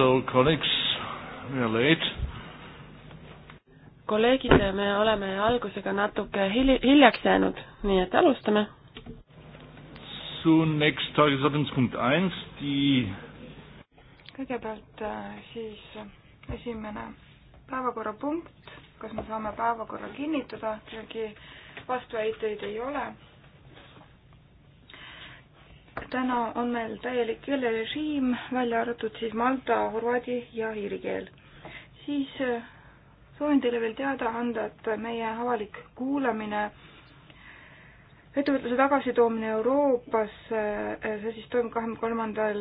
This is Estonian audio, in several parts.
So colleagues, we are late. kolleegid, me oleme algusega natuke hil-, hiljaks jäänud, nii et alustame. Zunächst Tagesordnungspunkt eins, die kõigepealt äh, siis esimene päevakorrapunkt, kas me saame päevakorra kinnitada, keegi vastuväiteid ei ole täna on meil täielik keelerežiim, välja arvatud siis malta, horvaadi ja iiri keel. siis äh, soovin teile veel teada anda, et meie avalik kuulamine ettevõtluse tagasitoomine Euroopasse, äh, see siis toimub kahekümne kolmandal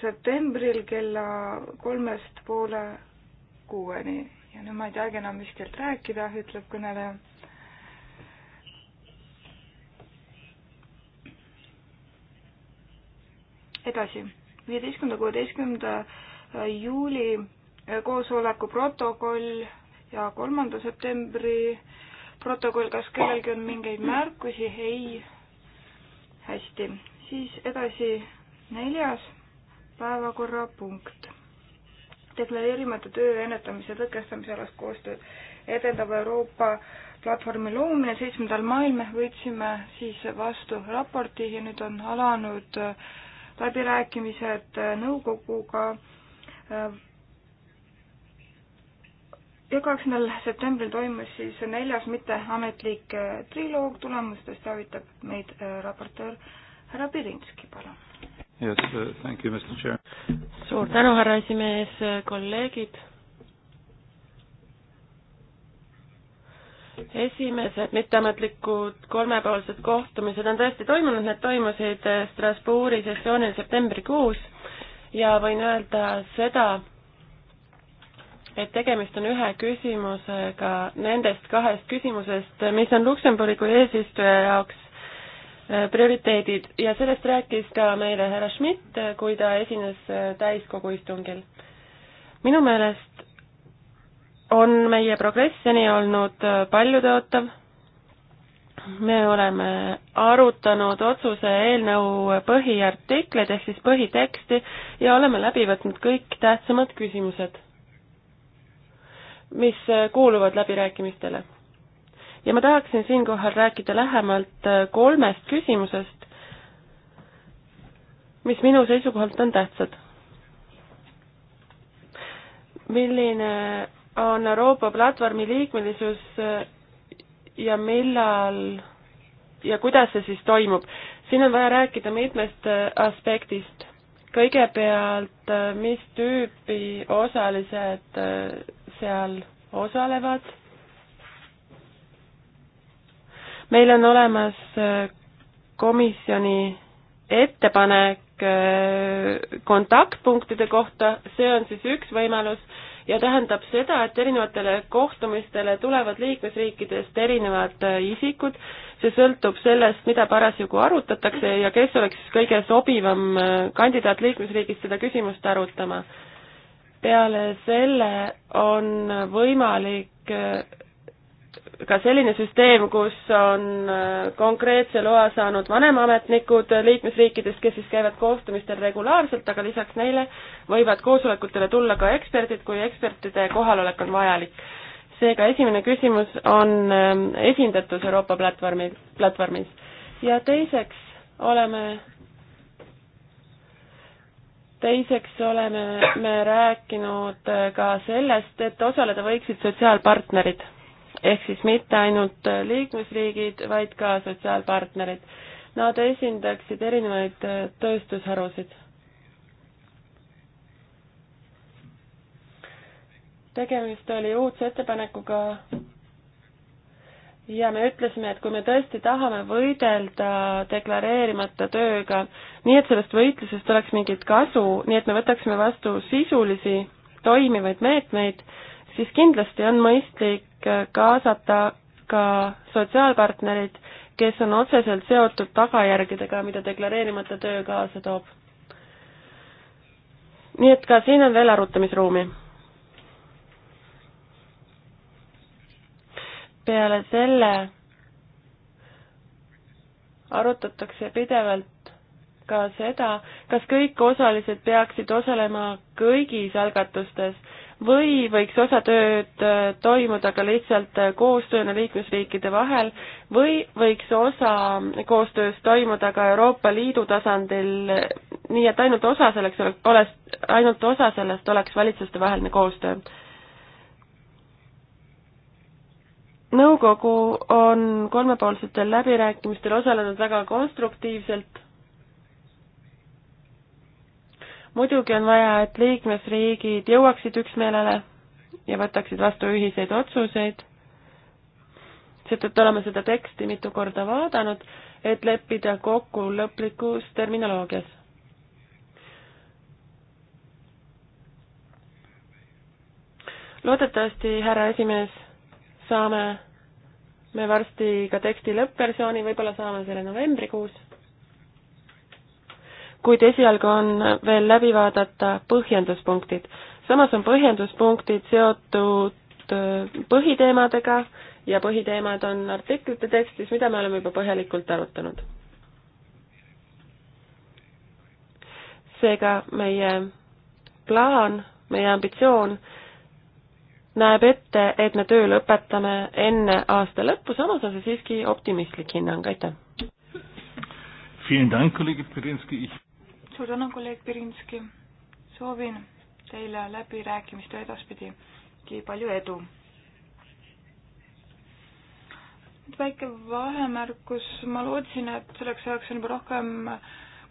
septembril kella kolmest poole kuueni ja nüüd ma ei teagi enam, mis keelt rääkida, ütleb kõneleja edasi, viieteistkümnenda, kuueteistkümnenda äh, juuli äh, koosoleku protokoll ja kolmanda septembri protokoll, kas kellelgi on mingeid märkusi? ei. hästi, siis edasi neljas päevakorrapunkt. deklareerimata töö ennetamise tõkestamise alast koostööd edendab Euroopa platvormi loomine seitsmendal mail me võtsime siis vastu raporti ja nüüd on alanud äh, läbirääkimised nõukoguga ja äh, kaheksandal septembril toimus siis neljas mitteametlik äh, triloog, tulemustest teavitab meid äh, raportöör härra Pirinski, palun. Yes, uh, thank you, Mr Chair. suur tänu, härra esimees, kolleegid esimesed mitteametlikud kolmepoolsed kohtumised on tõesti toimunud, need toimusid eh, Strasbourgi sessioonil septembrikuus ja võin öelda seda, et tegemist on ühe küsimusega nendest kahest küsimusest, mis on Luksemburgi kui eesistuja jaoks eh, prioriteedid ja sellest rääkis ka meile härra Schmidt, eh, kui ta esines täiskogu istungil. minu meelest on meie progress seni olnud äh, paljutõotav. me oleme arutanud otsuse eelnõu põhiartikleid ehk siis põhiteksti ja oleme läbi võtnud kõik tähtsamad küsimused, mis äh, kuuluvad läbirääkimistele. ja ma tahaksin siinkohal rääkida lähemalt äh, kolmest küsimusest, mis minu seisukohalt on tähtsad. milline on Euroopa platvormi liikmelisus äh, ja millal ja kuidas see siis toimub? siin on vaja rääkida mitmest äh, aspektist. kõigepealt, äh, mis tüüpi osalised seal osalevad? meil on olemas komisjoni ettepanek kontaktpunktide kohta, see on siis üks võimalus ja tähendab seda, et erinevatele kohtumistele tulevad liikmesriikidest erinevad äh, isikud, see sõltub sellest, mida parasjagu arutatakse ja kes oleks kõige sobivam äh, kandidaat liikmesriigist seda küsimust arutama. peale selle on võimalik äh, ka selline süsteem, kus on äh, konkreetse loa saanud vanemametnikud liikmesriikidest, kes siis käivad kohtumistel regulaarselt, aga lisaks neile võivad koosolekutele tulla ka eksperdid, kui ekspertide kohalolek on vajalik. seega esimene küsimus on ähm, esindatus Euroopa platvormi, platvormis. ja teiseks oleme, teiseks oleme me rääkinud äh, ka sellest, et osaleda võiksid sotsiaalpartnerid ehk siis mitte ainult liikmesriigid, vaid ka sotsiaalpartnerid. Nad esindaksid erinevaid tööstusharusid. tegemist oli uudse ettepanekuga ja me ütlesime, et kui me tõesti tahame võidelda deklareerimata tööga, nii et sellest võitlusest oleks mingit kasu, nii et me võtaksime vastu sisulisi toimivaid meetmeid, siis kindlasti on mõistlik äh, kaasata ka sotsiaalpartnerid, kes on otseselt seotud tagajärgedega, mida deklareerimata töö kaasa toob. nii et ka siin on veel arutamisruumi. peale selle arutatakse pidevalt ka seda, kas kõik osalised peaksid osalema kõigis algatustes või võiks osa tööd äh, toimuda ka lihtsalt äh, koostööna liikmesriikide vahel või võiks osa koostööst toimuda ka Euroopa Liidu tasandil, nii et ainult osa selleks oleks, ainult osa sellest oleks valitsustevaheline koostöö. nõukogu on kolmepoolsetel läbirääkimistel osalenud väga konstruktiivselt muidugi on vaja, et liikmesriigid jõuaksid üksmeelele ja võtaksid vastu ühiseid otsuseid, seetõttu oleme seda teksti mitu korda vaadanud, et leppida kokku lõplikus terminoloogias. loodetavasti, härra esimees, saame me varsti ka teksti lõppversiooni, võib-olla saame selle novembrikuus kuid esialgu on veel läbi vaadata põhjenduspunktid. samas on põhjenduspunktid seotud äh, põhiteemadega ja põhiteemad on artiklite tekstis, mida me oleme juba põhjalikult arutanud. seega meie plaan, meie ambitsioon näeb ette, et me töö lõpetame enne aasta lõppu, samas on see siiski optimistlik hinnang, aitäh! Vielen Dank, kolleeg Pirinski suur tänu, kolleeg Pirinski. soovin teile läbirääkimiste edaspidigi palju edu. nüüd väike vahemärkus, ma lootsin, et selleks ajaks on juba rohkem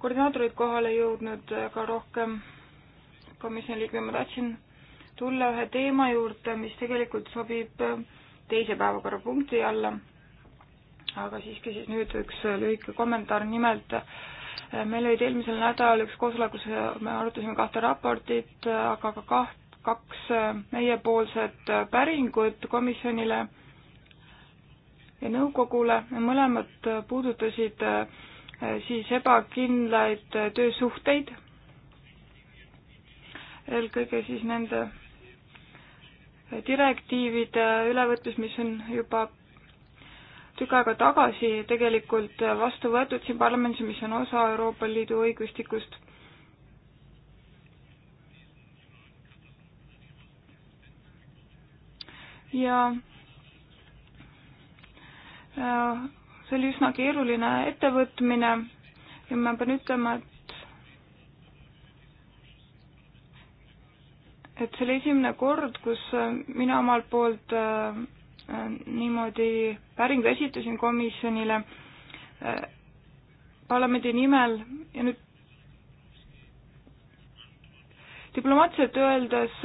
koordinaatorid kohale jõudnud, aga rohkem komisjoni liikme, ma tahtsin tulla ühe teema juurde, mis tegelikult sobib teise päevakorrapunkti alla. aga siiski siis nüüd üks lühike kommentaar, nimelt äh, meil olid eelmisel nädalal üks koosolek, kus me arutasime kahte raportit, aga ka kaht, kaks äh, meiepoolset äh, päringut komisjonile ja nõukogule, mõlemad äh, puudutasid siis ebakindlaid töösuhteid, eelkõige siis nende direktiivide ülevõtmist, mis on juba tükk aega tagasi tegelikult vastu võetud siin parlamendis, mis on osa Euroopa Liidu õigustikust. ja äh, see oli üsna keeruline ettevõtmine ja ma pean ütlema, et et see oli esimene kord, kus mina omalt poolt äh, niimoodi päringu esitasin komisjonile äh, parlamendi nimel ja nüüd diplomaatiliselt öeldes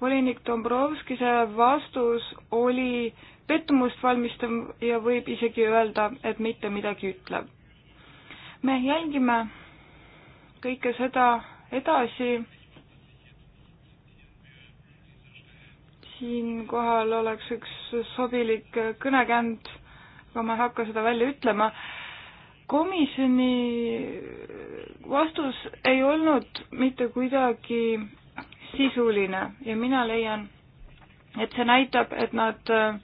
volinik Dombrovskise vastus oli pettumust valmistav ja võib isegi öelda, et mitte midagi ütlev. me jälgime kõike seda edasi siinkohal oleks üks sobilik kõnekänd, aga ma ei hakka seda välja ütlema. komisjoni vastus ei olnud mitte kuidagi sisuline ja mina leian, et see näitab, et nad äh,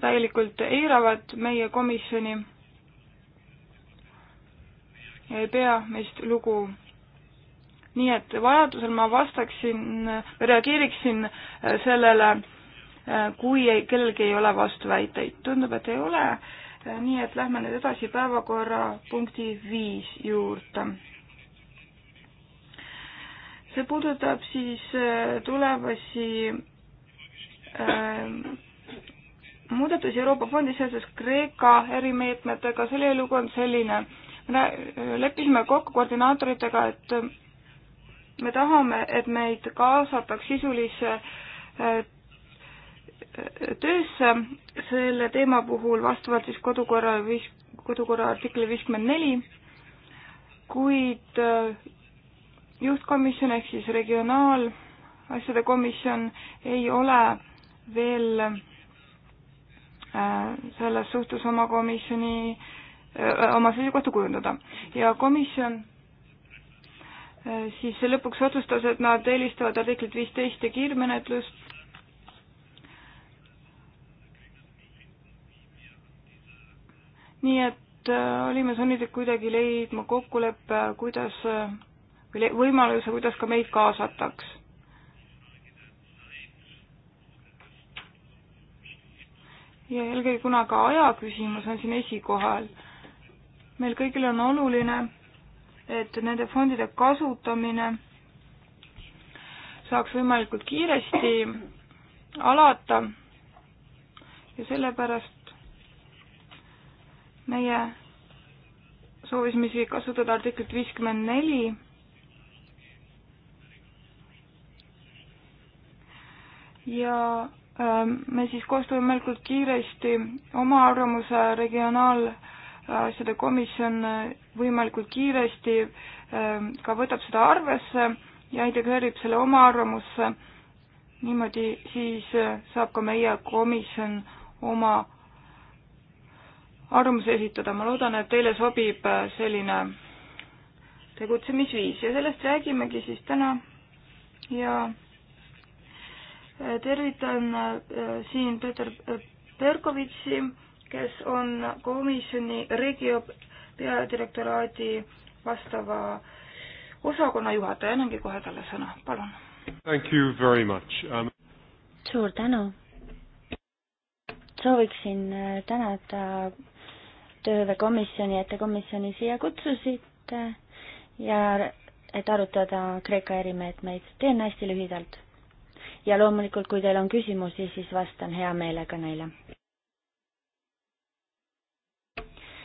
täielikult eiravad meie komisjoni ja ei pea meist lugu nii et vajadusel ma vastaksin, reageeriksin äh, sellele Äh, kui ei, kellelgi ei ole vastuväiteid. tundub, et ei ole, äh, nii et lähme nüüd edasi päevakorrapunkti viis juurde. see puudutab siis äh, tulevasi äh, muudatusi Euroopa Fondi seoses Kreeka erimeetmetega, selle lugu on selline, me leppisime kokku koordinaatoritega, et me tahame, et meid kaasataks sisulisse töösse selle teema puhul vastavalt siis kodukorra, kodukorra artikli viiskümmend neli, kuid äh, juhtkomisjon ehk siis regionaalasjade komisjon ei ole veel äh, selles suhtes oma komisjoni, äh, oma seisukohta kujundada ja komisjon siis lõpuks otsustas, et nad eelistavad artiklit viisteist ja kiirmenetlust nii et äh, olime sunnitud kuidagi leidma kokkuleppe, kuidas äh, või võimaluse, kuidas ka meid kaasataks ja eelkõige kuna ka aja küsimus on siin esikohal, meil kõigil on oluline, et nende fondide kasutamine saaks võimalikult kiiresti alata ja sellepärast meie soovisime isegi kasutada artiklit viiskümmend neli. ja ähm, me siis koostame võimalikult kiiresti oma arvamuse regionaalasjade komisjon äh, võimalikult kiiresti ähm, ka võtab seda arvesse ja integreerib selle oma arvamusse. niimoodi siis äh, saab ka meie komisjon oma arvamuse esitada. ma loodan, et teile sobib äh, selline tegutsemisviis ja sellest räägimegi siis täna ja äh, tervitan äh, siin Peeter Perkovitsi, kes on komisjoni regio peadirektoraadi vastava osakonna juhataja, annangi kohe talle sõna, palun. Thank you very much um.... suur tänu. sooviksin tänada tööhõivekomisjoni, et te komisjoni siia kutsusite ja et arutada Kreeka erimeetmeid. teen hästi lühidalt. ja loomulikult, kui teil on küsimusi, siis vastan hea meelega neile.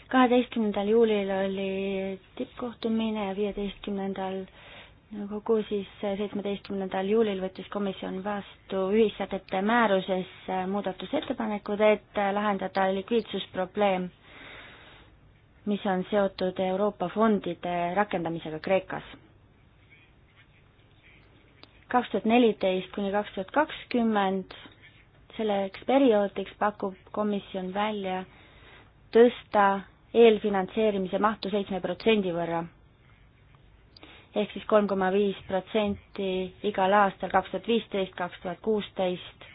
kaheteistkümnendal juulil oli tippkohtumine ja viieteistkümnendal nõukogu siis seitsmeteistkümnendal juulil võttis komisjon vastu ühissätete määruses muudatusettepanekud, et lahendada likviidsusprobleem mis on seotud Euroopa fondide rakendamisega Kreekas. kaks tuhat neliteist kuni kaks tuhat kakskümmend, selleks perioodiks pakub komisjon välja tõsta eelfinantseerimise mahtu seitsme protsendi võrra. ehk siis kolm koma viis protsenti igal aastal kaks tuhat viisteist, kaks tuhat kuusteist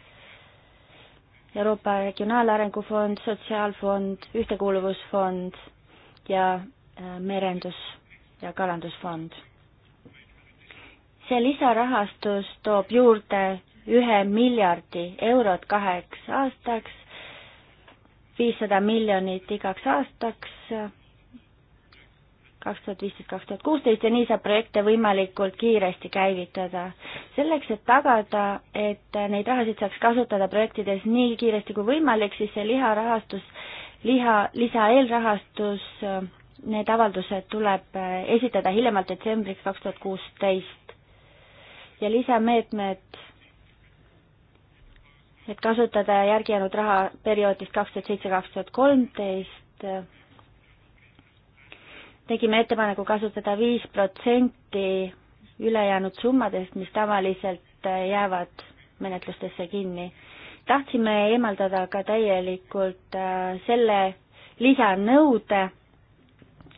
Euroopa Regionaalarengu Fond, Sotsiaalfond, Ühtekuuluvusfond ja äh, merendus- ja kalandusfond. see lisarahastus toob juurde ühe miljardi eurot kaheks aastaks, viissada miljonit igaks aastaks, kaks tuhat viisteist, kaks tuhat kuusteist ja nii saab projekte võimalikult kiiresti käivitada. selleks, et tagada, et neid rahasid saaks kasutada projektides nii kiiresti kui võimalik, siis see liharahastus liha, lisa eelrahastus, need avaldused tuleb äh, esitada hiljemalt detsembriks kaks tuhat kuusteist ja lisameetmed, et kasutada järgijäänud raha perioodist kaks tuhat seitse, kaks tuhat kolmteist, äh, tegime ettepaneku kasutada viis protsenti ülejäänud summadest, mis tavaliselt äh, jäävad menetlustesse kinni tahtsime eemaldada ka täielikult äh, selle lisanõude,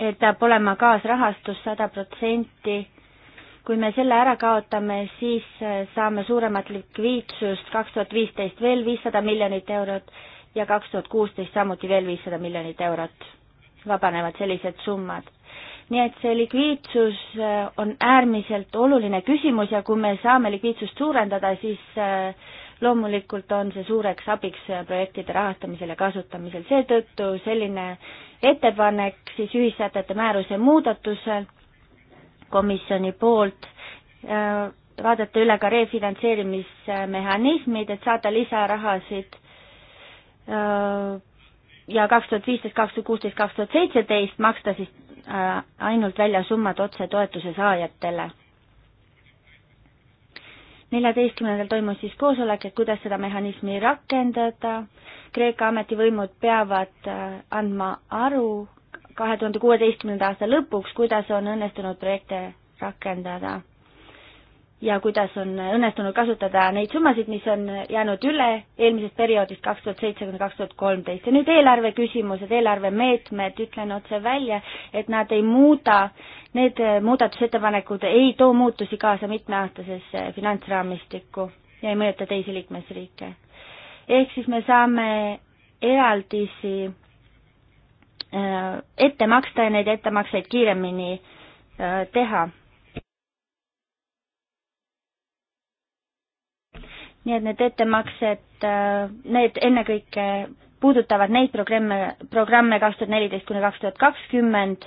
et peab olema kaasrahastus sada protsenti. kui me selle ära kaotame, siis äh, saame suuremat likviidsust kaks tuhat viisteist veel viissada miljonit eurot ja kaks tuhat kuusteist samuti veel viissada miljonit eurot. vabanevad sellised summad nii et see likviidsus äh, on äärmiselt oluline küsimus ja kui me saame likviidsust suurendada, siis loomulikult on see suureks abiks projektide rahastamisel ja kasutamisel, seetõttu selline ettepanek siis ühissätete määruse muudatuse komisjoni poolt, äh, vaadata üle ka refinantseerimismehhanismid, et saada lisarahasid äh, ja kaks tuhat viisteist, kaks tuhat kuusteist, kaks tuhat seitseteist maksta siis äh, ainult välja summad otse toetuse saajatele neljateistkümnendal toimus siis koosolek, et kuidas seda mehhanismi rakendada. Kreeka ametivõimud peavad äh, andma aru kahe tuhande kuueteistkümnenda aasta lõpuks, kuidas on õnnestunud projekte rakendada ja kuidas on õnnestunud kasutada neid summasid, mis on jäänud üle eelmisest perioodist kaks tuhat seitse kuni kaks tuhat kolmteist ja nüüd eelarve küsimused, eelarvemeetmed, ütlen otse välja, et nad ei muuda Need muudatusettepanekud ei too muutusi kaasa mitmeaastasesse finantsraamistikku ja ei mõjuta teisi liikmesriike. ehk siis me saame eraldisi äh, ette maksta ja neid ettemakseid kiiremini äh, teha. nii et need ettemaksed, äh, need ennekõike puudutavad neid programme, programme kaks tuhat neliteist kuni kaks tuhat kakskümmend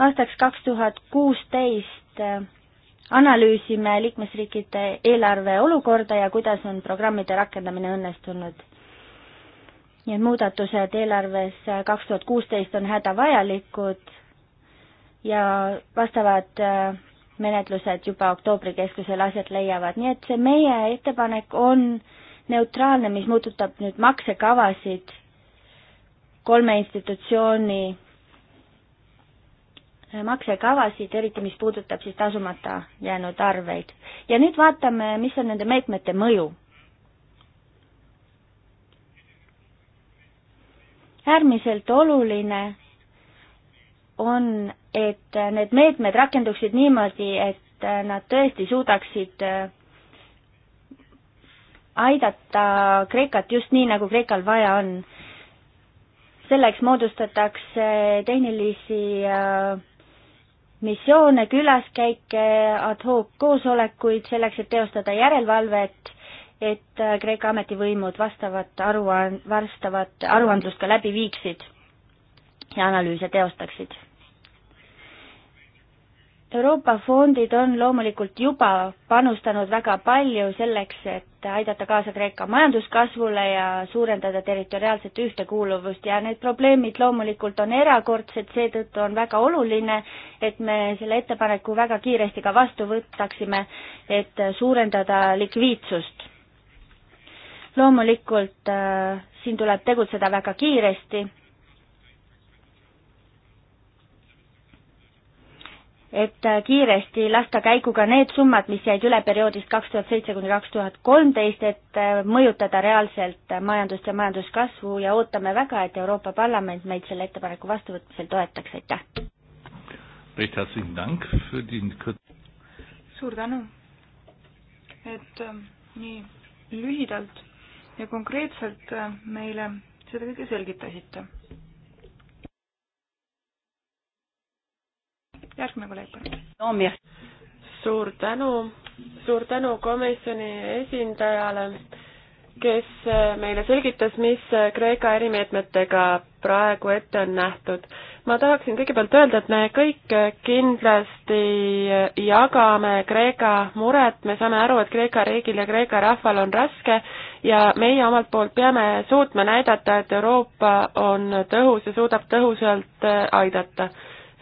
aastaks kaks tuhat kuusteist äh, analüüsime liikmesriikide eelarve olukorda ja kuidas on programmide rakendamine õnnestunud. Need muudatused eelarves äh, kaks tuhat kuusteist on hädavajalikud ja vastavad äh, menetlused juba oktoobri keskusel aset leiavad, nii et see meie ettepanek on neutraalne, mis puudutab nüüd maksekavasid kolme institutsiooni maksekavasid, eriti mis puudutab siis tasumata jäänud arveid. ja nüüd vaatame, mis on nende meetmete mõju. äärmiselt oluline on, et need meetmed rakenduksid niimoodi, et nad tõesti suudaksid äh, aidata Kreekat just nii, nagu Kreekal vaja on selleks moodustatakse tehnilisi äh, missioone, külaskäike, ad hoc koosolekuid selleks, et teostada järelevalvet, et äh, Kreeka ametivõimud vastavat aruan-, vastavat aruandlust ka läbi viiksid ja analüüse teostaksid Euroopa fondid on loomulikult juba panustanud väga palju selleks, et aidata kaasa Kreeka majanduskasvule ja suurendada territoriaalset ühtekuuluvust ja need probleemid loomulikult on erakordsed, seetõttu on väga oluline, et me selle ettepaneku väga kiiresti ka vastu võtaksime, et suurendada likviidsust. loomulikult äh, siin tuleb tegutseda väga kiiresti et kiiresti lasta käiku ka need summad, mis jäid üle perioodist kaks tuhat seitse kuni kaks tuhat kolmteist, et äh, mõjutada reaalselt majandust ja majanduskasvu ja ootame väga, et Euroopa Parlament meid selle ettepaneku vastuvõtmisel toetaks, aitäh! suur tänu, et ähm, nii lühidalt ja konkreetselt äh, meile seda kõike selgitasite järgmine kolleeg, palun no,. suur tänu, suur tänu komisjoni esindajale, kes äh, meile selgitas, mis äh, Kreeka erimeetmetega praegu ette on nähtud. ma tahaksin kõigepealt öelda, et me kõik äh, kindlasti jagame Kreeka muret, me saame aru, et Kreeka riigil ja Kreeka rahval on raske ja meie omalt poolt peame suutma näidata, et Euroopa on tõhus ja suudab tõhusalt aidata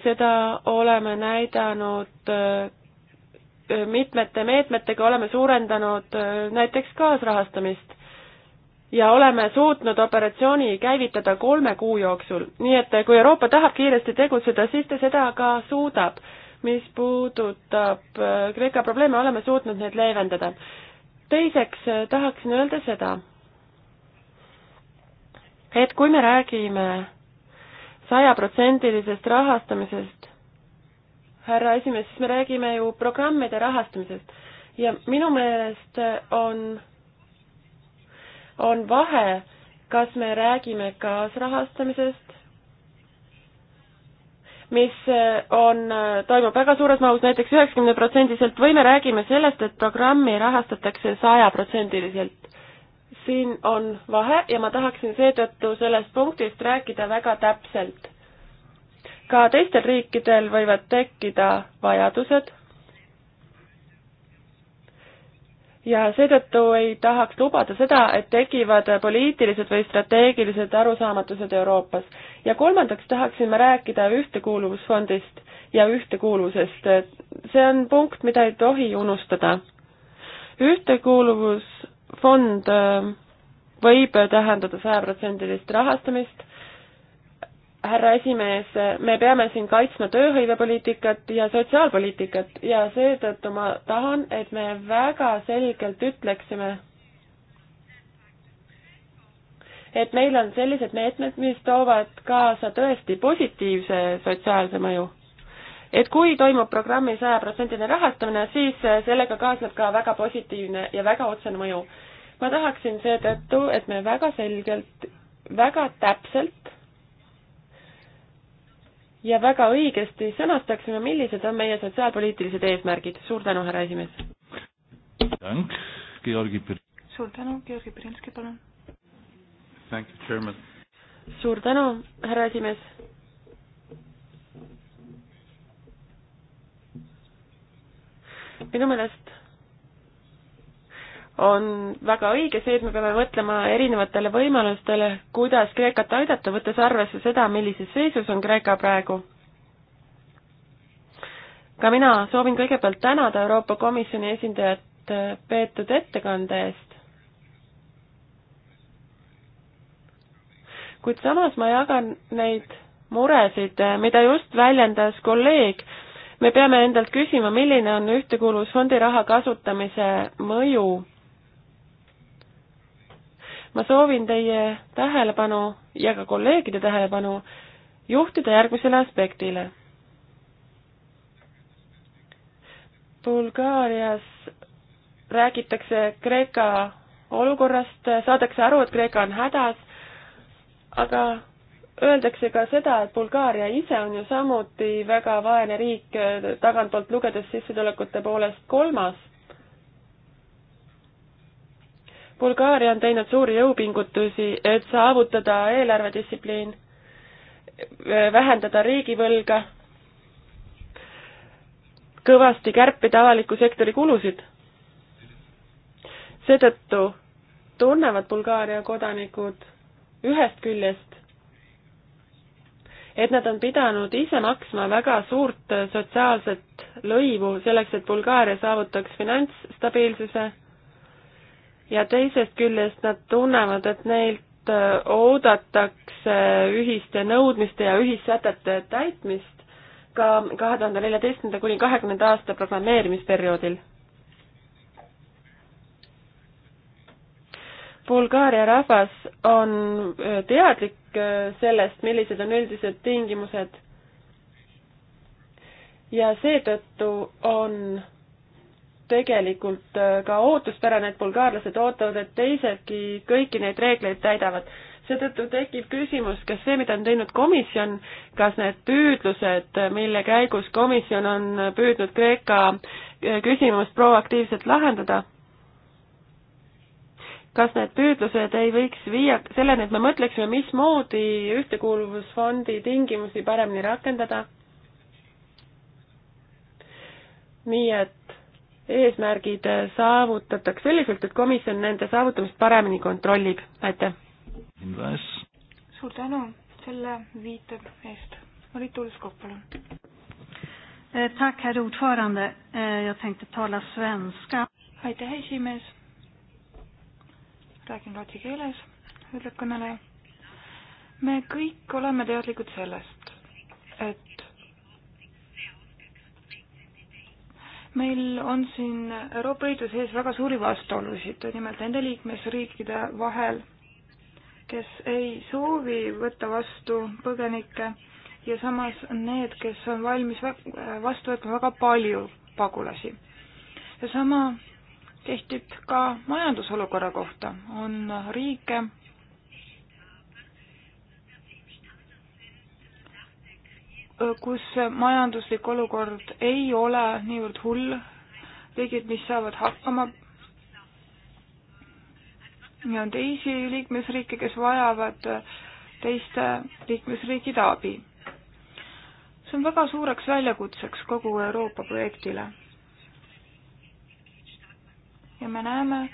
seda oleme näidanud äh, mitmete meetmetega, oleme suurendanud äh, näiteks kaasrahastamist ja oleme suutnud operatsiooni käivitada kolme kuu jooksul. nii et äh, kui Euroopa tahab kiiresti tegutseda, siis ta seda ka suudab. mis puudutab Kreeka probleeme, oleme suutnud need leevendada. teiseks tahaksin öelda seda, et kui me räägime sajaprotsendilisest rahastamisest, härra esimees, siis me räägime ju programmide rahastamisest ja minu meelest on, on vahe, kas me räägime kaasrahastamisest, mis on, toimub väga suures mahus näiteks, näiteks üheksakümneprotsendiliselt, või me räägime sellest, et programmi rahastatakse sajaprotsendiliselt siin on vahe ja ma tahaksin seetõttu sellest punktist rääkida väga täpselt. ka teistel riikidel võivad tekkida vajadused ja seetõttu ei tahaks lubada seda, et tekivad poliitilised või strateegilised arusaamatused Euroopas. ja kolmandaks tahaksin ma rääkida Ühtekuuluvusfondist ja ühtekuuluvusest. see on punkt, mida ei tohi unustada. ühtekuuluvus fond äh, võib tähendada sajaprotsendilist rahastamist. härra esimees, me peame siin kaitsma tööhõivepoliitikat ja sotsiaalpoliitikat ja seetõttu ma tahan, et me väga selgelt ütleksime, et meil on sellised meetmed, mis toovad kaasa tõesti positiivse sotsiaalse mõju et kui toimub programmi sajaprotsendine rahastamine, siis äh, sellega kaasneb ka väga positiivne ja väga otsene mõju. ma tahaksin seetõttu, et me väga selgelt, väga täpselt ja väga õigesti sõnastaksime, millised on meie sotsiaalpoliitilised eesmärgid. suur tänu, härra esimees! suur tänu, Georgi Pirinski, palun! suur tänu, härra esimees! minu meelest on väga õige see, et me peame mõtlema erinevatele võimalustele, kuidas Kreekat aidata, võttes arvesse seda, millises seisus on Kreeka praegu. ka mina soovin kõigepealt tänada Euroopa Komisjoni esindajat äh, peetud ettekande eest. kuid samas ma jagan neid muresid, äh, mida just väljendas kolleeg me peame endalt küsima, milline on ühtekuuluvusfondi raha kasutamise mõju. ma soovin teie tähelepanu ja ka kolleegide tähelepanu juhtida järgmisele aspektile. Bulgaarias räägitakse Kreeka olukorrast, saadakse aru, et Kreeka on hädas, aga Öeldakse ka seda, et Bulgaaria ise on ju samuti väga vaene riik, tagantpoolt lugedes sissetulekute poolest kolmas. Bulgaaria on teinud suuri jõupingutusi, et saavutada eelarvedistsipliin, vähendada riigivõlga, kõvasti kärpida avaliku sektori kulusid. seetõttu tunnevad Bulgaaria kodanikud ühest küljest et nad on pidanud ise maksma väga suurt sotsiaalset lõivu selleks, et Bulgaaria saavutaks finantsstabiilsuse ja teisest küljest nad tunnevad, et neilt äh, oodatakse ühiste nõudmiste ja ühissätete täitmist ka kahe tuhande neljateistkümnenda kuni kahekümnenda aasta programmeerimisperioodil Bulgaaria rahvas on äh, teadlik äh, sellest, millised on üldised tingimused ja seetõttu on tegelikult äh, ka ootuspärane, et bulgaarlased ootavad, et teisedki kõiki neid reegleid täidavad. seetõttu tekib küsimus, kas see, mida on teinud komisjon, kas need püüdlused, mille käigus komisjon on püüdnud Kreeka küsimust proaktiivselt lahendada kas need püüdlused ei võiks viia selleni, et me mõtleksime, mismoodi ühtekuuluvusfondi tingimusi paremini rakendada? nii et eesmärgid saavutatakse selliselt, et komisjon nende saavutamist paremini kontrollib, aitäh! suur tänu selle viite eest, Marit Uuliskog, palun! Eh, tack herr ordförande, eh, jag tänkte tala svenska. aitäh, esimees räägin rootsi keeles, ütleb kõneleja. me kõik oleme teadlikud sellest, et meil on siin Euroopa Liidu sees väga suuri vastuolusid, nimelt nende liikmesriikide vahel, kes ei soovi võtta vastu põgenikke ja samas need, kes on valmis vastu võtma väga palju pagulasi. ja sama kehtib ka majandusolukorra kohta. on riike, kus majanduslik olukord ei ole niivõrd hull, riigid, mis saavad hakkama ja on teisi liikmesriike, kes vajavad teiste liikmesriikide abi. see on väga suureks väljakutseks kogu Euroopa projektile ja me näeme,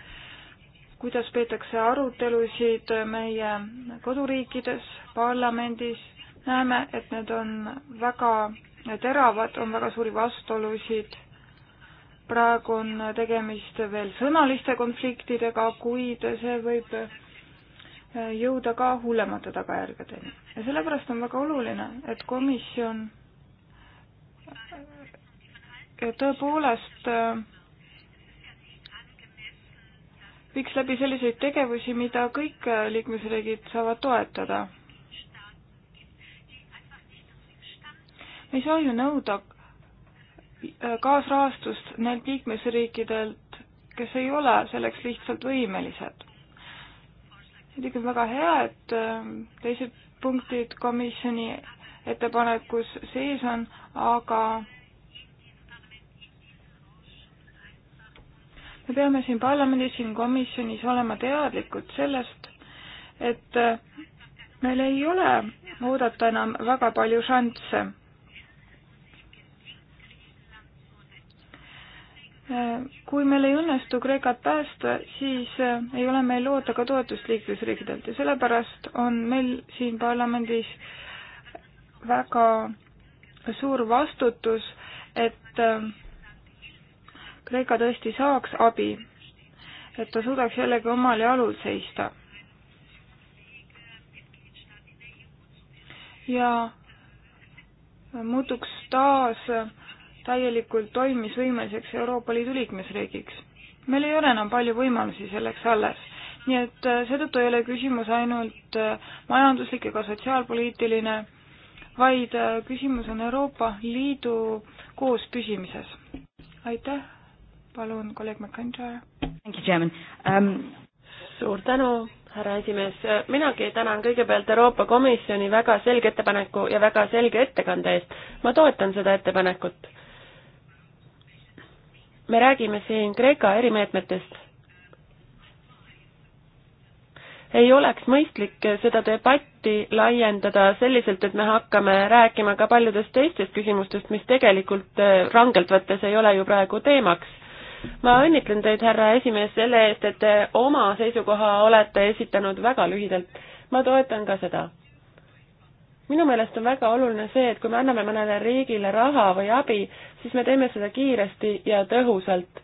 kuidas peetakse arutelusid meie koduriikides, parlamendis, näeme, et need on väga teravad, on väga suuri vastuolusid. praegu on tegemist veel sõnaliste konfliktidega, kuid see võib jõuda ka hullemate tagajärgedeni. ja sellepärast on väga oluline, et komisjon tõepoolest äh, viiks läbi selliseid tegevusi, mida kõik äh, liikmesriigid saavad toetada. me ei saa ju nõuda äh, kaasrahastust neilt liikmesriikidelt, kes ei ole selleks lihtsalt võimelised. muidugi on väga hea, et äh, teised punktid komisjoni ettepanekus sees on, aga me peame siin parlamendis, siin komisjonis olema teadlikud sellest, et äh, meil ei ole oodata enam väga palju šansse. Äh, kui meil ei õnnestu Kreekat päästa, siis äh, ei ole meil loota ka toetust liiklusriikidelt ja sellepärast on meil siin parlamendis väga suur vastutus, et äh, Kreeka tõesti saaks abi, et ta suudaks jällegi omal jalul seista. ja muutuks taas täielikult toimimisvõimeliseks Euroopa Liidu liikmesriigiks. meil ei ole enam palju võimalusi selleks alles, nii et äh, seetõttu ei ole küsimus ainult äh, majanduslik ega sotsiaalpoliitiline, vaid äh, küsimus on Euroopa Liidu koos püsimises. aitäh, palun, kolleeg McIntyre. Um... suur tänu, härra esimees. minagi tänan kõigepealt Euroopa Komisjoni väga selge ettepaneku ja väga selge ettekande eest. ma toetan seda ettepanekut. me räägime siin Kreeka erimeetmetest. ei oleks mõistlik seda debatti laiendada selliselt, et me hakkame rääkima ka paljudest teistest küsimustest, mis tegelikult eh, rangelt võttes ei ole ju praegu teemaks ma õnnitlen teid, härra esimees, selle eest, et te oma seisukoha olete esitanud väga lühidalt. ma toetan ka seda. minu meelest on väga oluline see, et kui me anname mõnele riigile raha või abi, siis me teeme seda kiiresti ja tõhusalt.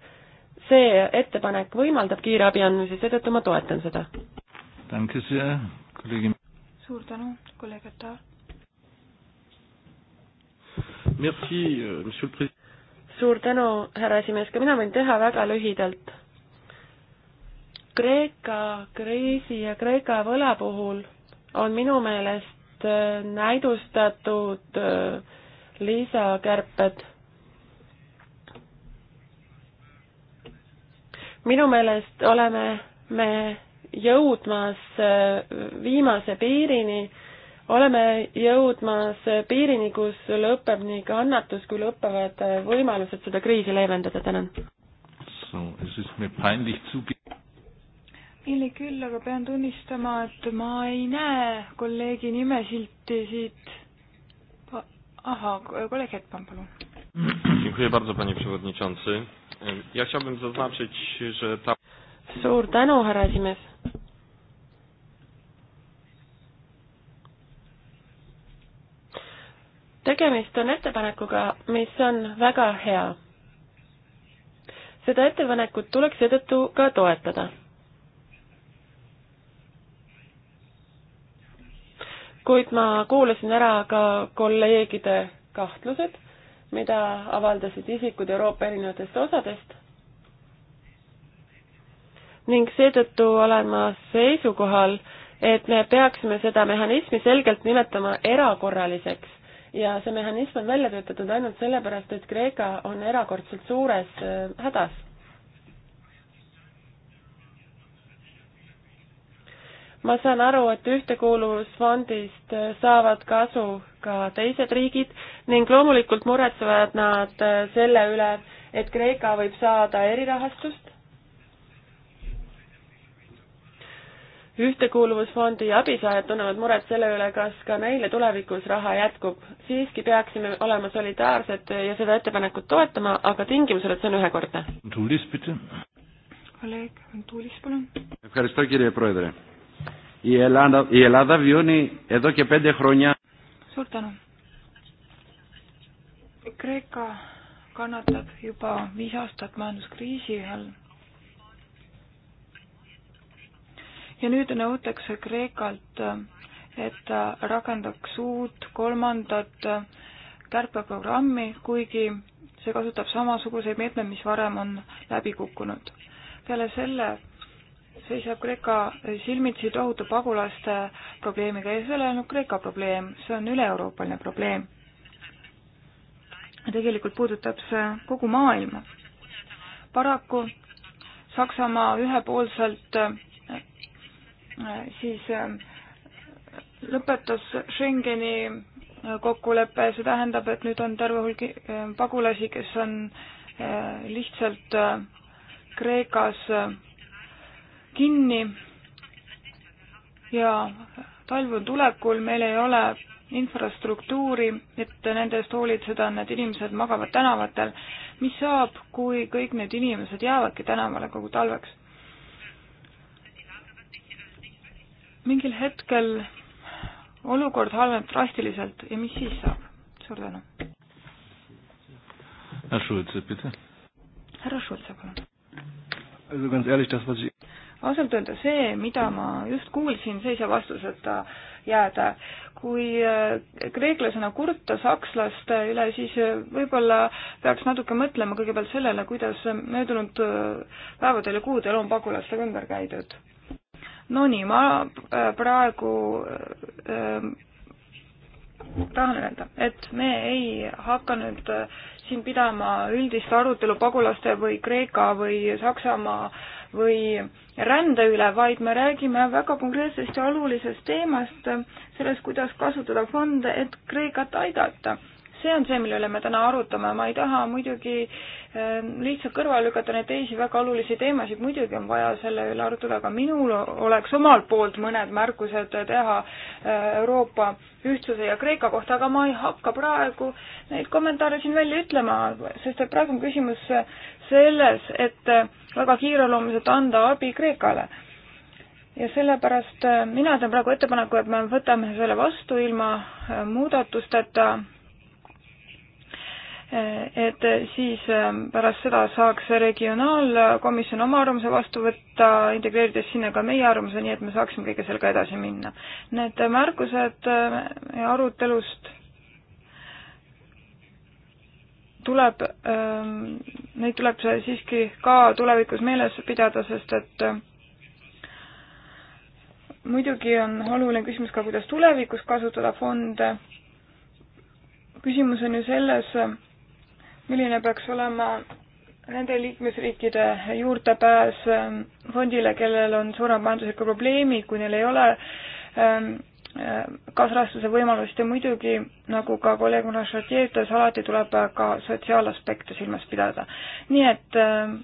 see ettepanek võimaldab kiire abi andmisi, seetõttu ma toetan seda. suur tänu, kolleeg Atar. Merci, euh, monsieur le Président suur tänu, härra esimees, ka mina võin teha väga lühidalt. Kreeka kriisi ja Kreeka võla puhul on minu meelest äh, näidustatud äh, lisakärped. minu meelest oleme me jõudmas äh, viimase piirini oleme jõudmas piirini, kus lõpeb nii kannatus kui lõpevad võimalused seda kriisi leevendada, tänan. Neile küll, aga pean tunnistama, et ma ei näe kolleegi nimesilti siit. ahah, kolleeg Hetman, palun. Dziękuję bardzo, panie przewodniczący. Ja chciałbym zaznaczyć, że ta... Suur tänu, härra esimees tegemist on ettepanekuga, mis on väga hea. seda ettepanekut tuleks seetõttu ka toetada. kuid ma kuulasin ära ka kolleegide kahtlused, mida avaldasid isikud Euroopa erinevatest osadest ning seetõttu olen ma seisukohal, et me peaksime seda mehhanismi selgelt nimetama erakorraliseks ja see mehhanism on välja töötatud ainult sellepärast, et Kreeka on erakordselt suures äh, hädas. ma saan aru, et Ühtekuuluvusfondist äh, saavad kasu ka teised riigid ning loomulikult muretsevad nad äh, selle üle, et Kreeka võib saada erirahastust ühtekuuluvusfondi abisaajad tunnevad muret selle üle, kas ka neile tulevikus raha jätkub. siiski peaksime olema solidaarsed ja seda ettepanekut toetama, aga tingimusel, et see on ühekordne. Tuulis, mitte. kolleeg Tuulis, palun. suur tänu. Kreeka kannatab juba viis aastat majanduskriisi all ja nüüd nõutakse Kreekalt, et ta rakendaks uut kolmandat kärpeprogrammi, kuigi see kasutab samasuguseid meetmeid, mis varem on läbi kukkunud. peale selle seisab Kreeka silmitsi tohutu pagulaste probleemiga ja see ei ole ainult Kreeka probleem, see on üle-euroopaline probleem. tegelikult puudutab see kogu maailma. paraku Saksamaa ühepoolselt siis ähm, lõpetas Schengeni äh, kokkulepe, see tähendab, et nüüd on terve hulk ähm, pagulasi, kes on äh, lihtsalt äh, Kreekas kinni ja talvu tulekul meil ei ole infrastruktuuri, et nende eest hoolitseda, need inimesed magavad tänavatel. mis saab, kui kõik need inimesed jäävadki tänavale kogu talveks? mingil hetkel olukord halveneb drastiliselt ja mis siis saab? suur tänu. härra Schulze, bitte. härra Schulze, palun. ausalt öelda see, mida ma just kuulsin, see ei saa vastuseta jääda. kui äh, kreeklasena kurta sakslaste üle, siis äh, võib-olla peaks natuke mõtlema kõigepealt sellele, kuidas möödunud äh, päevadel ja kuudel on pagulastega ümber käidud Nonii, ma äh, praegu äh, tahan öelda, et me ei hakka nüüd äh, siin pidama üldist arutelu pagulaste või Kreeka või Saksamaa või rände üle, vaid me räägime väga konkreetsest ja olulisest teemast, sellest, kuidas kasutada fonde, et Kreekat aidata see on see, mille üle me täna arutame, ma ei taha muidugi äh, lihtsalt kõrvale lükata neid teisi väga olulisi teemasid, muidugi on vaja selle üle arutada, aga minul oleks omalt poolt mõned märkused teha äh, Euroopa ühtsuse ja Kreeka kohta, aga ma ei hakka praegu neid kommentaare siin välja ütlema, sest et praegu on küsimus selles, et äh, väga kiireloomuliselt anda abi Kreekale ja sellepärast mina teen praegu ettepaneku, et me võtame selle vastu ilma muudatusteta et siis ähm, pärast seda saaks regionaalkomisjon oma arvamuse vastu võtta, integreerides sinna ka meie arvamuse, nii et me saaksime kõige sellega edasi minna. Need märkused äh, arutelust tuleb, ähm, neid tuleb siiski ka tulevikus meeles pidada, sest et äh, muidugi on oluline küsimus ka, kuidas tulevikus kasutada fonde. küsimus on ju selles, milline peaks olema nende liikmesriikide juurdepääs ähm, fondile, kellel on suuremad majanduslikud probleemid, kui neil ei ole ähm, äh, kaasrahastuse võimalust ja muidugi, nagu ka kolleeg Munašatjev ütles, alati tuleb ka sotsiaalaspekte silmas pidada. nii et ähm,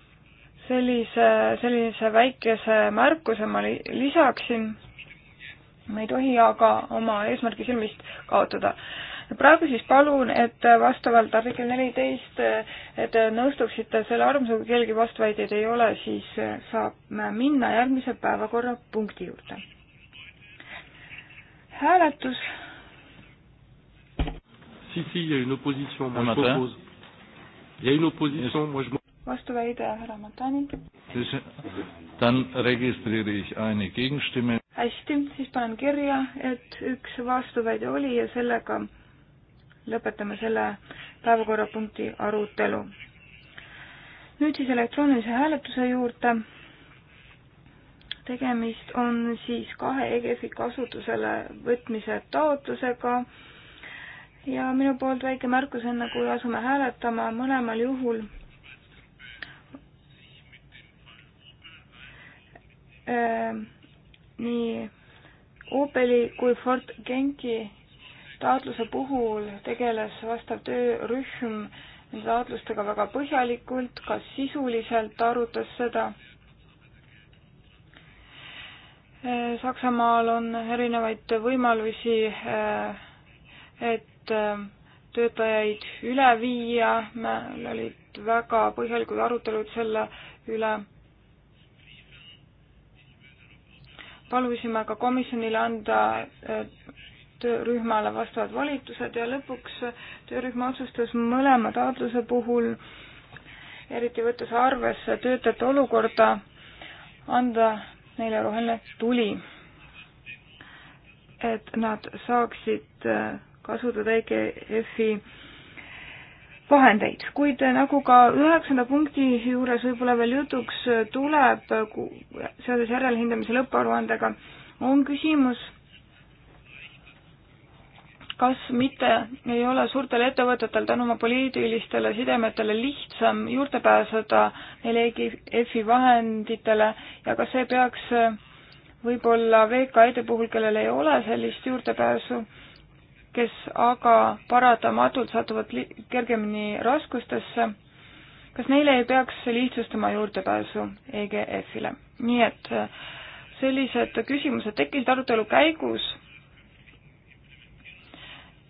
sellise, sellise väikese märkuse ma li lisaksin, me ei tohi aga oma eesmärgi silmist kaotada praegu siis palun, et vastavalt artikkel neliteist, et nõustuksite selle arvamusega, kui kellelgi vastuväiteid ei ole, siis saab minna järgmise päevakorrapunkti juurde. hääletus. vastuväide härra Matani. hästi, siis panen kirja, et üks vastuväide oli ja sellega lõpetame selle päevakorrapunkti arutelu. nüüd siis elektroonilise hääletuse juurde. tegemist on siis kahe EGF-i kasutusele võtmise taotlusega ja minu poolt väike märkus, enne kui asume hääletama, mõlemal juhul äh, nii Opeli kui Ford Genki taotluse puhul tegeles vastav töörühm nende taotlustega väga põhjalikult, ka sisuliselt arutas seda. Saksamaal on erinevaid võimalusi, et töötajaid üle viia, meil olid väga põhjalikud arutelud selle üle. palusime ka komisjonile anda töörühmale vastavad volitused ja lõpuks töörühm otsustas mõlema taotluse puhul, eriti võttes arvesse töötajate olukorda, anda neile roheline tuli, et nad saaksid äh, kasutada EGF-i vahendeid, kuid nagu ka üheksanda punkti juures võib-olla veel jutuks tuleb seoses järelhindamise lõpparuandega, on küsimus kas mitte ei ole suurtel ettevõtetel tänu oma poliitilistele sidemetele lihtsam juurde pääseda neile EFI vahenditele ja kas see peaks äh, võib-olla VKE-de e puhul, kellel ei ole sellist juurdepääsu, kes aga paratamatult satuvad kergemini raskustesse, kas neile ei peaks lihtsustama juurdepääsu EGF-ile? nii et äh, sellised küsimused tekkisid arutelu käigus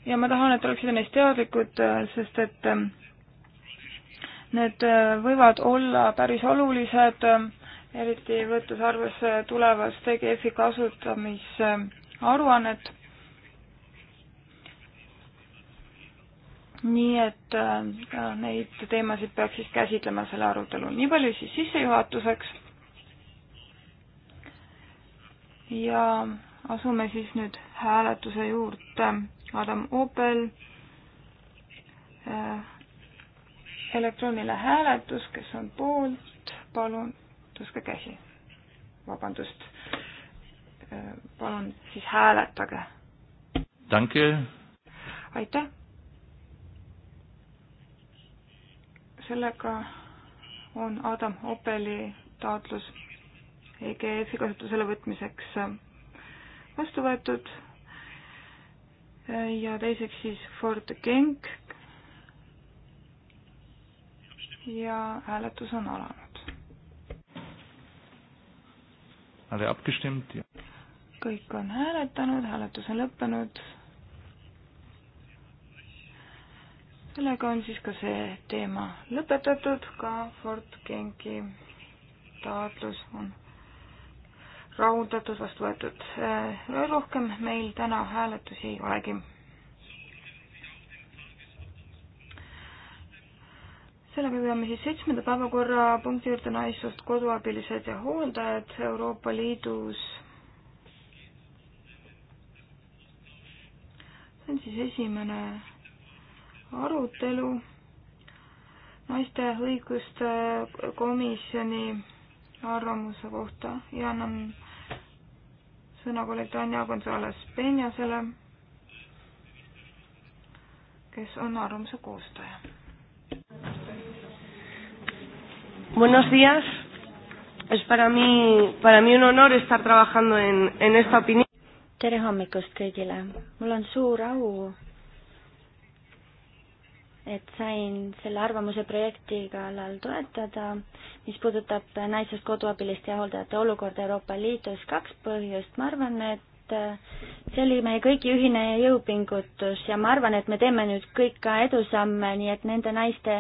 ja ma tahan, et oleksid neist teadlikud, äh, sest et ähm, need äh, võivad olla päris olulised, ähm, eriti võttes arvesse tulevast TGF-i e kasutamisaruannet. Äh, nii et neid teemasid peaks siis käsitlema selle arutelul. nii palju siis sissejuhatuseks. ja asume siis nüüd hääletuse juurde Adam Opel äh, elektrooniline hääletus, kes on poolt, palun tõstke käsi. vabandust, äh, palun siis hääletage. aitäh. sellega on Adam Opeli taotlus EGF-i kasutusele võtmiseks vastu võetud ja teiseks siis Ford Genk. ja hääletus on alanud. kõik on hääletanud, hääletus on lõppenud. sellega on siis ka see teema lõpetatud, ka Ford Genki taotlus on rahundatud, vastu võetud. Äh, rohkem meil täna hääletusi ei olegi. sellega jõuame siis seitsmenda päevakorrapunkti juurde naissoost koduabilised ja hooldajad Euroopa Liidus. see on siis esimene arutelu naiste õiguste komisjoni arvamuse kohta ja annan sõna kolleeg Tanja Gonzalez Penjasele, kes on arvamuse koostaja. Buenos días. Es para mí, para mí un honor estar trabajando en, en esta opinión. tere hommikust kõigile. mul on suur au et sain selle arvamuse projekti kallal toetada, mis puudutab naisest koduabiliste ja hooldajate olukorda Euroopa Liidus. kaks põhjust, ma arvan, et see oli meie kõigi ühine jõupingutus ja ma arvan, et me teeme nüüd kõik ka edusamme, nii et nende naiste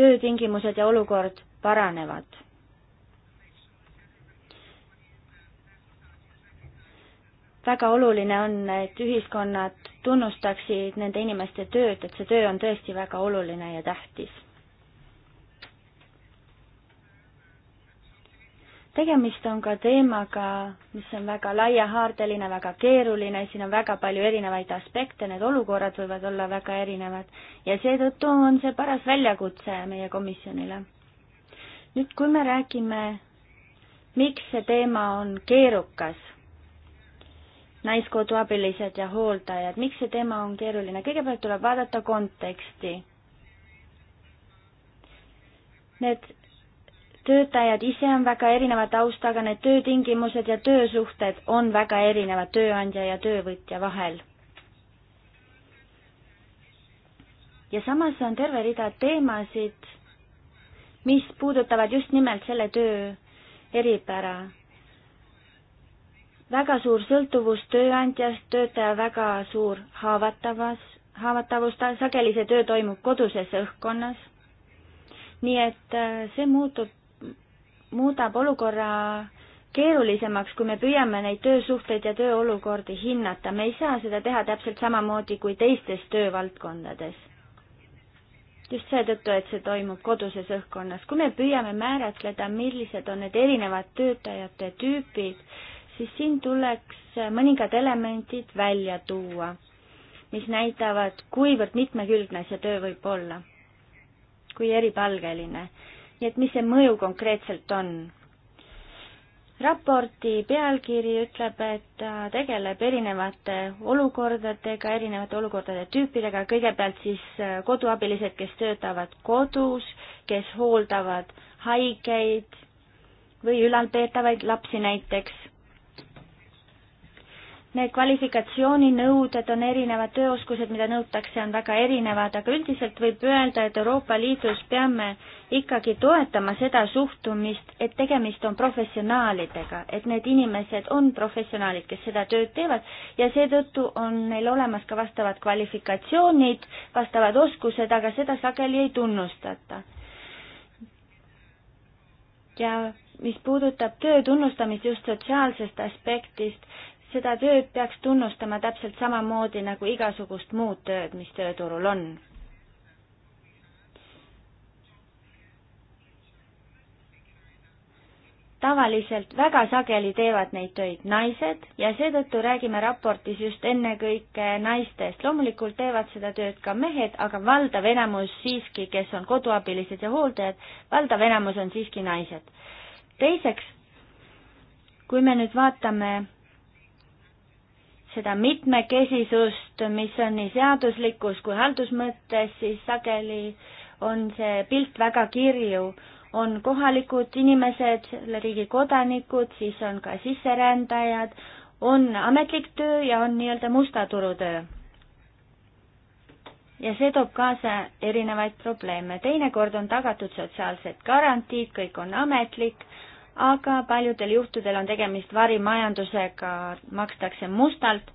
töötingimused ja olukord paranevad väga oluline on, et ühiskonnad tunnustaksid nende inimeste tööd, et see töö on tõesti väga oluline ja tähtis. tegemist on ka teemaga, mis on väga laiahaardeline, väga keeruline, siin on väga palju erinevaid aspekte, need olukorrad võivad olla väga erinevad ja seetõttu on see paras väljakutse meie komisjonile. nüüd, kui me räägime, miks see teema on keerukas, naiskoduabilised ja hooldajad, miks see teema on keeruline, kõigepealt tuleb vaadata konteksti. Need töötajad ise on väga erineva taustaga, need töötingimused ja töösuhted on väga erinevad tööandja ja töövõtja vahel. ja samas on terve rida teemasid, mis puudutavad just nimelt selle töö eripära väga suur sõltuvus tööandjast, töötaja väga suur haavatavas, haavatavus, ta sageli see töö toimub koduses õhkkonnas. nii et äh, see muutub, muudab olukorra keerulisemaks, kui me püüame neid töösuhteid ja tööolukordi hinnata, me ei saa seda teha täpselt samamoodi kui teistes töövaldkondades. just seetõttu, et see toimub koduses õhkkonnas, kui me püüame määratleda, millised on need erinevad töötajate tüübid, siis siin tuleks mõningad elemendid välja tuua, mis näitavad, kuivõrd mitmekülgne see töö võib olla, kui eripalgeline. nii et mis see mõju konkreetselt on? raporti pealkiri ütleb, et ta tegeleb erinevate olukordadega, erinevate olukordade tüüpidega, kõigepealt siis koduabilised, kes töötavad kodus, kes hooldavad haigeid või ülalpeetavaid lapsi näiteks, Need kvalifikatsiooninõuded on erinevad, tööoskused, mida nõutakse, on väga erinevad, aga üldiselt võib öelda, et Euroopa Liidus peame ikkagi toetama seda suhtumist, et tegemist on professionaalidega, et need inimesed on professionaalid, kes seda tööd teevad ja seetõttu on neil olemas ka vastavad kvalifikatsioonid, vastavad oskused, aga seda sageli ei tunnustata. ja mis puudutab töö tunnustamist just sotsiaalsest aspektist, seda tööd peaks tunnustama täpselt samamoodi nagu igasugust muud tööd, mis tööturul on. tavaliselt väga sageli teevad neid töid naised ja seetõttu räägime raportis just ennekõike naistest. loomulikult teevad seda tööd ka mehed, aga valdav enamus siiski, kes on koduabilised ja hooldajad, valdav enamus on siiski naised. teiseks, kui me nüüd vaatame seda mitmekesisust, mis on nii seaduslikus kui haldusmõttes, siis sageli on see pilt väga kirju. on kohalikud inimesed, selle riigi kodanikud, siis on ka sisserändajad, on ametlik töö ja on nii-öelda musta turu töö. ja see toob kaasa erinevaid probleeme, teinekord on tagatud sotsiaalsed garantiid, kõik on ametlik aga paljudel juhtudel on tegemist varimajandusega, makstakse mustalt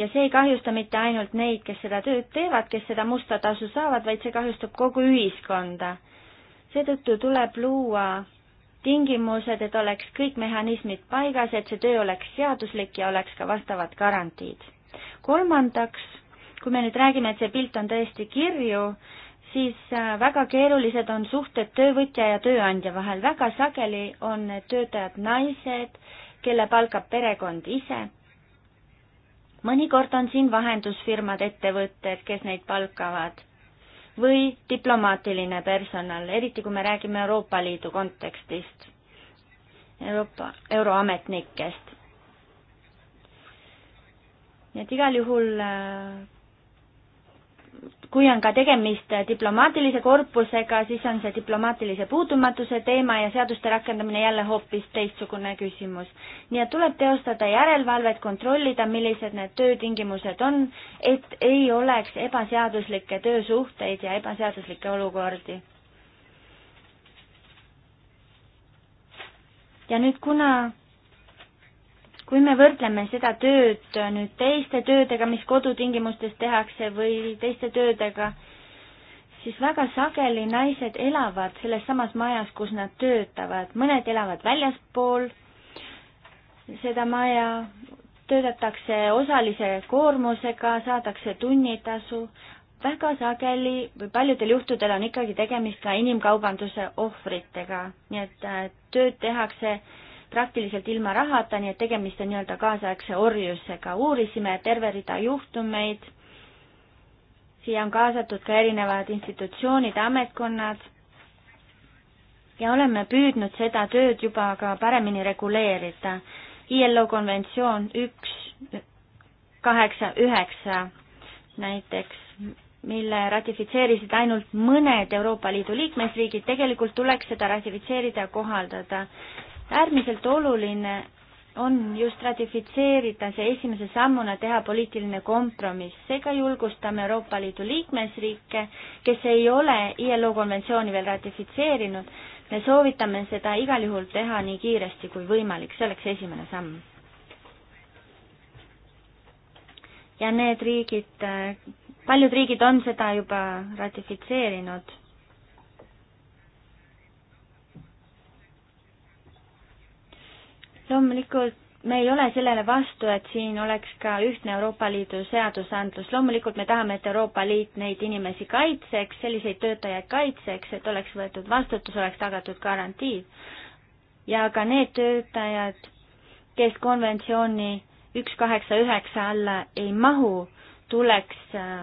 ja see ei kahjusta mitte ainult neid, kes seda tööd teevad, kes seda musta tasu saavad, vaid see kahjustab kogu ühiskonda. seetõttu tuleb luua tingimused, et oleks kõik mehhanismid paigas, et see töö oleks seaduslik ja oleks ka vastavad garantiid. kolmandaks, kui me nüüd räägime, et see pilt on tõesti kirju, siis äh, väga keerulised on suhted töövõtja ja tööandja vahel. väga sageli on need töötajad naised, kelle palkab perekond ise. mõnikord on siin vahendusfirmad, ettevõtted, kes neid palkavad või diplomaatiline personal, eriti kui me räägime Euroopa Liidu kontekstist, Euroopa, euroametnikest. nii et igal juhul äh, kui on ka tegemist diplomaatilise korpusega, siis on see diplomaatilise puutumatuse teema ja seaduste rakendamine jälle hoopis teistsugune küsimus. nii et tuleb teostada järelevalvet, kontrollida, millised need töötingimused on, et ei oleks ebaseaduslikke töösuhteid ja ebaseaduslikke olukordi. ja nüüd, kuna kui me võrdleme seda tööd nüüd teiste töödega, mis kodutingimustes tehakse või teiste töödega, siis väga sageli naised elavad selles samas majas, kus nad töötavad, mõned elavad väljaspool seda maja, töötatakse osalise koormusega, saadakse tunnitasu, väga sageli või paljudel juhtudel on ikkagi tegemist ka inimkaubanduse ohvritega, nii et äh, tööd tehakse äh, praktiliselt ilma rahata, nii et tegemist on nii-öelda kaasaegse orjusega. uurisime terve rida juhtumeid, siia on kaasatud ka erinevad institutsioonid, ametkonnad ja oleme püüdnud seda tööd juba ka paremini reguleerida. ILO konventsioon üks kaheksa üheksa näiteks, mille ratifitseerisid ainult mõned Euroopa Liidu liikmesriigid, tegelikult tuleks seda ratifitseerida ja kohaldada äärmiselt oluline on just ratifitseerida see esimese sammuna teha poliitiline kompromiss, seega julgustame Euroopa Liidu liikmesriike, kes ei ole ILO konventsiooni veel ratifitseerinud, me soovitame seda igal juhul teha nii kiiresti kui võimalik, see oleks esimene samm. ja need riigid, paljud riigid on seda juba ratifitseerinud loomulikult me ei ole sellele vastu, et siin oleks ka ühtne Euroopa Liidu seadusandlus, loomulikult me tahame, et Euroopa Liit neid inimesi kaitseks, selliseid töötajaid kaitseks, et oleks võetud vastutus, oleks tagatud garantiid. ja ka need töötajad, kes konventsiooni üks kaheksa üheksa alla ei mahu, tuleks äh,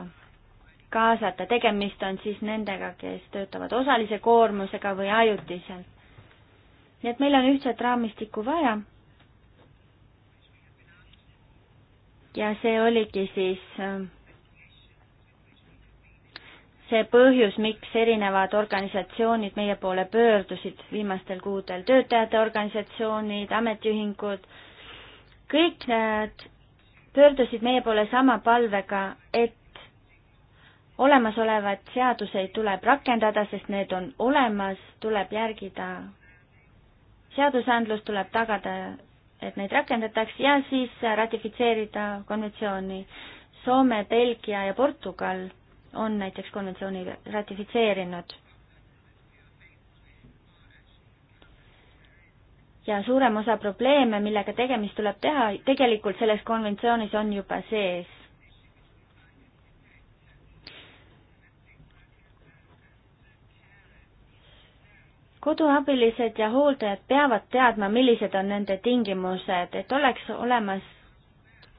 kaasata, tegemist on siis nendega, kes töötavad osalise koormusega või ajutiselt. nii et meil on ühtset raamistikku vaja ja see oligi siis ähm, see põhjus, miks erinevad organisatsioonid meie poole pöördusid viimastel kuudel, töötajate organisatsioonid, ametiühingud, kõik need pöördusid meie poole sama palvega, et olemasolevaid seaduseid tuleb rakendada, sest need on olemas, tuleb järgida seadusandlust, tuleb tagada et neid rakendataks ja siis ratifitseerida konventsiooni. Soome, Belgia ja Portugal on näiteks konventsiooni ratifitseerinud. ja suurem osa probleeme, millega tegemist tuleb teha, tegelikult selles konventsioonis on juba sees koduabilised ja hooldajad peavad teadma, millised on nende tingimused, et oleks olemas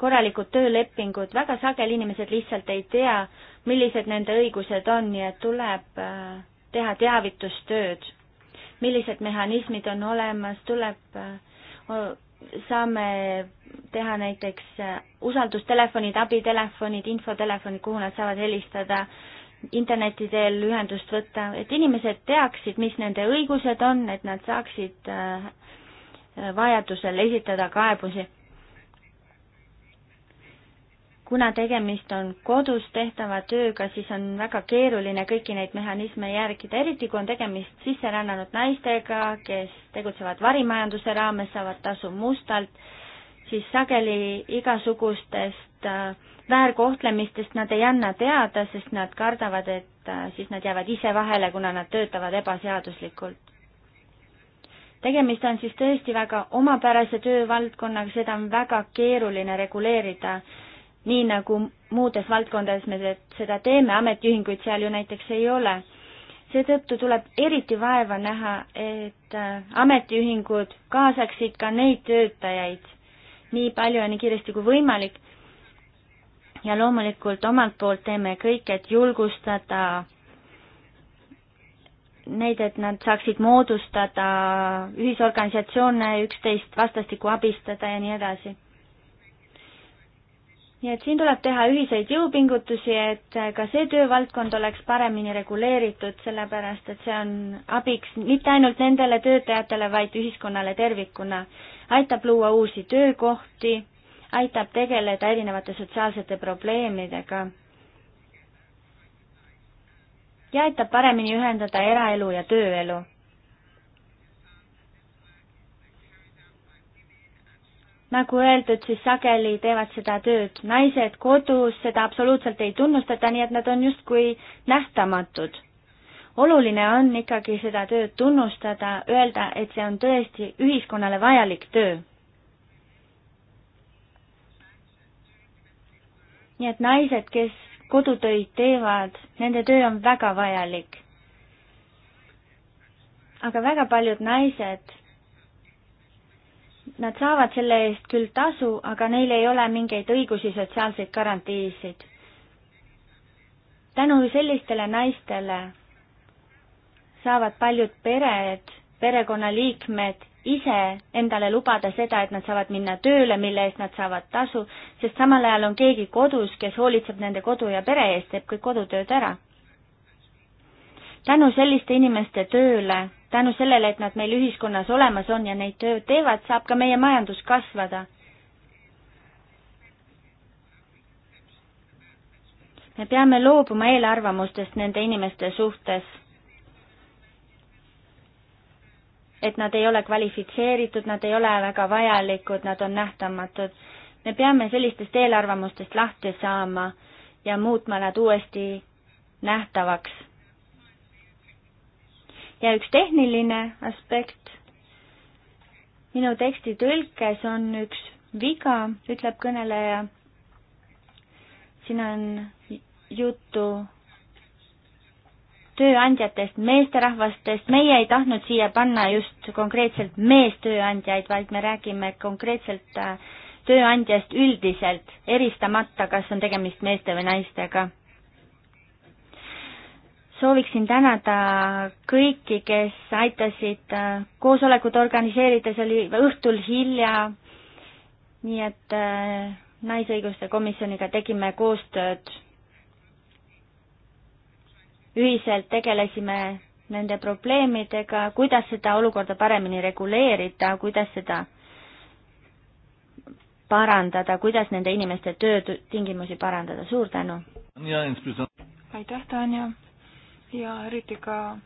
korralikud töölepingud, väga sageli inimesed lihtsalt ei tea, millised nende õigused on, nii et tuleb äh, teha teavitustööd. millised mehhanismid on olemas, tuleb, äh, saame teha näiteks äh, usaldustelefonid, abitelefonid, infotelefonid, kuhu nad saavad helistada interneti teel ühendust võtta, et inimesed teaksid, mis nende õigused on, et nad saaksid äh, vajadusel esitada kaebusi. kuna tegemist on kodus tehtava tööga, siis on väga keeruline kõiki neid mehhanisme järgida, eriti kui on tegemist sisserännanud naistega, kes tegutsevad varimajanduse raames, saavad tasu mustalt siis sageli igasugustest äh, väärkohtlemistest nad ei anna teada, sest nad kardavad, et äh, siis nad jäävad ise vahele, kuna nad töötavad ebaseaduslikult. tegemist on siis tõesti väga omapärase töövaldkonnaga, seda on väga keeruline reguleerida, nii nagu muudes valdkondades me seda teeme, ametiühinguid seal ju näiteks ei ole. seetõttu tuleb eriti vaeva näha, et äh, ametiühingud kaasaksid ka neid töötajaid nii palju ja nii kiiresti kui võimalik. ja loomulikult omalt poolt teeme kõik, et julgustada neid, et nad saaksid moodustada ühisorganisatsioone, üksteist vastastikku abistada ja nii edasi. nii et siin tuleb teha ühiseid jõupingutusi, et ka see töövaldkond oleks paremini reguleeritud, sellepärast et see on abiks mitte ainult nendele töötajatele, vaid ühiskonnale tervikuna aitab luua uusi töökohti, aitab tegeleda erinevate sotsiaalsete probleemidega ja aitab paremini ühendada eraelu ja tööelu. nagu öeldud, siis sageli teevad seda tööd naised kodus, seda absoluutselt ei tunnustata, nii et nad on justkui nähtamatud oluline on ikkagi seda tööd tunnustada, öelda, et see on tõesti ühiskonnale vajalik töö. nii et naised, kes kodutöid teevad, nende töö on väga vajalik. aga väga paljud naised, nad saavad selle eest küll tasu, aga neil ei ole mingeid õigusi, sotsiaalseid garantiisid. tänu sellistele naistele saavad paljud pered, perekonnaliikmed ise endale lubada seda, et nad saavad minna tööle, mille eest nad saavad tasu, sest samal ajal on keegi kodus, kes hoolitseb nende kodu ja pere eest, teeb kõik kodutööd ära. tänu selliste inimeste tööle, tänu sellele, et nad meil ühiskonnas olemas on ja neid tööd teevad, saab ka meie majandus kasvada. me peame loobuma eelarvamustest nende inimeste suhtes et nad ei ole kvalifitseeritud, nad ei ole väga vajalikud, nad on nähtamatud. me peame sellistest eelarvamustest lahti saama ja muutma nad uuesti nähtavaks. ja üks tehniline aspekt. minu teksti tõlkes on üks viga, ütleb kõneleja. siin on juttu tööandjatest, meesterahvastest, meie ei tahtnud siia panna just konkreetselt meestööandjaid, vaid me räägime konkreetselt äh, tööandjast üldiselt, eristamata, kas on tegemist meeste või naistega. sooviksin tänada kõiki, kes aitasid äh, koosolekut organiseerida, see oli õhtul hilja, nii et äh, Naisõiguste Komisjoniga tegime koostööd ühiselt tegelesime nende probleemidega, kuidas seda olukorda paremini reguleerida, kuidas seda parandada, kuidas nende inimeste töötingimusi parandada, suur tänu! aitäh, Tanja! ja eriti ka,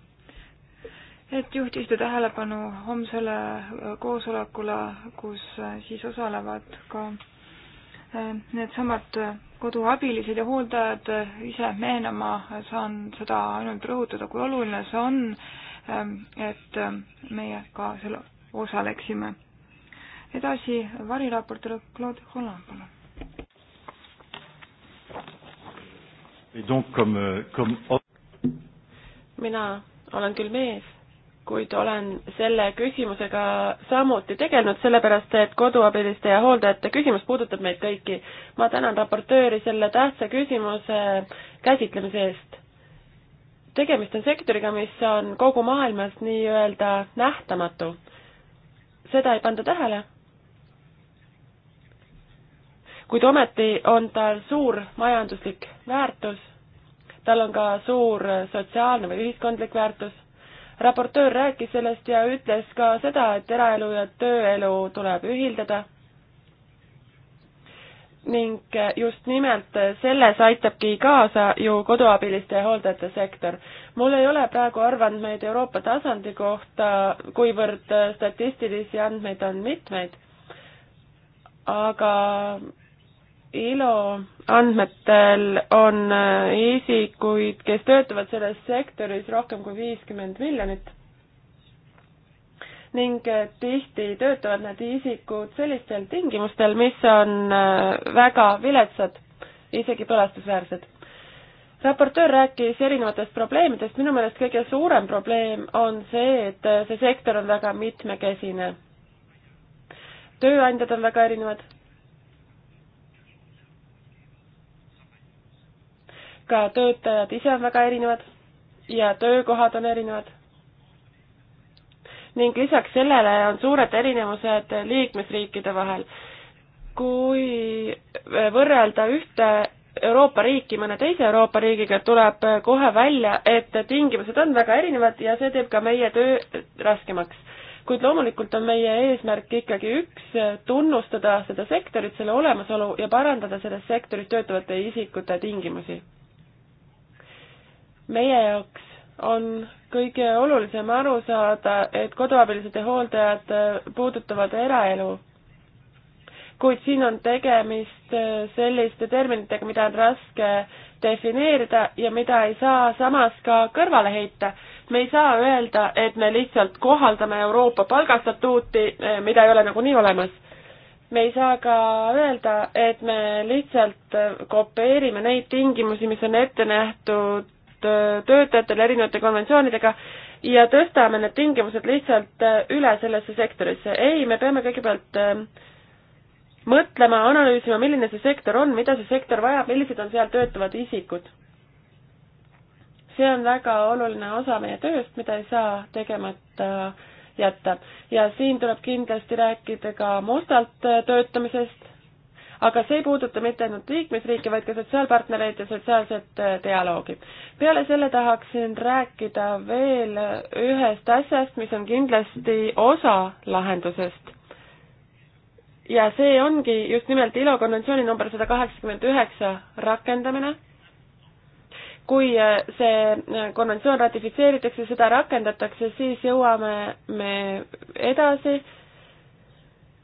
et juhtisite tähelepanu homsele koosolekule, kus siis osalevad ka eh, needsamad koduabilised ja hooldajad äh, ise mehena ma saan seda ainult rõhutada, kui oluline see on, ähm, et ähm, meie ka seal osaleksime. edasi variraportöör Claude Holland, palun. Euh, mina olen küll mees, kuid olen selle küsimusega samuti tegelenud, sellepärast et koduabiliste ja hooldajate küsimus puudutab meid kõiki. ma tänan raportööri selle tähtsa küsimuse käsitlemise eest. tegemist on sektoriga, mis on kogu maailmas nii-öelda nähtamatu. seda ei panda tähele. kuid ometi on tal suur majanduslik väärtus, tal on ka suur sotsiaalne või ühiskondlik väärtus raportöör rääkis sellest ja ütles ka seda, et eraelu ja tööelu tuleb ühildada ning just nimelt selles aitabki kaasa ju koduabiliste ja hooldajate sektor. mul ei ole praegu arvandmeid Euroopa tasandi kohta, kuivõrd statistilisi andmeid on mitmeid, aga ILO andmetel on äh, isikuid, kes töötavad selles sektoris rohkem kui viiskümmend miljonit ning äh, tihti töötavad need isikud sellistel tingimustel, mis on äh, väga viletsad, isegi põlastusväärsed. raportöör rääkis erinevatest probleemidest, minu meelest kõige suurem probleem on see, et see sektor on väga mitmekesine. tööandjad on väga erinevad ka töötajad ise on väga erinevad ja töökohad on erinevad. ning lisaks sellele on suured erinevused liikmesriikide vahel. kui võrrelda ühte Euroopa riiki mõne teise Euroopa riigiga, tuleb kohe välja, et tingimused on väga erinevad ja see teeb ka meie töö raskemaks. kuid loomulikult on meie eesmärk ikkagi üks, tunnustada seda sektorit, selle olemasolu ja parandada selles sektoris töötavate isikute tingimusi meie jaoks on kõige olulisem aru saada, et koduabilised ja hooldajad äh, puudutavad eraelu. kuid siin on tegemist äh, selliste terminitega, mida on raske defineerida ja mida ei saa samas ka kõrvale heita. me ei saa öelda, et me lihtsalt kohaldame Euroopa palgastatuuti, äh, mida ei ole nagunii olemas me ei saa ka öelda, et me lihtsalt kopeerime neid tingimusi, mis on ette nähtud Äh, töötajatele erinevate konventsioonidega ja tõstame need tingimused lihtsalt äh, üle sellesse sektorisse. ei, me peame kõigepealt äh, mõtlema, analüüsima, milline see sektor on, mida see sektor vajab, millised on seal töötavad isikud. see on väga oluline osa meie tööst, mida ei saa tegemata jätta. ja siin tuleb kindlasti rääkida ka mustalt töötamisest, aga see ei puuduta mitte ainult liikmesriike, vaid ka sotsiaalpartnereid ja sotsiaalset äh, dialoogi. peale selle tahaksin rääkida veel ühest asjast, mis on kindlasti osa lahendusest. ja see ongi just nimelt ILO konventsiooni number sada kaheksakümmend üheksa rakendamine kui äh, see äh, konventsioon ratifitseeritakse, seda rakendatakse, siis jõuame me edasi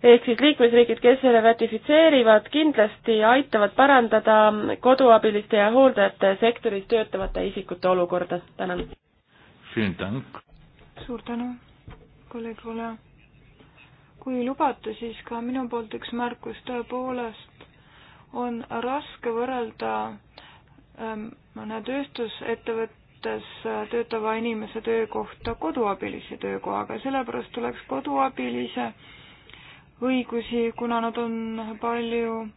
ehk siis liikmesriigid, kes selle ratifitseerivad, kindlasti aitavad parandada koduabiliste ja hooldajate sektoris töötavate isikute olukorda. tänan. suur tänu kolleegile. kui lubate, siis ka minu poolt üks märkus, tõepoolest on raske võrrelda ähm, mõne ähm, tööstusettevõttes äh, töötava inimese töökohta koduabilise töökohaga, sellepärast tuleks koduabilise äh, õigusi, kuna nad on palju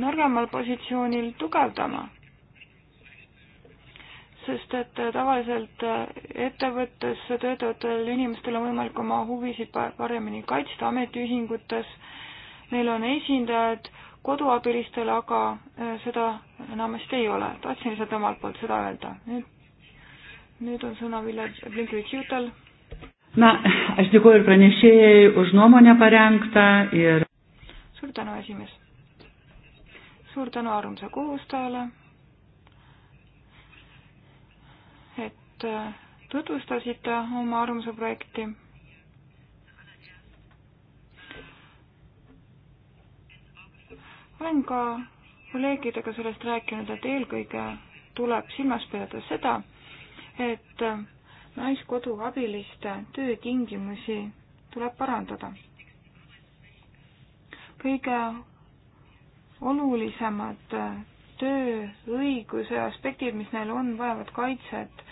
nõrgemal positsioonil tugevdama. sest et tavaliselt ettevõttes töötavatel inimestel on võimalik oma huvisid paremini kaitsta ametiühingutes, neil on esindajad koduabilistel, aga äh, seda enamasti ei ole. tahtsin lihtsalt omalt poolt seda öelda. nüüd, nüüd on sõna Vilja Blinkvitš-Jutel Na, aš dėkuoju ir pranešėjai už nuomonę parengtą ir. suur tänu, esimees. suur tänu armsa koostajale, et äh, tutvustasite oma armsa projekti. olen ka kolleegidega sellest rääkinud, et eelkõige tuleb silmas pidada seda, et naiskodu abiliste töötingimusi tuleb parandada. kõige olulisemad tööõiguse aspektid, mis neil on, vajavad kaitset.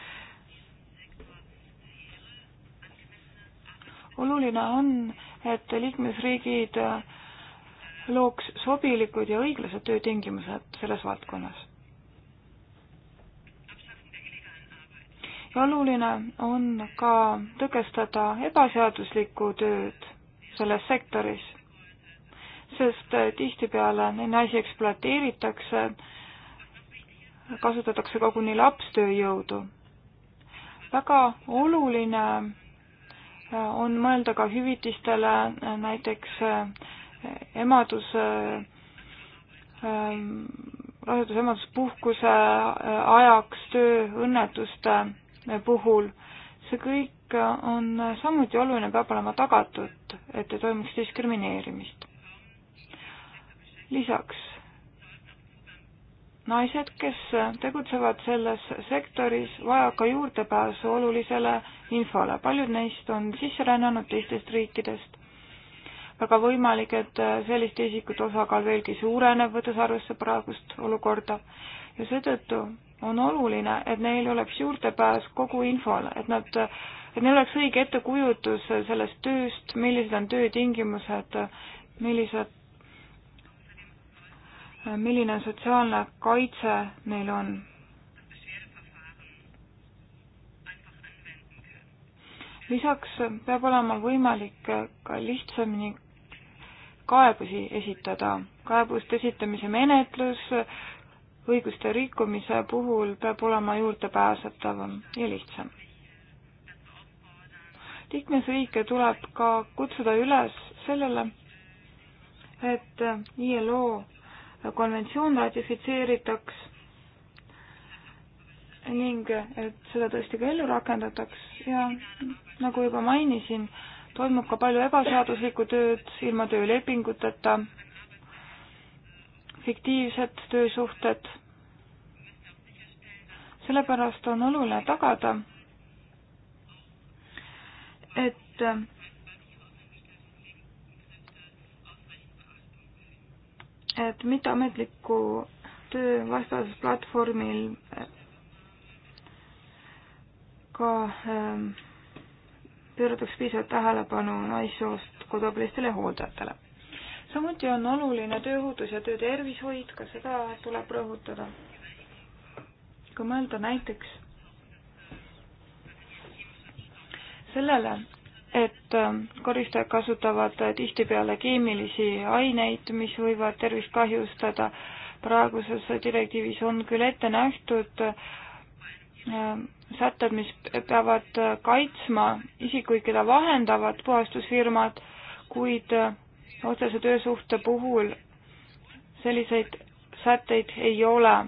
oluline on, et liikmesriigid looks sobilikud ja õiglased töötingimused selles valdkonnas ja oluline on ka tõkestada ebaseaduslikku tööd selles sektoris, sest tihtipeale neid naisi ekspluateeritakse, kasutatakse koguni lapstööjõudu. väga oluline on mõelda ka hüvitistele näiteks eh, emaduse eh, rasedus-emaduspuhkuse eh, ajaks, tööõnnetuste puhul. see kõik on samuti oluline, peab olema tagatud, et ei toimuks diskrimineerimist. lisaks naised, kes tegutsevad selles sektoris, vajavad ka juurdepääsu olulisele infole. paljud neist on sisse rännanud teistest riikidest. väga võimalik, et selliste isikute osakaal veelgi suureneb, võttes arvesse praegust olukorda ja seetõttu on oluline, et neil oleks juurdepääs kogu infole, et nad, et neil oleks õige ettekujutus sellest tööst, millised on töötingimused, millised, milline sotsiaalne kaitse neil on. lisaks peab olema võimalik ka lihtsamini kaebusi esitada, kaebuste esitamise menetlus äh,, õiguste rikkumise puhul peab olema juurdepääsetavam ja lihtsam. liikmesriike tuleb ka kutsuda üles sellele, et ILO konventsioon ratifitseeritaks ning et seda tõesti ka ellu rakendataks ja nagu juba mainisin, toimub ka palju ebaseaduslikku tööd ilma töölepinguteta fiktiivsed töösuhted. sellepärast on oluline tagada, et et mitteametliku töö vastases platvormil ka ähm, pööratakse piisavalt tähelepanu naissoost koduabilistele hooldajatele samuti on oluline tööohutus ja töötervishoid, ka seda tuleb rõhutada. kui mõelda näiteks sellele, et ähm, koristajad kasutavad äh, tihtipeale keemilisi aineid, mis võivad tervist kahjustada. praeguses direktiivis on küll ette nähtud ähm, sätted, mis peavad äh, kaitsma isikuid, keda vahendavad puhastusfirmad, kuid äh, otsese töösuhte puhul selliseid sätteid ei ole.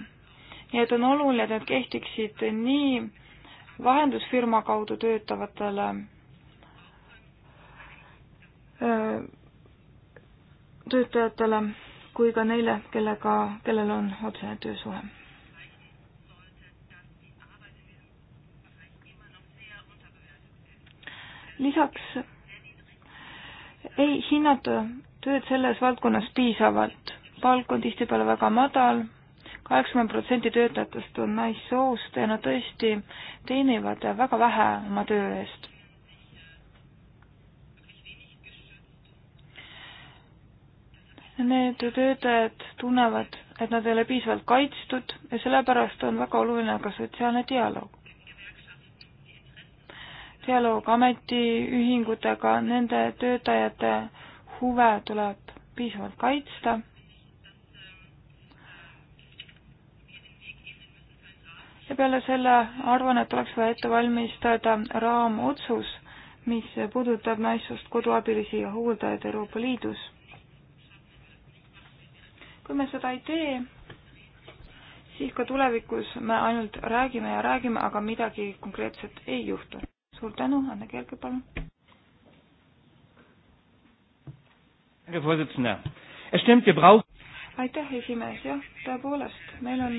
nii et on oluline, et need kehtiksid nii vahendusfirma kaudu töötavatele töötajatele kui ka neile, kellega, kellel on otsene töösuhe. lisaks ei hinnata tööd selles valdkonnas piisavalt. palk on tihtipeale väga madal, kaheksakümmend protsenti töötajatest on naissoost ja nad tõesti teenivad väga vähe oma töö eest. Need töötajad tunnevad, et nad ei ole piisavalt kaitstud ja sellepärast on väga oluline ka sotsiaalne dialoog. dialoog ametiühingutega, nende töötajate huve tuleb piisavalt kaitsta. ja peale selle arvan, et oleks vaja ette valmistada raamotsus, mis puudutab naissoost koduabilisi ja hooldajaid Euroopa Liidus. kui me seda ei tee, siis ka tulevikus me ainult räägime ja räägime, aga midagi konkreetset ei juhtu. suur tänu, Anne Kerge, palun! aitäh, esimees, jah, tõepoolest, meil on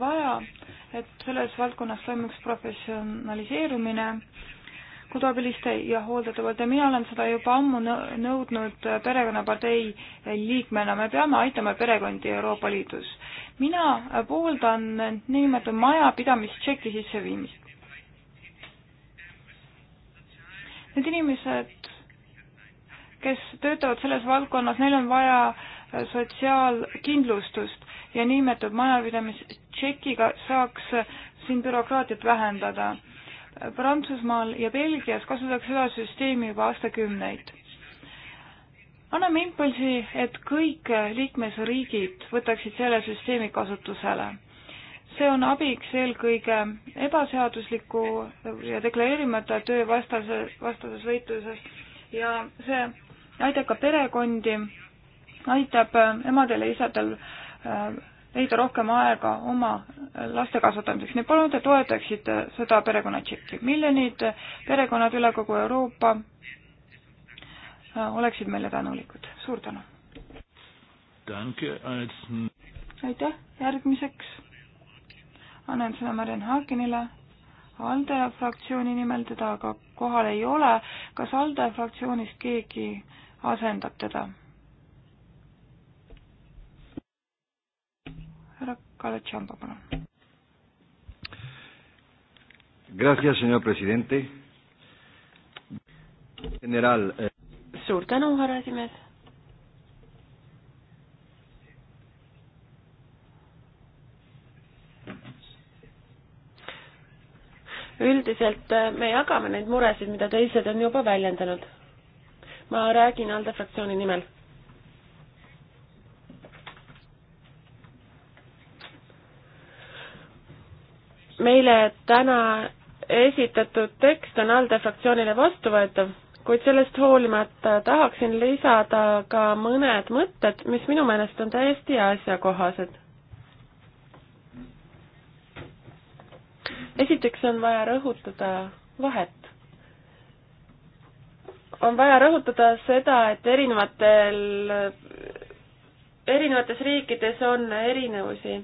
vaja, et selles valdkonnas toimuks professionaliseerumine koduabiliste ja hooldatavate, mina olen seda juba ammu nõudnud Perekonnapartei liikmena, me peame aitama perekondi Euroopa Liidus. mina pooldan niinimetatud majapidamistšeki sisseviimist. Need inimesed kes töötavad selles valdkonnas, neil on vaja äh, sotsiaalkindlustust ja niinimetatud majapidamistšekiga saaks äh, siin bürokraatiat vähendada. Äh, Prantsusmaal ja Belgias kasutatakse seda süsteemi juba aastakümneid. anname impulsi, et kõik liikmesriigid võtaksid selle süsteemi kasutusele see on abiks eelkõige ebaseadusliku ja deklareerimata töö vastase, vastases võitluses ja see aitab ka perekondi, aitab emadel ja isadel äh, leida rohkem aega oma laste kasvatamiseks. nii palun te toetaksite seda perekonnatšekki. miljonid perekonnad üle kogu Euroopa äh, oleksid meile tänulikud. suur tänu! aitäh, järgmiseks annan sõna Mariann Haakinile ALDE fraktsiooni nimel, teda aga kohal ei ole. kas ALDE fraktsioonist keegi asendab teda. härra Kalatšamba, palun. Gracias, señor presidente. General. Eh. Suur tänu, härra esimees. üldiselt eh, me jagame neid muresid, mida teised on juba väljendanud ma räägin ALDE fraktsiooni nimel. meile täna esitatud tekst on ALDE fraktsioonile vastuvõetav, kuid sellest hoolimata tahaksin lisada ka mõned mõtted, mis minu meelest on täiesti asjakohased. esiteks on vaja rõhutada vahet on vaja rõhutada seda, et erinevatel, erinevates riikides on erinevusi.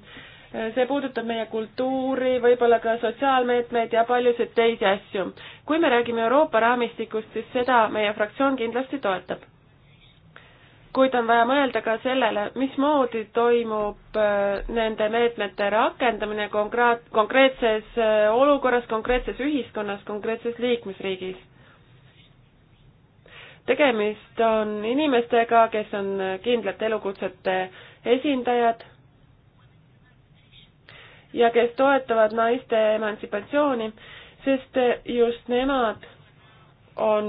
see puudutab meie kultuuri, võib-olla ka sotsiaalmeetmeid ja paljusid teisi asju. kui me räägime Euroopa raamistikust, siis seda meie fraktsioon kindlasti toetab. kuid on vaja mõelda ka sellele, mismoodi toimub äh, nende meetmete rakendamine konkreet-, konkreetses äh, olukorras, konkreetses ühiskonnas, konkreetses liikmesriigis tegemist on inimestega, kes on kindlate elukutsete esindajad ja kes toetavad naiste emantsipatsiooni, sest just nemad on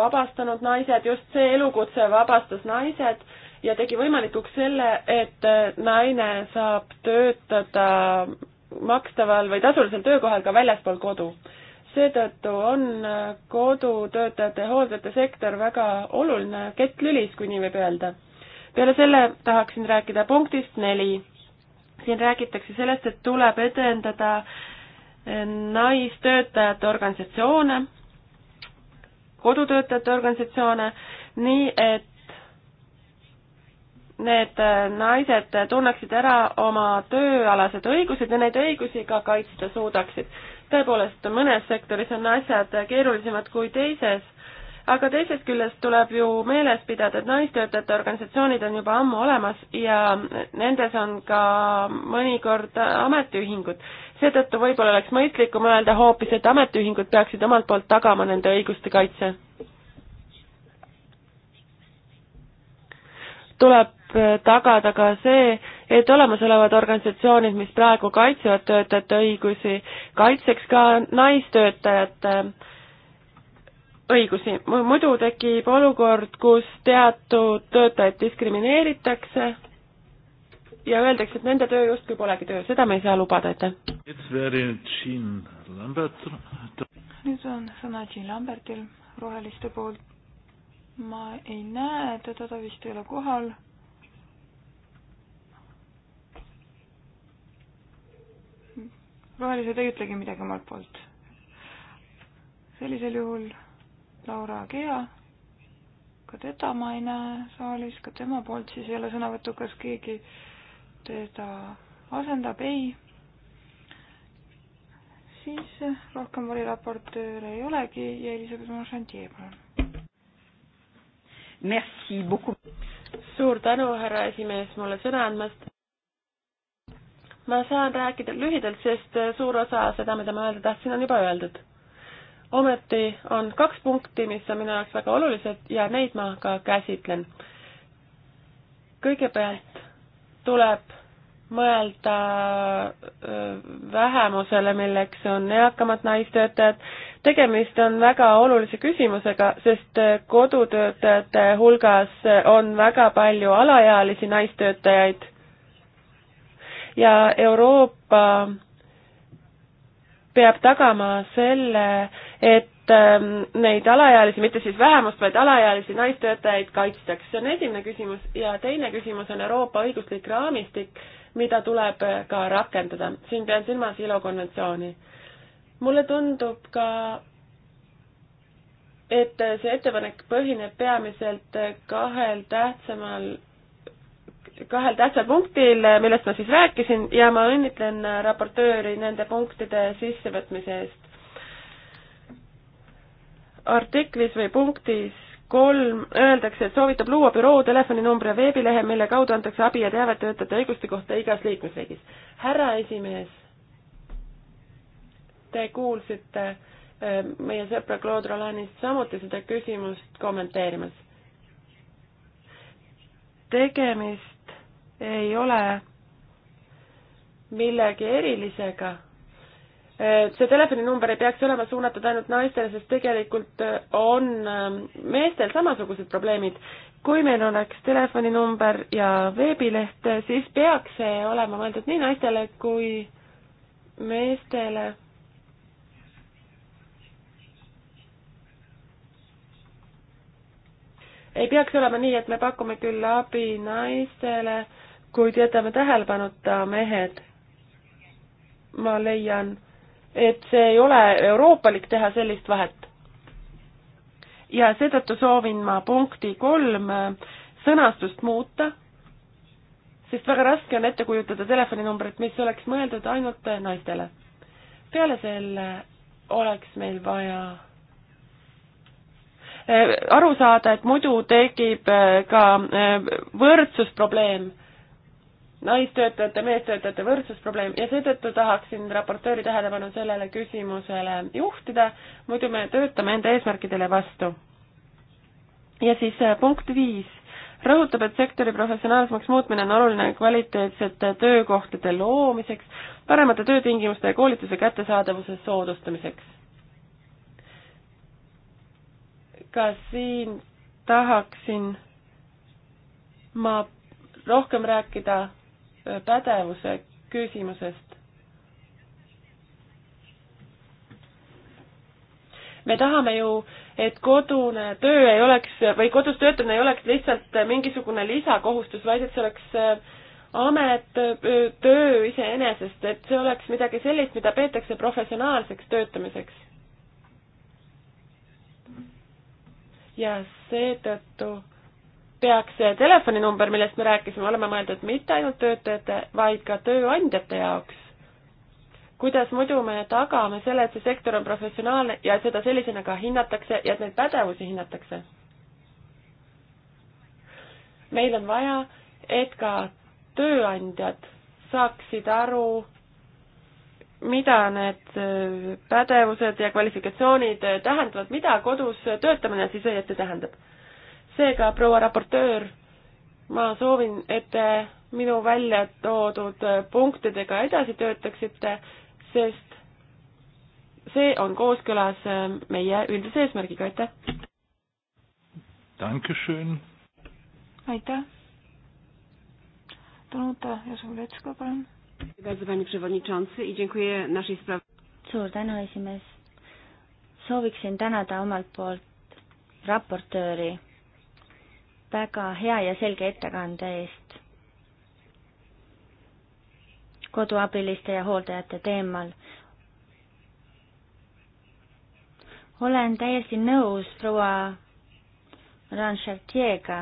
vabastanud naised, just see elukutse vabastas naised ja tegi võimalikuks selle, et naine saab töötada makstaval või tasulisel töökohal ka väljaspool kodu seetõttu on äh, kodutöötajate hooldetesektor väga oluline kettlülis, kui nii võib öelda. peale selle tahaksin rääkida punktist neli. siin räägitakse sellest, et tuleb edendada äh, naistöötajate organisatsioone, kodutöötajate organisatsioone, nii et need äh, naised tunneksid ära oma tööalased õigused ja neid õigusi ka kaitsta suudaksid tõepoolest, mõnes sektoris on asjad keerulisemad kui teises, aga teisest küljest tuleb ju meeles pidada, et naistöötajate organisatsioonid on juba ammu olemas ja nendes on ka mõnikord ametiühingud. seetõttu võib-olla oleks mõistlikum öelda hoopis, et ametiühingud peaksid omalt poolt tagama nende õiguste kaitse. tuleb tagada ka see, et olemasolevad organisatsioonid, mis praegu kaitsevad töötajate õigusi, kaitseks ka naistöötajate äh, õigusi. muidu tekib olukord, kus teatud töötajaid diskrimineeritakse ja öeldakse, et nende töö justkui polegi töö, seda me ei saa lubada, aitäh. nüüd on sõna Jean Lambertil roheliste poolt. ma ei näe teda, ta vist ei ole kohal rohelised ei ütlegi midagi omalt poolt. sellisel juhul Laura Gea, ka teda ma ei näe saalis, ka tema poolt siis ei ole sõnavõttu, kas keegi teda asendab, ei. siis rohkem variraportööre ei olegi ja Elizabeth Marchandier, palun. Merci beaucoup. suur tänu, härra esimees, mulle sõna andmast ma saan rääkida lühidalt, sest äh, suur osa seda, mida ma öelda tahtsin, on juba öeldud. ometi on kaks punkti, mis on minu jaoks väga olulised ja neid ma ka käsitlen. kõigepealt tuleb mõelda äh, vähemusele, milleks on eakamad naistöötajad. tegemist on väga olulise küsimusega, sest äh, kodutöötajate hulgas on väga palju alaealisi naistöötajaid ja Euroopa peab tagama selle, et ähm, neid alaealisi, mitte siis vähemust, vaid alaealisi naistöötajaid kaitstaks, see on esimene küsimus ja teine küsimus on Euroopa õiguslik raamistik, mida tuleb ka rakendada, siin pean silmas ILO konventsiooni. mulle tundub ka et see ettepanek põhineb peamiselt kahel tähtsamal kahel tähtsal punktil, millest ma siis rääkisin ja ma õnnitlen raportööri nende punktide sissevõtmise eest. artiklis või punktis kolm öeldakse, et soovitab luua büroo telefoninumbri ja veebilehe, mille kaudu antakse abi ja teavet töötajate õiguste kohta igas liikmesriigis. härra esimees, te kuulsite äh, meie sõpra Claude Rolanist samuti seda küsimust kommenteerimas tegemist ei ole millegi erilisega. see telefoninumber ei peaks olema suunatud ainult naistele, sest tegelikult on ähm, meestel samasugused probleemid. kui meil oleks telefoninumber ja veebileht, siis peaks see olema mõeldud nii naistele kui meestele. ei peaks olema nii, et me pakume küll abi naistele kuid jätame tähelepanuta mehed. ma leian, et see ei ole euroopalik teha sellist vahet. ja seetõttu soovin ma punkti kolm sõnastust muuta, sest väga raske on ette kujutada telefoninumbrit, mis oleks mõeldud ainult naistele. peale selle oleks meil vaja eh, aru saada, et muidu tekib eh, ka eh, võrdsusprobleem naistöötajate, meestöötajate võrdsusprobleem ja seetõttu tahaksin raportööri tähelepanu sellele küsimusele juhtida, muidu me töötame enda eesmärkidele vastu. ja siis äh, punkt viis rõhutab, et sektori professionaalsemaks muutmine on oluline kvaliteetsete töökohtade loomiseks, paremate töötingimuste ja koolituse kättesaadavuse soodustamiseks. ka siin tahaksin ma rohkem rääkida pädevuse küsimusest. me tahame ju, et kodune töö ei oleks või kodus töötamine ei oleks lihtsalt mingisugune lisakohustus, vaid et see oleks äh, amet, äh, töö iseenesest, et see oleks midagi sellist, mida peetakse professionaalseks töötamiseks. ja seetõttu peaks see telefoninumber, millest me rääkisime, olema mõeldud mitte ainult töötajate, vaid ka tööandjate jaoks. kuidas muidu me tagame selle, et see sektor on professionaalne ja seda sellisena ka hinnatakse ja et neid pädevusi hinnatakse? meil on vaja, et ka tööandjad saaksid aru, mida need pädevused ja kvalifikatsioonid tähendavad, mida kodus töötamine siis õieti tähendab seega, proua raportöör, ma soovin, et te minu välja toodud punktidega edasi töötaksite, sest see on kooskõlas äh, meie üldise eesmärgiga, aitäh! Dankeschön! aitäh! Danuta Jasovetska, palun! suur tänu, esimees! sooviksin tänada omalt poolt raportööri väga hea ja selge ettekande eest koduabiliste ja hooldajate teemal. olen täiesti nõus proua Ranchartier'ga,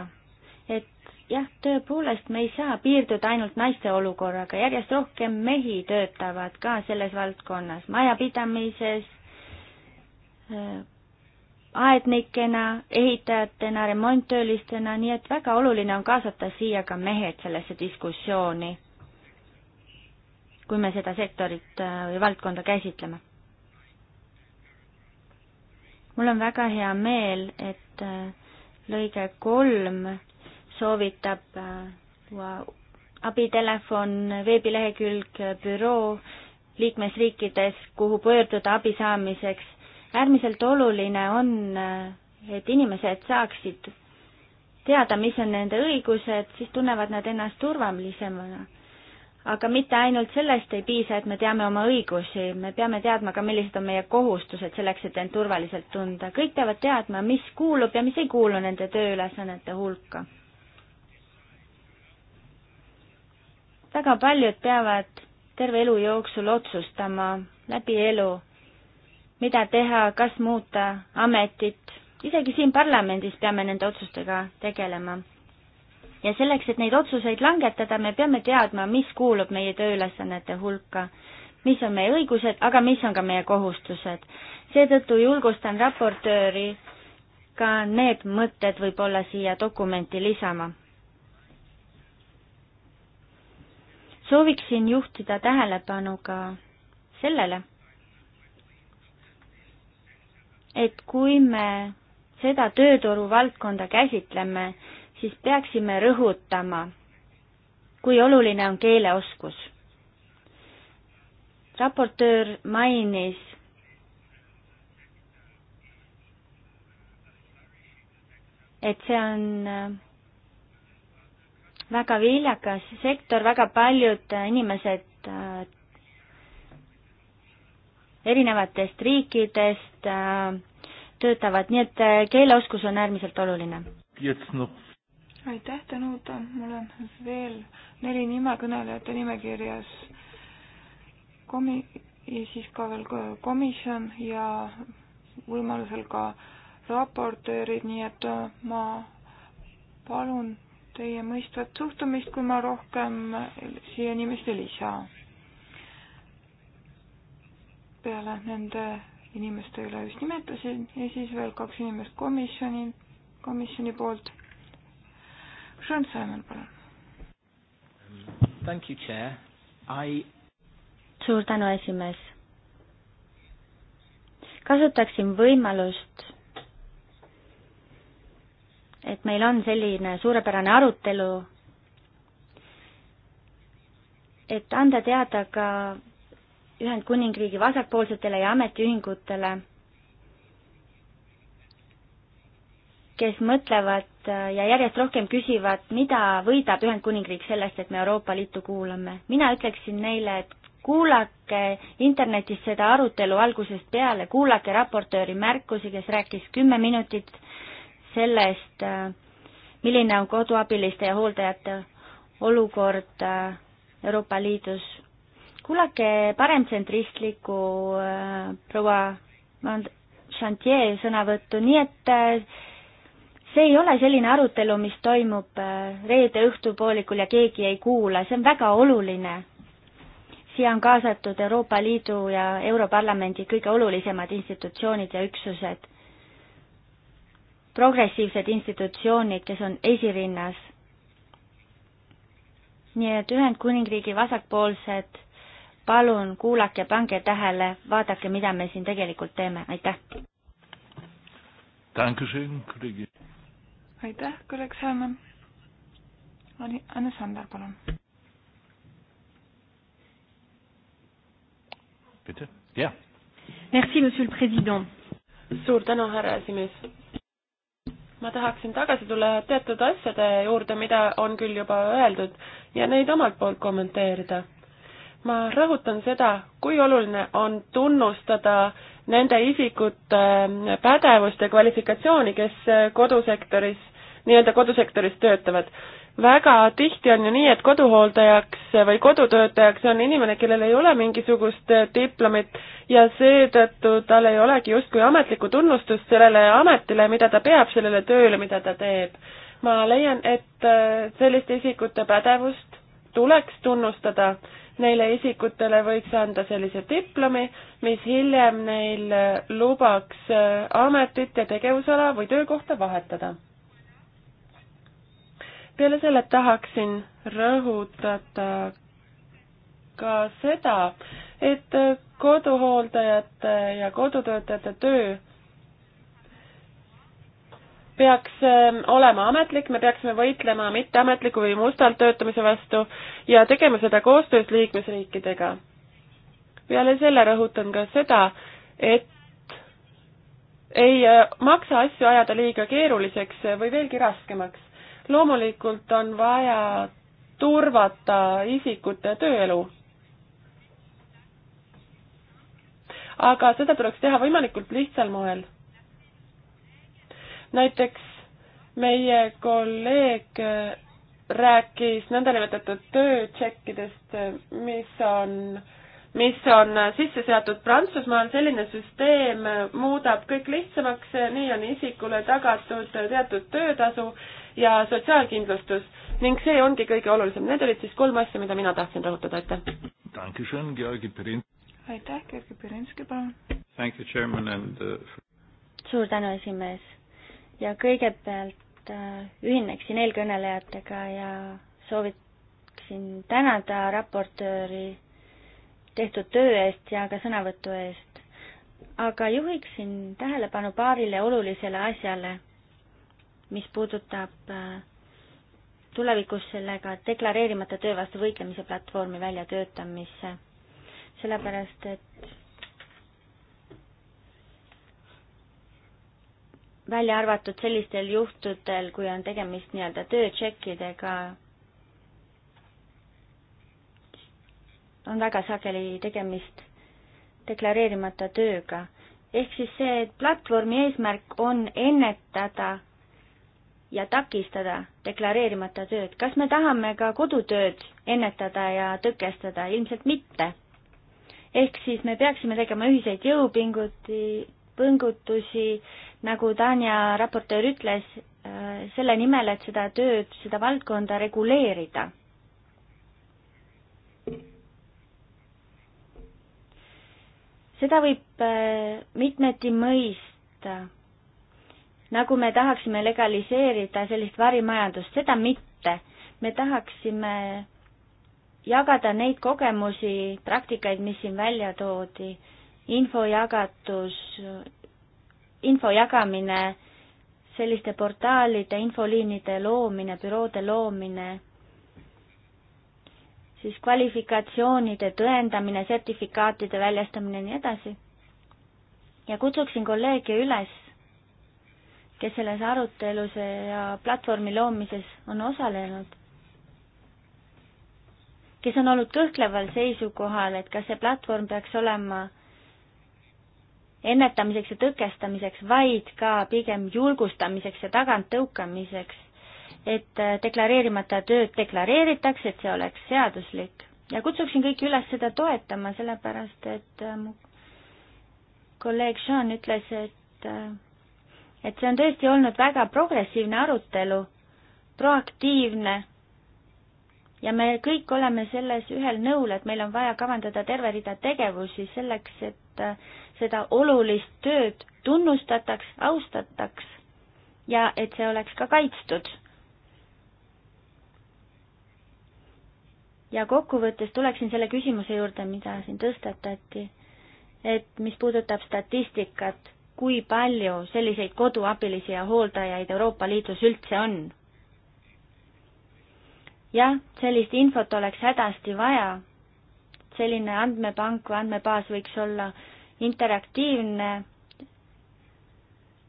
et jah, tõepoolest me ei saa piirduda ainult naiste olukorraga, järjest rohkem mehi töötavad ka selles valdkonnas, majapidamises, aednikena, ehitajatena, remonttöölistena, nii et väga oluline on kaasata siia ka mehed sellesse diskussiooni, kui me seda sektorit äh, või valdkonda käsitleme. mul on väga hea meel, et äh, lõige kolm soovitab äh, abitelefon, veebilehekülg, büroo liikmesriikides, kuhu pöörduda abi saamiseks äärmiselt oluline on, et inimesed saaksid teada, mis on nende õigused, siis tunnevad nad ennast turvalisemana. aga mitte ainult sellest ei piisa, et me teame oma õigusi, me peame teadma ka, millised on meie kohustused selleks, et end turvaliselt tunda. kõik peavad teadma, mis kuulub ja mis ei kuulu nende tööülesannete hulka. väga paljud peavad terve elu jooksul otsustama läbi elu mida teha, kas muuta ametit, isegi siin parlamendis peame nende otsustega tegelema. ja selleks, et neid otsuseid langetada, me peame teadma, mis kuulub meie tööülesannete hulka, mis on meie õigused, aga mis on ka meie kohustused. seetõttu julgustan raportööri ka need mõtted võib-olla siia dokumenti lisama. sooviksin juhtida tähelepanu ka sellele, et kui me seda tööturu valdkonda käsitleme, siis peaksime rõhutama, kui oluline on keeleoskus. raportöör mainis et see on äh, väga viljakas sektor, väga paljud inimesed äh, erinevatest riikidest äh, töötavad, nii et äh, keeleoskus on äärmiselt oluline. aitäh, Tõnuta, mul on veel neli nime kõnelejate nimekirjas. Komi-, ja siis ka veel komisjon ja võimalusel ka raportöörid, nii et äh, ma palun teie mõistvat suhtumist, kui ma rohkem siia nimest ei lisa peale nende inimeste üle just nimetasin ja siis veel kaks inimest komisjoni, komisjoni poolt. Sean Simon, palun. Thank you, chair. I. suur tänu, esimees. kasutaksin võimalust, et meil on selline suurepärane arutelu, et anda teada ka Ühendkuningriigi vasakpoolsetele ja ametiühingutele, kes mõtlevad äh, ja järjest rohkem küsivad, mida võidab Ühendkuningriik sellest, et me Euroopa Liitu kuulame. mina ütleksin neile, et kuulake internetis seda arutelu algusest peale, kuulake raportööri märkusi, kes rääkis kümme minutit sellest, äh, milline on koduabiliste ja hooldajate olukord äh, Euroopa Liidus kuulake paremtsentristliku äh, proua Chantier sõnavõttu, nii et äh, see ei ole selline arutelu, mis toimub äh, reede õhtupoolikul ja keegi ei kuula, see on väga oluline. siia on kaasatud Euroopa Liidu ja Europarlamendi kõige olulisemad institutsioonid ja üksused, progressiivsed institutsioonid, kes on esirinnas. nii et Ühendkuningriigi vasakpoolsed palun kuulake, pange tähele, vaadake, mida me siin tegelikult teeme, aitäh. aitäh, kolleeg Säämann. Anne Sander, palun. jah. Merci, monsieur le president. suur tänu, härra esimees ma tahaksin tagasi tulla teatud asjade juurde, mida on küll juba öeldud ja neid omalt poolt kommenteerida ma rõhutan seda, kui oluline on tunnustada nende isikute äh, pädevust ja kvalifikatsiooni, kes äh, kodusektoris, nii-öelda kodusektoris töötavad. väga tihti on ju nii, et koduhooldajaks äh, või kodutöötajaks on inimene, kellel ei ole mingisugust diplomit ja seetõttu tal ei olegi justkui ametlikku tunnustust sellele ametile, mida ta peab, sellele tööle, mida ta teeb. ma leian, et selliste isikute pädevust tuleks tunnustada Neile isikutele võiks anda sellise diplomi, mis hiljem neil lubaks äh, ametit ja tegevusala või töökohta vahetada. peale selle tahaksin rõhutada ka seda, et koduhooldajate ja kodutöötajate töö peaks ähm, olema ametlik, me peaksime võitlema mitteametliku või mustalt töötamise vastu ja tegema seda koostöös liikmesriikidega. peale selle rõhutan ka seda, et ei äh, maksa asju ajada liiga keeruliseks või veelgi raskemaks. loomulikult on vaja turvata isikute tööelu. aga seda tuleks teha võimalikult lihtsal moel näiteks meie kolleeg äh, rääkis nõndanimetatud töötšekkidest, äh, mis on, mis on äh, sisse seatud Prantsusmaal, selline süsteem muudab kõik lihtsamaks, nii on isikule tagatud teatud töötasu ja sotsiaalkindlustus ning see ongi kõige olulisem. Need olid siis kolm asja, mida mina tahtsin rõhutada, aitäh. aitäh, Georgi Pirinski, palun. Uh, suur tänu, esimees ja kõigepealt äh, ühineksin eelkõnelejatega ja sooviksin tänada raportööri tehtud töö eest ja ka sõnavõtu eest. aga juhiksin tähelepanu paarile olulisele asjale, mis puudutab äh, tulevikus sellega deklareerimata töö vastu võitlemise platvormi väljatöötamisse. sellepärast, et välja arvatud sellistel juhtudel, kui on tegemist nii-öelda töötšekkidega, on väga sageli tegemist deklareerimata tööga. ehk siis see platvormi eesmärk on ennetada ja takistada deklareerimata tööd. kas me tahame ka kodutööd ennetada ja tõkestada? ilmselt mitte. ehk siis me peaksime tegema ühiseid jõupinguti pingutusi, nagu Tanja raportöör ütles, selle nimel, et seda tööd, seda valdkonda reguleerida. seda võib äh, mitmeti mõista, nagu me tahaksime legaliseerida sellist varimajandust, seda mitte. me tahaksime jagada neid kogemusi, praktikaid, mis siin välja toodi infojagatus, info jagamine, selliste portaalide, infoliinide loomine, büroode loomine, siis kvalifikatsioonide tõendamine, sertifikaatide väljastamine ja nii edasi. ja kutsuksin kolleege üles, kes selles arutelus ja platvormi loomises on osalenud, kes on olnud kõhkleval seisukohal, et kas see platvorm peaks olema ennetamiseks ja tõkestamiseks, vaid ka pigem julgustamiseks ja taganttõukamiseks, et äh, deklareerimata tööd deklareeritakse, et see oleks seaduslik. ja kutsuksin kõiki üles seda toetama, sellepärast et äh, mu kolleeg Sean ütles, et äh, et see on tõesti olnud väga progressiivne arutelu, proaktiivne ja me kõik oleme selles ühel nõul, et meil on vaja kavandada terve rida tegevusi selleks, et seda olulist tööd tunnustataks, austataks ja et see oleks ka kaitstud. ja kokkuvõttes tuleksin selle küsimuse juurde, mida siin tõstatati, et mis puudutab statistikat, kui palju selliseid koduabilisi ja hooldajaid Euroopa Liidus üldse on jah, sellist infot oleks hädasti vaja. selline andmepank või andmebaas võiks olla interaktiivne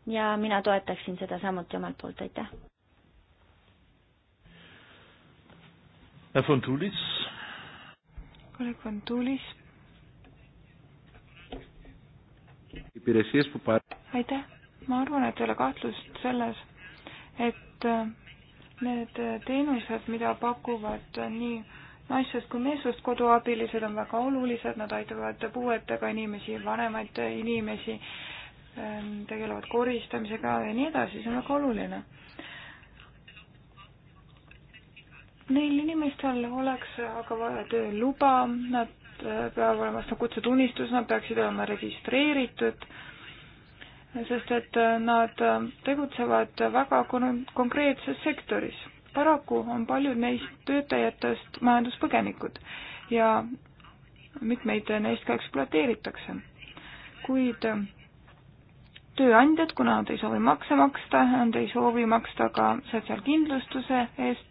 ja mina toetaksin seda samuti omalt poolt, aitäh. Fontulis. kolleeg Fontulis. aitäh, ma arvan, et ei ole kahtlust selles, et need teenused, mida pakuvad nii naissoost kui meessoost koduabilised on väga olulised, nad aitavad puuetega inimesi, vanemaid inimesi, ähm, tegelevad koristamisega ja nii edasi, see on väga oluline. Neil inimestel oleks aga vaja tööluba, nad äh, peavad olema kutsetunnistus, nad peaksid olema registreeritud, sest et äh, nad äh, tegutsevad väga konkreetses sektoris paraku on paljud neist töötajatest majanduspõgenikud ja mitmeid neist ka ekspluateeritakse. kuid tööandjad, kuna nad ei soovi makse maksta, nad ei soovi maksta ka sotsiaalkindlustuse eest,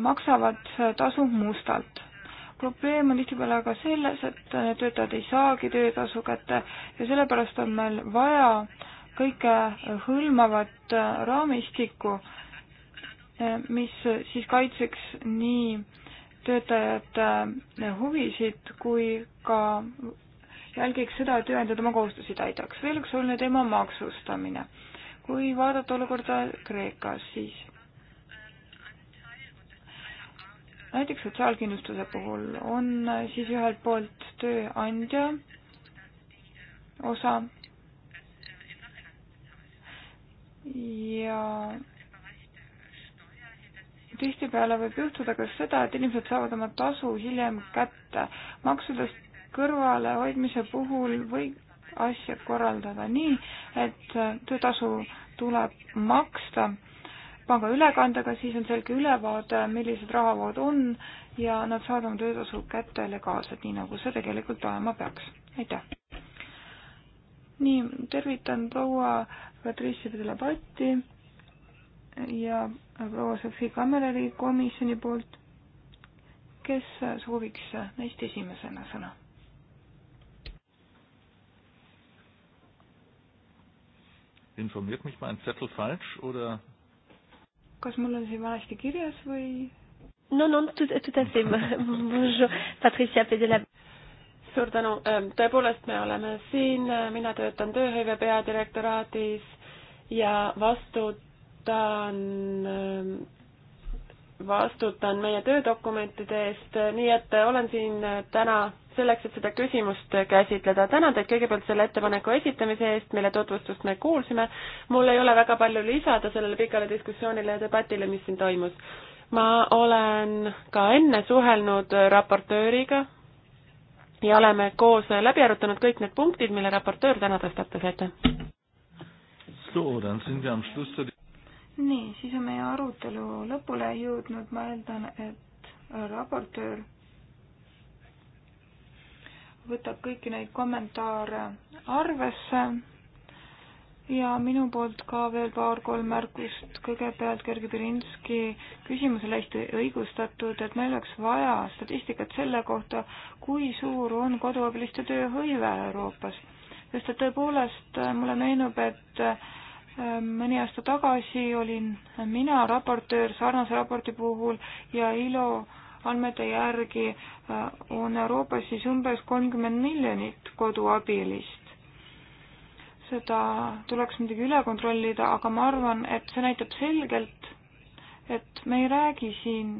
maksavad tasu mustalt. probleem on tihtipeale aga selles, et töötajad ei saagi töötasu kätte ja sellepärast on meil vaja kõike hõlmavat raamistikku, Eh, mis siis kaitseks nii töötajate eh, huvisid kui ka jälgiks seda, et tööandjad oma kohustusi täidaks. veel üks oluline teema on maksustamine. kui vaadata olukorda Kreekas, siis näiteks sotsiaalkindlustuse puhul on siis ühelt poolt tööandja osa ja tihtipeale võib juhtuda ka seda, et inimesed saavad oma tasu hiljem kätte. maksudest kõrvalehoidmise puhul võib asja korraldada nii, et töötasu tuleb maksta panga ülekandega, siis on selge ülevaade, millised rahavood on ja nad saavad oma töötasu kätte legaalselt, nii nagu see tegelikult olema peaks. aitäh! nii, tervitan proua Patricia Delabatti ja proua Sofi Kammerari komisjoni poolt. kes sooviks neist esimesena sõna? informiert mich mein Zettel falsch oder? kas mul on siin valesti kirjas või? no no tout, tout à fait bonjour Patricia Pedela. suur tänu, ähm, tõepoolest me oleme siin, äh, mina töötan tööhõive peadirektoraadis ja vastu vastutan, ähm, vastutan meie töödokumentide eest, nii et olen siin täna selleks, et seda küsimust käsitleda. tänan teid kõigepealt selle ettepaneku esitamise eest, mille tutvustust me kuulsime. mul ei ole väga palju lisada sellele pikale diskussioonile ja debatile, mis siin toimus. ma olen ka enne suhelnud raportööriga ja oleme koos läbi arutanud kõik need punktid, mille raportöör täna tõstatas, aitäh! nii, siis on meie arutelu lõpule jõudnud, ma eeldan, et raportöör võtab kõiki neid kommentaare arvesse ja minu poolt ka veel paar-kolm märkust. kõigepealt Gergi Pirinski küsimusele hästi õigustatud, et meil oleks vaja statistikat selle kohta, kui suur on koduabiliste tööhõive Euroopas. sest et tõepoolest mulle meenub, et Ehm, mõni aasta tagasi olin mina raportöör sarnase raporti puhul ja ILO andmete järgi eh, on Euroopas siis umbes kolmkümmend miljonit koduabilist. seda tuleks muidugi üle kontrollida, aga ma arvan, et see näitab selgelt, et me ei räägi siin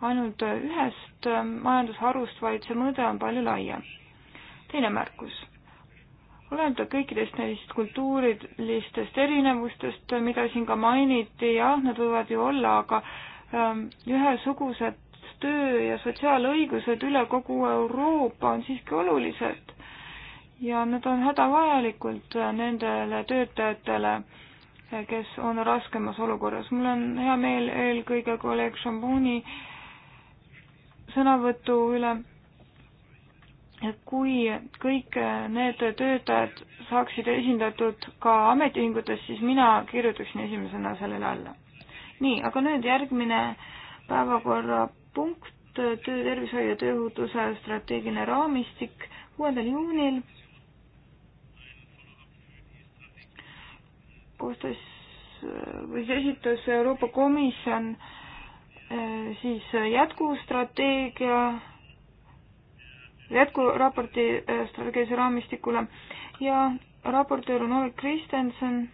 ainult ühest ehm, majandusharust, vaid see mõõde on palju laiem. teine märkus oleneda kõikidest neist kultuurilistest erinevustest, mida siin ka mainiti, jah, nad võivad ju olla, aga ähm, ühesugused töö- ja sotsiaalõigused üle kogu Euroopa on siiski olulised ja need on hädavajalikud nendele töötajatele, kes on raskemas olukorras. mul on hea meel eelkõige kolleeg Šambuni sõnavõtu üle et kui kõik need töötajad saaksid esindatud ka ametiühingutes, siis mina kirjutaksin esimesena sellele alla. nii, aga nüüd järgmine päevakorrapunkt, töötervishoiu ja tööohutuse strateegiline raamistik kuuendal juunil. koostöös või see esitas Euroopa Komisjon eh, siis jätkustrateegia jätkuraporti äh, strateegilise raamistikule ja raportöör on Ulrik Kristjanson.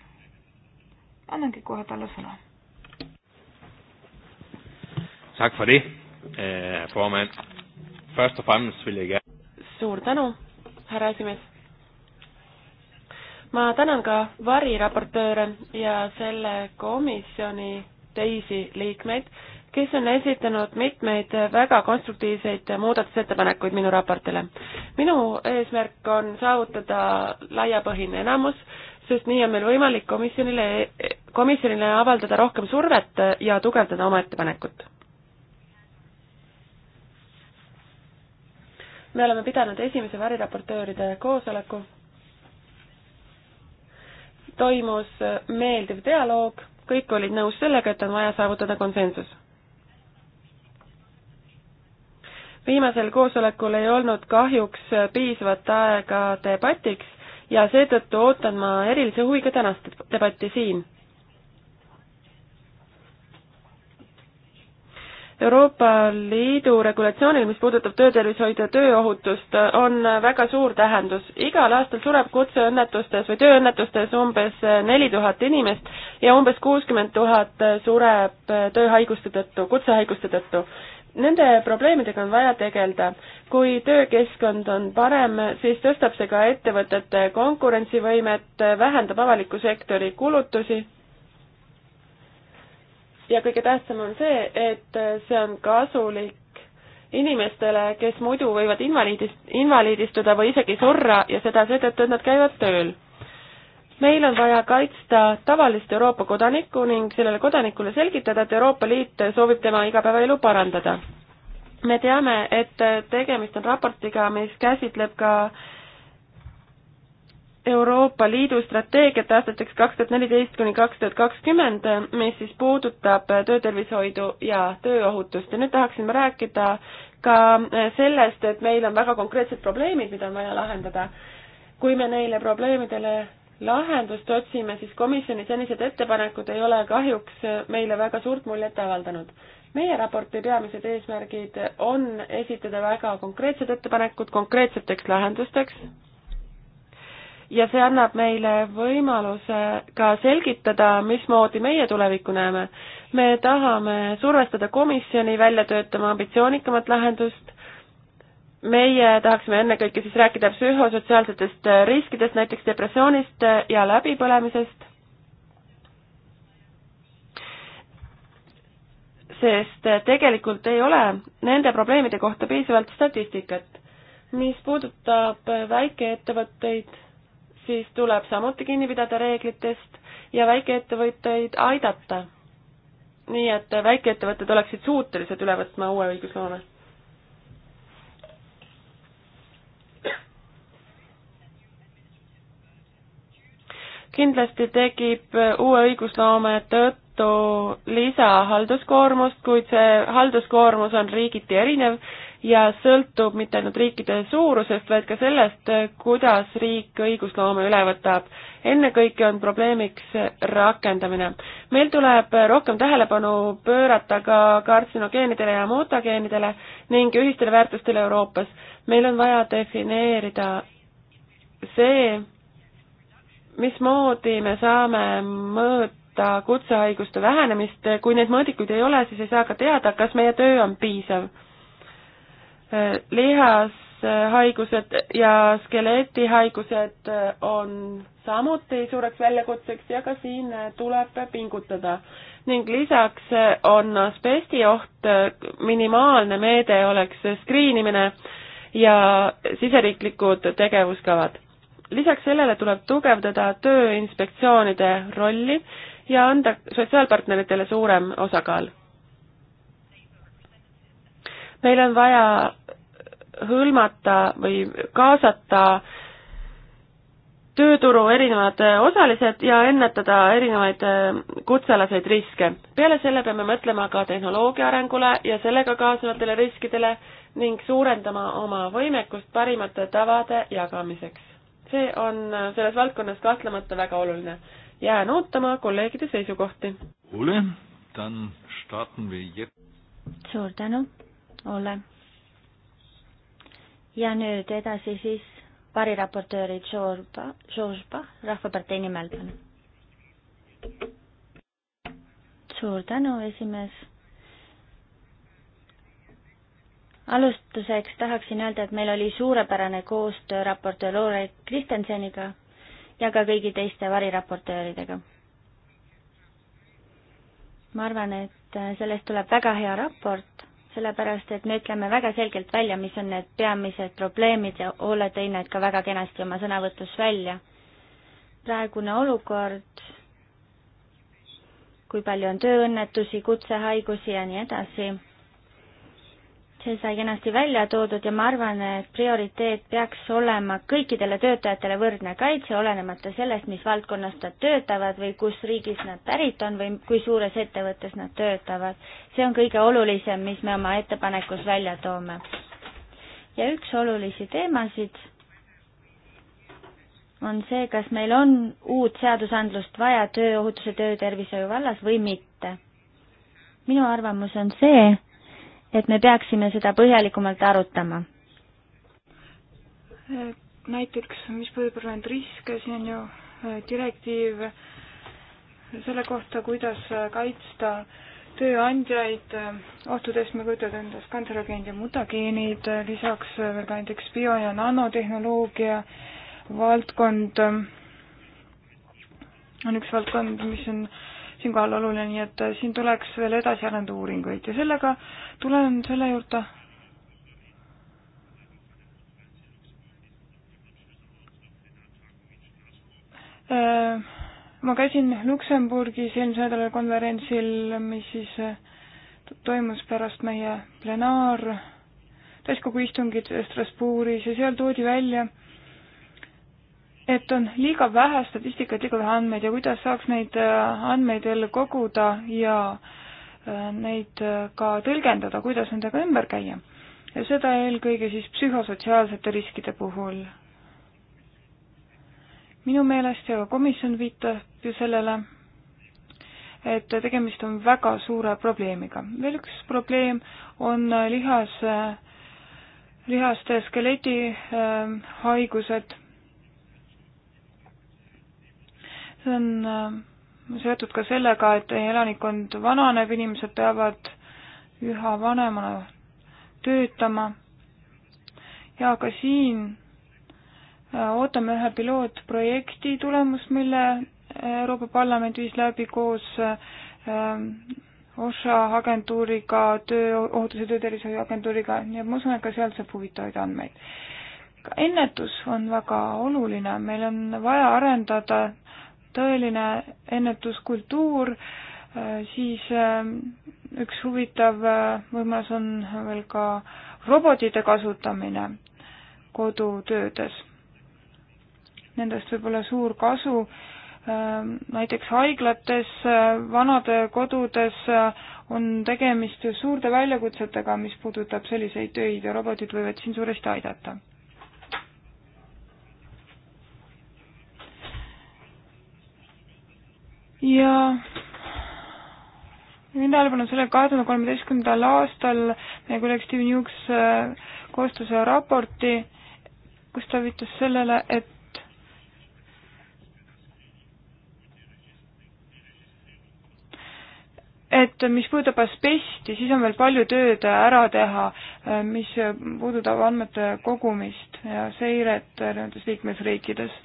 annangi kohe talle sõna. Tack för det, eh, formand. Först och främst vill jag gärna... Suur tänu, härra esimees. ma tänan ka variraportööre ja selle komisjoni teisi liikmeid kes on esitanud mitmeid väga konstruktiivseid muudatusettepanekuid minu raportile. minu eesmärk on saavutada laiapõhine enamus, sest nii on meil võimalik komisjonile, komisjonile avaldada rohkem survet ja tugevdada oma ettepanekut. me oleme pidanud esimese variraportööride koosoleku, toimus meeldiv dialoog, kõik olid nõus sellega, et on vaja saavutada konsensus viimasel koosolekul ei olnud kahjuks piisavat aega debatiks ja seetõttu ootan ma erilise huviga tänast debatti siin. Euroopa Liidu regulatsioonil, mis puudutab töötervishoidu ja tööohutust, on väga suur tähendus. igal aastal sureb kutseõnnetustes või tööõnnetustes umbes neli tuhat inimest ja umbes kuuskümmend tuhat sureb tööhaiguste tõttu, kutsehaiguste tõttu Nende probleemidega on vaja tegeleda. kui töökeskkond on parem, siis tõstab see ka ettevõtete konkurentsivõimet, vähendab avaliku sektori kulutusi ja kõige tähtsam on see, et see on kasulik inimestele, kes muidu võivad invaliidist, invaliidistuda või isegi surra ja seda seetõttu, et nad käivad tööl meil on vaja kaitsta tavalist Euroopa kodanikku ning sellele kodanikule selgitada, et Euroopa Liit soovib tema igapäevaelu parandada. me teame, et tegemist on raportiga, mis käsitleb ka Euroopa Liidu strateegiat aastateks kaks tuhat neliteist kuni kaks tuhat kakskümmend, mis siis puudutab töötervishoidu ja tööohutust ja nüüd tahaksime rääkida ka sellest, et meil on väga konkreetsed probleemid, mida on vaja lahendada. kui me neile probleemidele lahendust otsime, siis komisjoni senised ettepanekud ei ole kahjuks meile väga suurt muljet avaldanud. meie raporti peamised eesmärgid on esitada väga konkreetsed ettepanekud konkreetseteks lahendusteks ja see annab meile võimaluse ka selgitada, mismoodi meie tulevikku näeme. me tahame survestada komisjoni välja töötama ambitsioonikamat lahendust, meie tahaksime ennekõike siis rääkida psühhosotsiaalsetest riskidest, näiteks depressioonist ja läbipõlemisest. sest tegelikult ei ole nende probleemide kohta piisavalt statistikat. mis puudutab väikeettevõtteid, siis tuleb samuti kinni pidada reeglitest ja väikeettevõtteid aidata. nii et väikeettevõtted oleksid suutelised üle võtma uue õigusloome kindlasti tekib äh, uue õigusloome tõttu lisahalduskoormust, kuid see halduskoormus on riigiti erinev ja sõltub mitte ainult riikide suurusest, vaid ka sellest, äh, kuidas riik õigusloome üle võtab. ennekõike on probleemiks äh, rakendamine. meil tuleb rohkem tähelepanu pöörata ka kartsinogeenidele ja mutageenidele ning ühistele väärtustele Euroopas. meil on vaja defineerida see, mismoodi me saame mõõta kutsehaiguste vähenemist, kui neid mõõdikuid ei ole, siis ei saa ka teada, kas meie töö on piisav. lihashaigused ja skeletihaigused on samuti suureks väljakutseks ja ka siin tuleb pingutada. ning lisaks on asbesti oht, minimaalne meede oleks skriinimine ja siseriiklikud tegevuskavad lisaks sellele tuleb tugevdada tööinspektsioonide rolli ja anda sotsiaalpartneritele suurem osakaal. meil on vaja hõlmata või kaasata tööturu erinevad osalised ja ennetada erinevaid äh, kutsealaseid riske. peale selle peame mõtlema ka tehnoloogia arengule ja sellega kaasnevatele riskidele ning suurendama oma võimekust parimate tavade jagamiseks see on selles valdkonnas kahtlemata väga oluline. jään ootama kolleegide seisukohti. Ole, dann starten wir jetzt. suur tänu, Ole. ja nüüd edasi siis variraportööri Žorba, Žožba Rahvapartei nimel. suur tänu, esimees alustuseks tahaksin öelda, et meil oli suurepärane koostöö raportöör Loore Kristjanseniga ja ka kõigi teiste variraportööridega. ma arvan, et sellest tuleb väga hea raport, sellepärast et me ütleme väga selgelt välja, mis on need peamised probleemid ja Olle tõi need ka väga kenasti oma sõnavõtus välja. praegune olukord, kui palju on tööõnnetusi, kutsehaigusi ja nii edasi see sai kenasti välja toodud ja ma arvan, et prioriteet peaks olema kõikidele töötajatele võrdne kaitse, olenemata sellest, mis valdkonnas nad töötavad või kus riigis nad pärit on või kui suures ettevõttes nad töötavad. see on kõige olulisem, mis me oma ettepanekus välja toome. ja üks olulisi teemasid on see, kas meil on uut seadusandlust vaja tööohutuse, töötervishoiu vallas või mitte. minu arvamus on see, et me peaksime seda põhjalikumalt arutama? näiteks, mis puudutab neid riske, siin on ju äh, direktiiv selle kohta, kuidas äh, kaitsta tööandjaid äh, ohtudest, me kujutame endast kantserogeenid ja mutageenid, lisaks veel ka näiteks bio- ja nanotehnoloogia valdkond on üks valdkond, mis on äh, siinkohal oluline, nii et äh, siin tuleks veel edasi arendada uuringuid ja sellega tulen selle juurde, äh, ma käisin Luksemburgis eelmisel nädalal konverentsil, mis siis äh, toimus pärast meie plenaar täiskogu istungit Strasbourgis ja seal toodi välja äh, et on liiga vähe statistikat, liiga vähe andmeid ja kuidas saaks neid äh, andmeid veel koguda ja äh, neid äh, ka tõlgendada, kuidas nendega ümber käia. ja seda eelkõige siis psühhosotsiaalsete riskide puhul. minu meelest ja ka komisjon viitab ju sellele, et tegemist on väga suure probleemiga. veel üks probleem on lihas, lihaste skeleti äh, haigused see on äh, seotud ka sellega, et elanikkond vananeb, inimesed peavad üha vanemana töötama ja ka siin äh, ootame ühe pilootprojekti tulemust, mille Euroopa Parlament viis läbi koos äh, OSHA agentuuriga, tööohutuse, töötervishoiu agentuuriga, nii et ma usun, et ka sealt saab huvitavaid andmeid. ennetus on väga oluline, meil on vaja arendada äh, tõeline ennetuskultuur, äh, siis äh, üks huvitav äh, võimalus on veel ka robotite kasutamine kodutöödes. Nendest võib olla suur kasu näiteks haiglates, vanade kodudes on tegemist suurte väljakutsetega, mis puudutab selliseid töid ja robotid võivad siin suuresti aidata ja juhin tähelepanu sellele, et kahe tuhande kolmeteistkümnendal aastal meie kolleeg Steven Hughes äh, koostas raporti, kus ta viitas sellele, et et mis puudutab asbesti, siis on veel palju tööd ära teha, äh, mis puudutab andmete kogumist ja seiret nendes liikmesriikides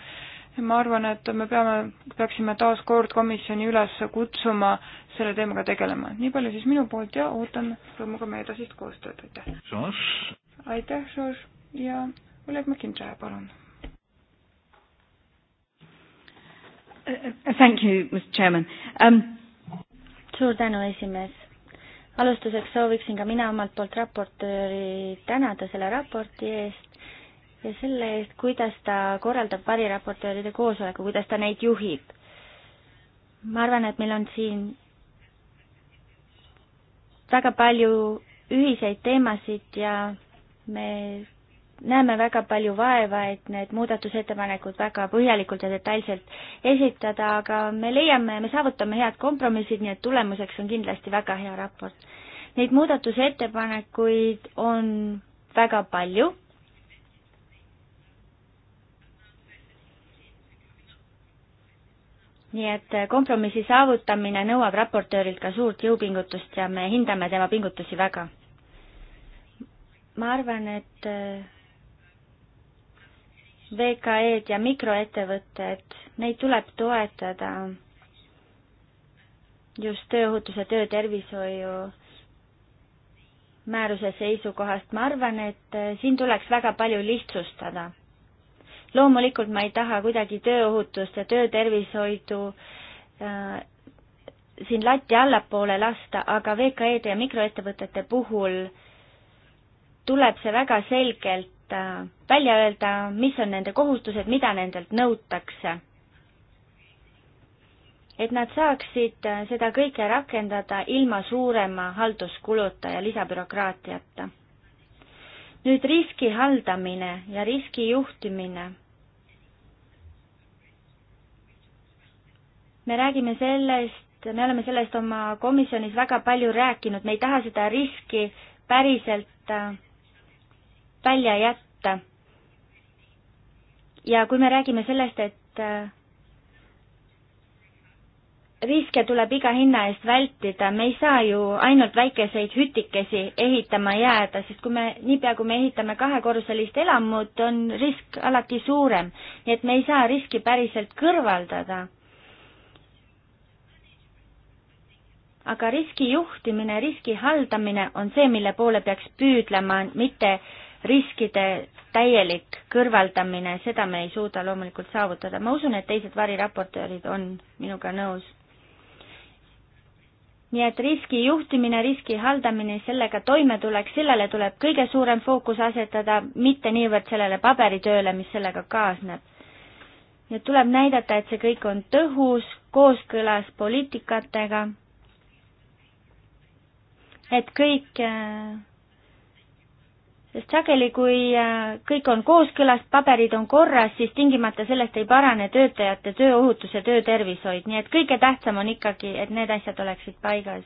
ma arvan, et me peame, peaksime taas kord komisjoni üles kutsuma selle teemaga tegelema. nii palju siis minu poolt ja ootan rõõmuga meie edasist koostööd, aitäh! aitäh, Žož ja Oleg Makintaja, palun! Uh, thank you, Mr Chairman um.... suur tänu, esimees! alustuseks sooviksin ka mina omalt poolt raportööri tänada selle raporti eest, ja selle eest, kuidas ta korraldab variraportööride koosoleku, kuidas ta neid juhib. ma arvan, et meil on siin väga palju ühiseid teemasid ja me näeme väga palju vaeva, et need muudatusettepanekud väga põhjalikult ja detailselt esitada, aga me leiame, me saavutame head kompromissid, nii et tulemuseks on kindlasti väga hea raport. Neid muudatusettepanekuid on väga palju nii et äh, kompromissi saavutamine nõuab raportöörilt ka suurt jõupingutust ja me hindame tema pingutusi väga. ma arvan, et äh, VKE-d ja mikroettevõtted, neid tuleb toetada just tööohutuse, töötervishoiu määruse seisukohast. ma arvan, et äh, siin tuleks väga palju lihtsustada loomulikult ma ei taha kuidagi tööohutust ja töötervishoidu äh, siin latti allapoole lasta, aga VKE-de ja mikroettevõtete puhul tuleb see väga selgelt äh, välja öelda, mis on nende kohustused, mida nendelt nõutakse. et nad saaksid äh, seda kõike rakendada ilma suurema halduskuluta ja lisabürokraatiata nüüd riski haldamine ja riski juhtimine. me räägime sellest, me oleme sellest oma komisjonis väga palju rääkinud, me ei taha seda riski päriselt äh, välja jätta. ja kui me räägime sellest, et äh, riske tuleb iga hinna eest vältida, me ei saa ju ainult väikeseid hütikesi ehitama jääda, sest kui me, niipea kui me ehitame kahekorruselist elamut, on risk alati suurem. nii et me ei saa riski päriselt kõrvaldada aga riski juhtimine, riski haldamine on see, mille poole peaks püüdlema, mitte riskide täielik kõrvaldamine, seda me ei suuda loomulikult saavutada. ma usun, et teised variraportöörid on minuga nõus. nii et riski juhtimine, riski haldamine, sellega toimetulek, sellele tuleb kõige suurem fookus asetada, mitte niivõrd sellele paberitööle, mis sellega kaasneb. nii et tuleb näidata, et see kõik on tõhus, kooskõlas poliitikatega et kõik, äh, sest sageli, kui äh, kõik on kooskõlas, paberid on korras, siis tingimata sellest ei parane töötajate tööohutus ja töötervishoid, nii et kõige tähtsam on ikkagi, et need asjad oleksid paigas.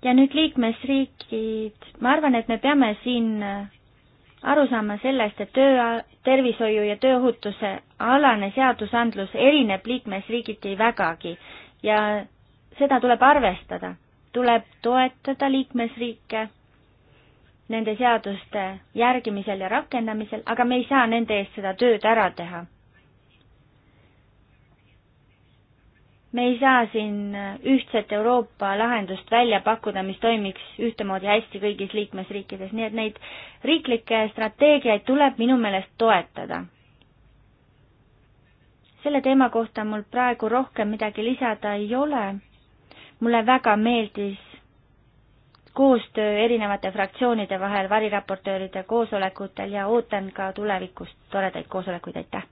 ja nüüd liikmesriigid, ma arvan, et me peame siin äh, aru saama sellest, et töö, tervishoiu ja tööohutuse alane seadusandlus erineb liikmesriigiti vägagi ja seda tuleb arvestada, tuleb toetada liikmesriike nende seaduste järgimisel ja rakendamisel, aga me ei saa nende eest seda tööd ära teha. me ei saa siin ühtset Euroopa lahendust välja pakkuda, mis toimiks ühtemoodi hästi kõigis liikmesriikides, nii et neid riiklikke strateegiaid tuleb minu meelest toetada. selle teema kohta mul praegu rohkem midagi lisada ei ole mulle väga meeldis koostöö erinevate fraktsioonide vahel variraportööride koosolekutel ja ootan ka tulevikus toredaid koosolekuid, aitäh!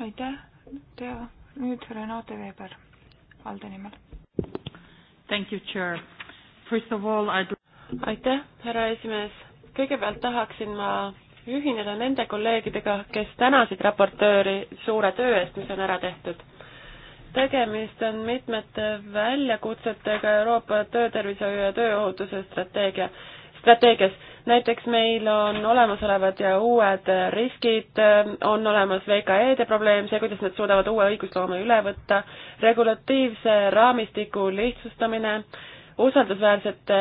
aitäh, Tea! nüüd Renate Veber, Valde nimel. Thank you, chair. First of all I'd aitäh, härra esimees! kõigepealt tahaksin ma ühineda nende kolleegidega, kes tänasid raportööri suure töö eest, mis on ära tehtud tegemist on mitmete väljakutsetega Euroopa töötervishoiu ja tööohutuse strateegia, strateegias. näiteks meil on olemasolevad ja uued riskid, on olemas VKE-de probleem, see, kuidas nad suudavad uue õigusloome üle võtta, regulatiivse raamistiku lihtsustamine, usaldusväärsete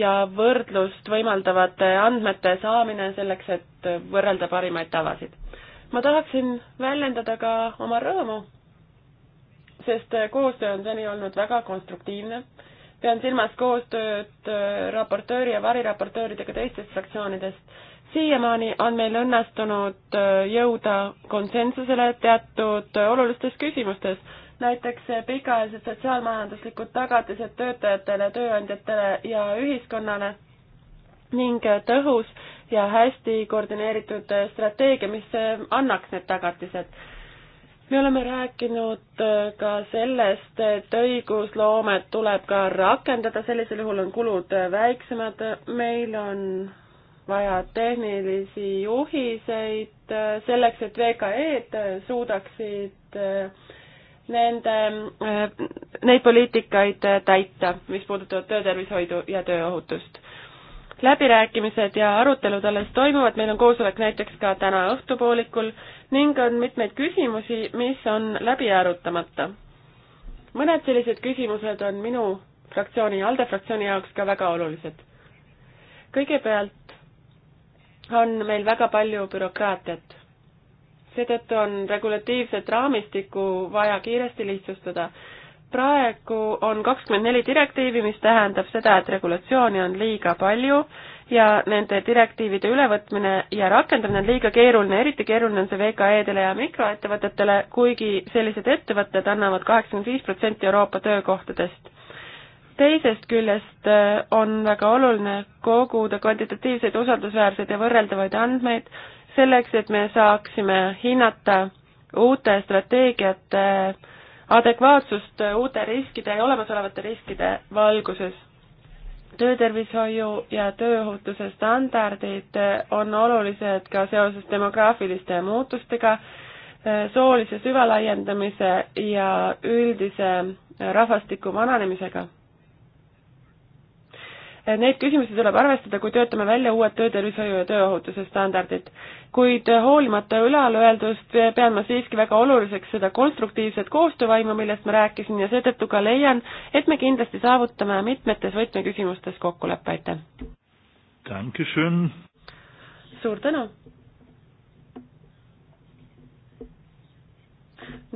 ja võrdlust võimaldavate andmete saamine selleks, et võrrelda parimaid tavasid. ma tahaksin väljendada ka oma rõõmu sest äh, koostöö on seni olnud väga konstruktiivne. pean silmas koostööd äh, raportööri ja variraportööridega teistest fraktsioonidest. siiamaani on meil õnnestunud äh, jõuda konsensusele teatud olulistes küsimustes, näiteks pikaajalised sotsiaalmajanduslikud tagatised töötajatele, tööandjatele ja ühiskonnale ning tõhus ja hästi koordineeritud strateegia, mis annaks need tagatised me oleme rääkinud äh, ka sellest, et õigusloomet tuleb ka rakendada, sellisel juhul on kulud äh, väiksemad, meil on vaja tehnilisi juhiseid äh, selleks, et VKE-d suudaksid nende, neid poliitikaid täita, mis puudutavad töötervishoidu ja tööohutust läbirääkimised ja arutelud alles toimuvad, meil on koosolek näiteks ka täna õhtupoolikul ning on mitmeid küsimusi, mis on läbi arutamata. mõned sellised küsimused on minu fraktsiooni, ALDE fraktsiooni jaoks ka väga olulised. kõigepealt on meil väga palju bürokraatiat. seetõttu on regulatiivset raamistikku vaja kiiresti lihtsustada praegu on kakskümmend neli direktiivi, mis tähendab seda, et regulatsiooni on liiga palju ja nende direktiivide ülevõtmine ja rakendamine on liiga keeruline, eriti keeruline on see VKE-dele ja mikroettevõtetele, kuigi sellised ettevõtted annavad kaheksakümmend viis protsenti Euroopa töökohtadest. teisest küljest eh, on väga oluline koguda kvantitatiivseid usaldusväärseid ja võrreldavaid andmeid selleks, et me saaksime hinnata uute strateegiate äh, adekvaatsust uute riskide ja olemasolevate riskide valguses. töötervishoiu ja tööohutuse standardid on olulised ka seoses demograafiliste muutustega, soolise süvalaiendamise ja üldise rahvastiku vananemisega. Neid küsimusi tuleb arvestada, kui töötame välja uued töötervishoiu ja tööohutuse standardid kuid hoolimata ülalöeldust pean ma siiski väga oluliseks seda konstruktiivset koostöövaimu, millest ma rääkisin ja seetõttu ka leian, et me kindlasti saavutame mitmetes võtmeküsimustes kokkuleppe, aitäh! suur tänu!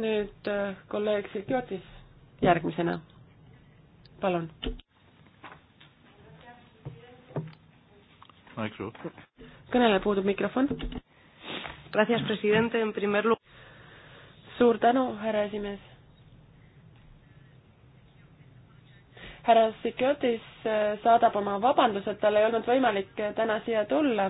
nüüd äh, kolleeg Sikiotis järgmisena, palun. kõnele puudub mikrofon. Gracias, president, en primer lugar. suur tänu, härra esimees. härra Sikiotis äh, saadab oma vabandused, tal ei olnud võimalik äh, täna siia tulla,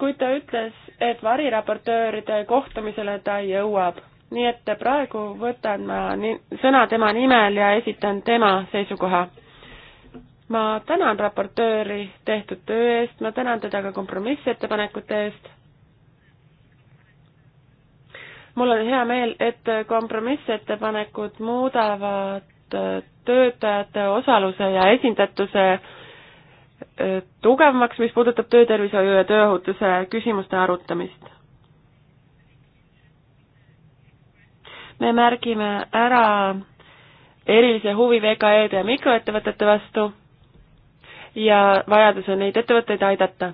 kuid ta ütles, et variraportööride kohtumisele ta jõuab. nii et praegu võtan ma nii, sõna tema nimel ja esitan tema seisukoha ma tänan raportööri tehtud töö eest, ma tänan teda ka kompromissettepanekute eest mul on hea meel, et kompromissettepanekud muudavad äh, töötajate osaluse ja esindatuse äh, tugevamaks, mis puudutab töötervishoiu ja tööohutuse küsimuste arutamist. me märgime ära erilise huvi VKE-de ja mikroettevõtete vastu ja vajaduse neid ettevõtteid aidata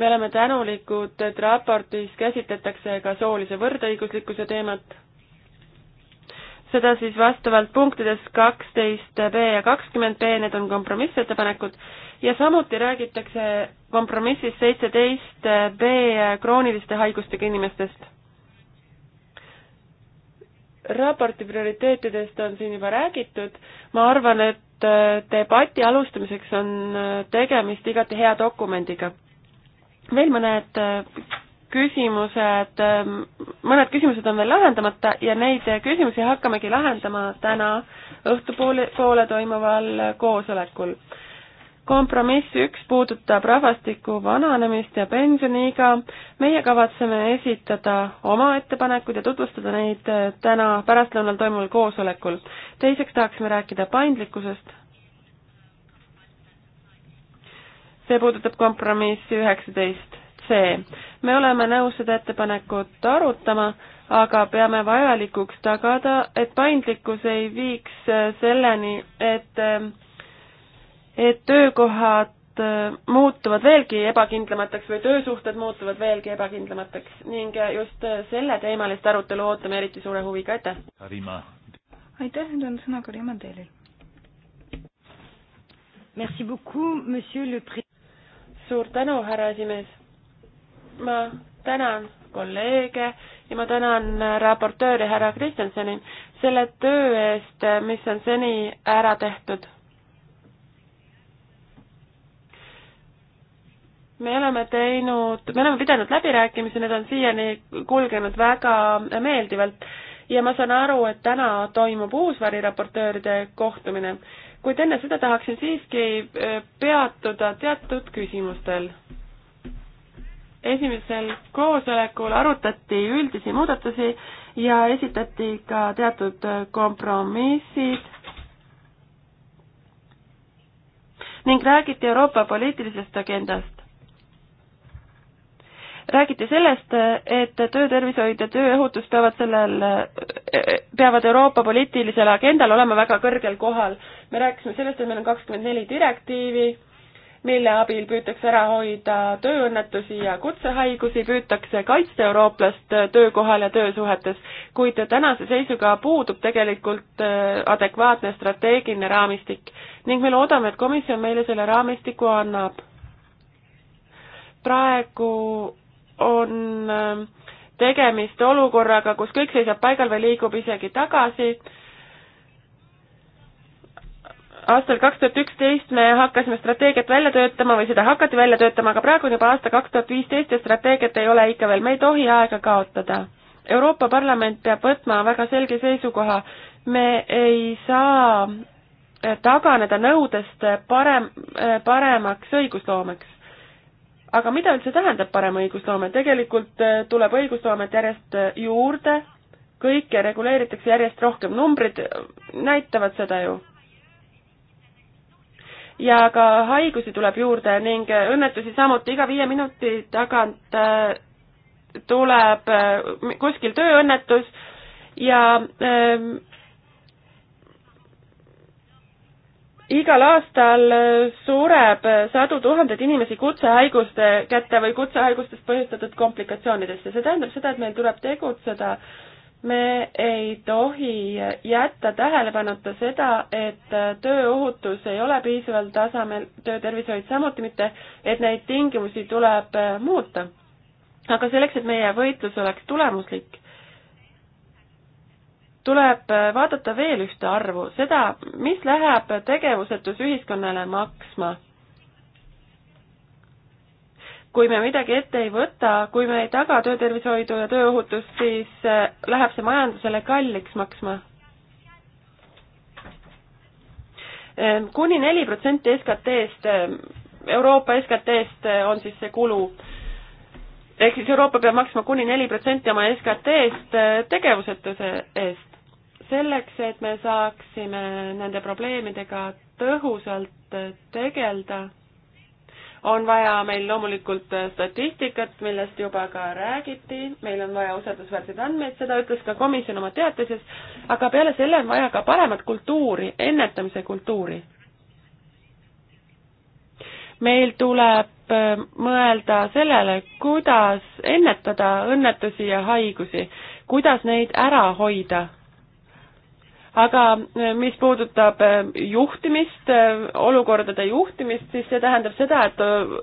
me oleme tänulikud, et raportis käsitletakse ka soolise võrdõiguslikkuse teemat, seda siis vastavalt punktides kaksteist B ja kakskümmend B, need on kompromissettepanekud, ja samuti räägitakse kompromissis seitseteist B krooniliste haigustega inimestest. raporti prioriteetidest on siin juba räägitud, ma arvan, et debati alustamiseks on tegemist igati hea dokumendiga veel mõned äh, küsimused, ähm, mõned küsimused on veel lahendamata ja neid äh, küsimusi hakkamegi lahendama täna õhtupoole, poole toimuval äh, koosolekul. kompromiss üks puudutab rahvastiku vananemist ja pensioniiga. meie kavatseme esitada oma ettepanekud ja tutvustada neid täna pärastlõunal toimuval koosolekul. teiseks tahaksime rääkida paindlikkusest see puudutab kompromissi üheksateist C. me oleme nõus seda ettepanekut arutama, aga peame vajalikuks tagada, et paindlikkus ei viiks äh, selleni, et, ähm, et töökohad äh, muutuvad veelgi ebakindlamateks või töösuhted muutuvad veelgi ebakindlamateks ning äh, just selleteemalist arutelu ootame eriti suure huviga, aitäh! aitäh, nüüd on sõna Karima Teelil. Merci beaucoup, monsieur le pré- suur tänu, härra esimees. ma tänan kolleege ja ma tänan raportööri härra Kristjansoni selle töö eest, mis on seni ära tehtud. me oleme teinud, me oleme pidanud läbirääkimisi, need on siiani kulgenud väga meeldivalt ja ma saan aru, et täna toimub uus variraportööride kohtumine kuid enne seda tahaksin siiski äh, peatuda teatud küsimustel. esimesel koosolekul arutati üldisi muudatusi ja esitati ka teatud äh, kompromissid ning räägiti Euroopa poliitilisest agendast räägiti sellest, et töötervishoid ja tööohutus peavad sellel, peavad Euroopa poliitilisel agendal olema väga kõrgel kohal. me rääkisime sellest, et meil on kakskümmend neli direktiivi, mille abil püütakse ära hoida tööõnnetusi ja kutsehaigusi, püütakse kaitsta eurooplast töökohal ja töösuhetes, kuid tänase seisuga puudub tegelikult äh, adekvaatne strateegiline raamistik ning me loodame, et komisjon meile selle raamistiku annab praegu on ähm, tegemist olukorraga, kus kõik seisab paigal või liigub isegi tagasi. aastal kaks tuhat üksteist me hakkasime strateegiat välja töötama või seda hakati välja töötama, aga praegu on juba aasta kaks tuhat viisteist ja strateegiat ei ole ikka veel, me ei tohi aega kaotada. Euroopa Parlament peab võtma väga selge seisukoha, me ei saa eh, taganeda nõudest parem, eh, paremaks õigusloomeks aga mida üldse tähendab parem õigusloome? tegelikult äh, tuleb õigusloomet järjest äh, juurde, kõike reguleeritakse järjest rohkem, numbrid äh, näitavad seda ju. ja ka haigusi tuleb juurde ning õnnetusi samuti iga viie minuti tagant tuleb kuskil tööõnnetus ja ähm, igal aastal äh, sureb sadu tuhandeid inimesi kutsehaiguste kätte või kutsehaigustest põhjustatud komplikatsioonidesse. see tähendab seda, et meil tuleb tegutseda. me ei tohi jätta tähelepanuta seda, et äh, tööohutus ei ole piisaval tasemel, töötervishoid samuti mitte, et neid tingimusi tuleb äh, muuta. aga selleks, et meie võitlus oleks tulemuslik, tuleb äh, vaadata veel ühte arvu, seda, mis läheb tegevusetus ühiskonnale maksma. kui me midagi ette ei võta, kui me ei taga töötervishoidu ja tööohutust, siis äh, läheb see majandusele kalliks maksma. Ähm, kuni neli protsenti SKT-st, äh, Euroopa SKT-st on siis see kulu ehk siis Euroopa peab maksma kuni neli protsenti oma SKT-st tegevusetuse eest selleks, et me saaksime nende probleemidega tõhusalt tegeleda, on vaja meil loomulikult statistikat, millest juba ka räägiti, meil on vaja usaldusväärseid andmeid, seda ütles ka komisjon oma teatises, aga peale selle on vaja ka paremat kultuuri, ennetamise kultuuri. meil tuleb mõelda sellele, kuidas ennetada õnnetusi ja haigusi, kuidas neid ära hoida aga e, mis puudutab e, juhtimist, e, olukordade juhtimist, siis see tähendab seda, et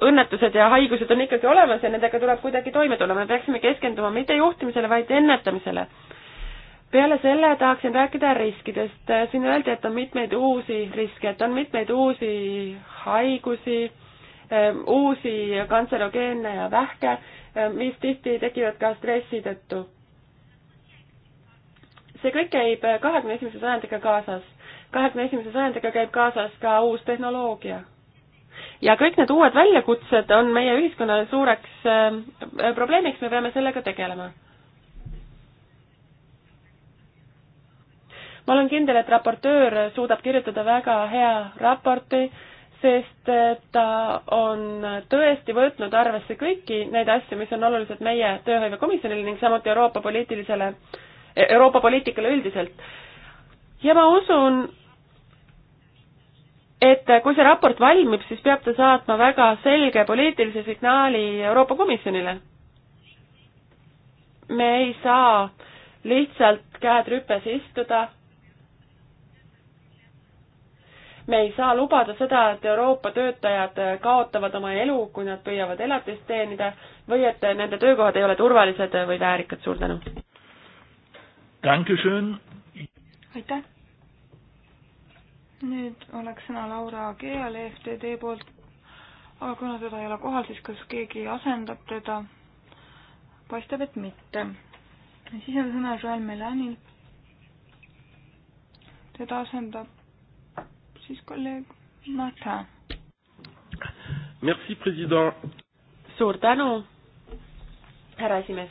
õnnetused ja haigused on ikkagi olemas ja nendega tuleb kuidagi toime tulla, me peaksime keskenduma mitte juhtimisele, vaid ennetamisele. peale selle tahaksin rääkida riskidest, siin öeldi, et on mitmeid uusi riske, et on mitmeid uusi haigusi, uusi kantserogeene ja vähke, mis tihti tekivad ka stressi tõttu see kõik käib äh, kahekümne esimese sajandiga kaasas. kahekümne esimese sajandiga käib kaasas ka uus tehnoloogia. ja kõik need uued väljakutsed on meie ühiskonnale suureks äh, äh, probleemiks, me peame sellega tegelema. ma olen kindel, et raportöör suudab kirjutada väga hea raporti, sest ta on tõesti võtnud arvesse kõiki neid asju, mis on olulised meie tööhõivekomisjonile ning samuti Euroopa poliitilisele äh, Euroopa poliitikale üldiselt. ja ma usun, et kui see raport valmib, siis peab ta saatma väga selge poliitilise signaali Euroopa Komisjonile. me ei saa lihtsalt käed rüpes istuda. me ei saa lubada seda, et Euroopa töötajad kaotavad oma elu, kui nad püüavad elatist teenida või et nende töökohad ei ole turvalised või väärikad. suur tänu! Dankeschön. aitäh. nüüd oleks sõna Laura Keal EFTD poolt. aga kuna teda ei ole kohal, siis kas keegi asendab teda? paistab, et mitte. siis on sõna Joel Melanil. teda asendab siis kolleeg Nata. Merci, president. suur tänu, härra esimees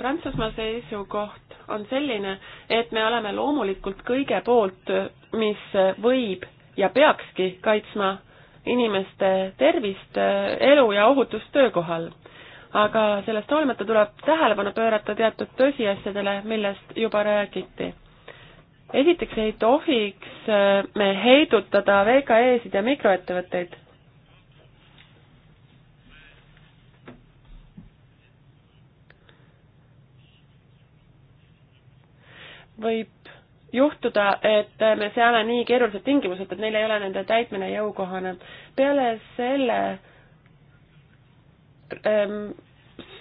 Prantsusmaa seisukoht on selline, et me oleme loomulikult kõige poolt, mis võib ja peakski kaitsma inimeste tervist, elu ja ohutust töökohal. aga sellest hoolimata tuleb tähelepanu pöörata teatud tõsiasjadele, millest juba räägiti. esiteks ei tohiks me heidutada VKE-sid ja mikroettevõtteid võib juhtuda, et me seame nii keerulised tingimused, et neil ei ole nende täitmine jõukohane. peale selle ähm,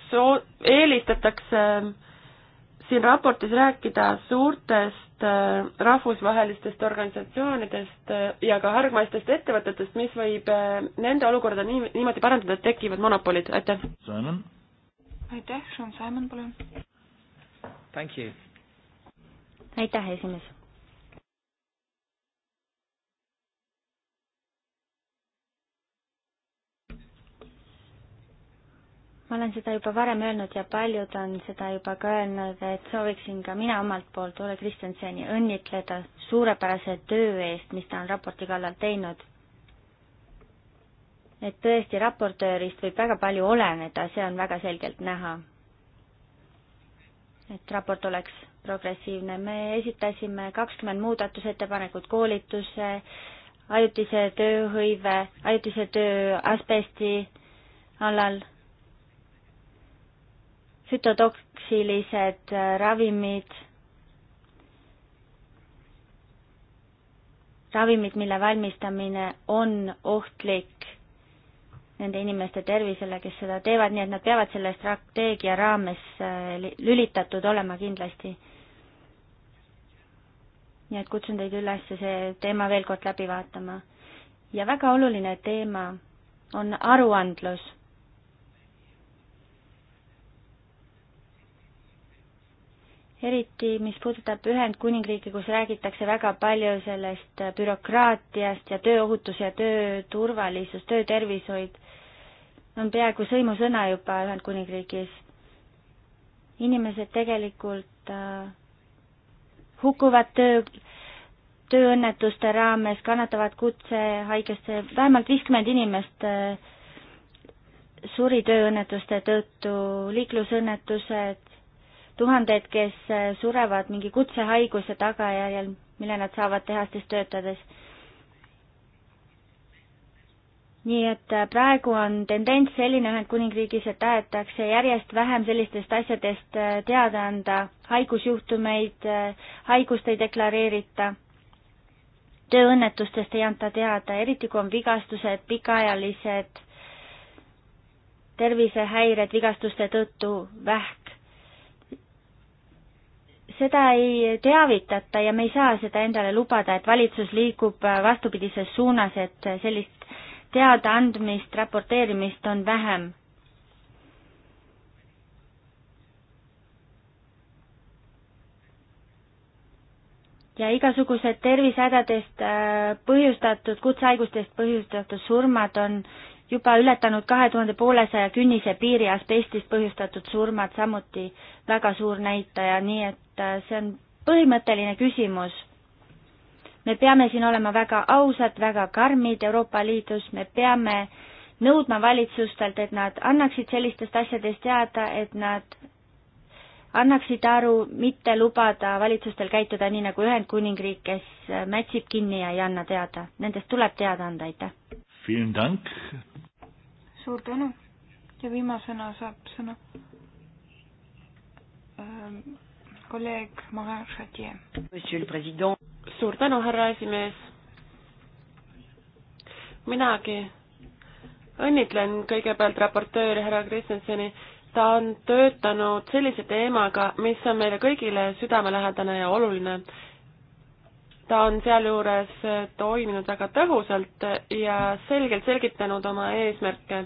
soo-, eelistatakse ähm, siin raportis rääkida suurtest äh, rahvusvahelistest organisatsioonidest äh, ja ka hargmaistest ettevõtetest, mis võib äh, nende olukorda nii, niimoodi parandada, et tekivad monopolid, aitäh! Simon? aitäh, Sean Simon, palun! Thank you! aitäh, esimees. ma olen seda juba varem öelnud ja paljud on seda juba ka öelnud, et sooviksin ka mina omalt poolt Ole Kristjanseni õnnitleda suurepärase töö eest, mis ta on raporti kallal teinud. et tõesti, raportöörist võib väga palju oleneda, see on väga selgelt näha. et raport oleks progressiivne. me esitasime kakskümmend muudatusettepanekut koolituse, ajutise tööhõive, ajutise töö asbesti alal, fütotoksilised ravimid, ravimid, mille valmistamine on ohtlik nende inimeste tervisele, kes seda teevad, nii et nad peavad selle strateegia raames eh, lülitatud olema kindlasti nii et kutsun teid üles see teema veel kord läbi vaatama. ja väga oluline teema on aruandlus. eriti, mis puudutab Ühendkuningriiki, kus räägitakse väga palju sellest bürokraatiast ja tööohutus ja tööturvalisus, töötervishoid on peaaegu sõimusõna juba Ühendkuningriigis. inimesed tegelikult äh, hukkuvad töö, tööõnnetuste raames, kannatavad kutsehaigesse, vähemalt viiskümmend inimest äh, suri tööõnnetuste tõttu, liiklusõnnetused, tuhanded, kes äh, surevad mingi kutsehaiguse tagajärjel, mille nad saavad tehastes töötades nii et äh, praegu on tendents selline Ühendkuningriigis, et tahetakse järjest vähem sellistest asjadest äh, teada anda, haigusjuhtumeid, äh, haigust ei deklareerita, tööõnnetustest ei anta teada, eriti kui on vigastused, pikaajalised tervisehäired vigastuste tõttu, vähk. seda ei teavitata ja me ei saa seda endale lubada, et valitsus liigub vastupidises suunas, et sellist teadaandmist, raporteerimist on vähem. ja igasugused tervisehädadest äh, põhjustatud, kutsehaigustest põhjustatud surmad on juba ületanud kahe tuhande poolesaja künnise piiri, asbestist põhjustatud surmad samuti väga suur näitaja, nii et äh, see on põhimõtteline küsimus me peame siin olema väga ausad, väga karmid Euroopa Liidus, me peame nõudma valitsustelt, et nad annaksid sellistest asjadest teada, et nad annaksid aru, mitte lubada valitsustel käituda nii nagu Ühendkuningriik, kes mätsib kinni ja ei anna teada. Nendest tuleb teada anda, aitäh! suur tänu ja viimasena saab sõna ähm, kolleeg Mare Chatier suur tänu, härra esimees. minagi õnnitlen kõigepealt raportööri härra Kristjanseni. ta on töötanud sellise teemaga, mis on meile kõigile südamelähedane ja oluline. ta on sealjuures toiminud väga tõhusalt ja selgelt selgitanud oma eesmärke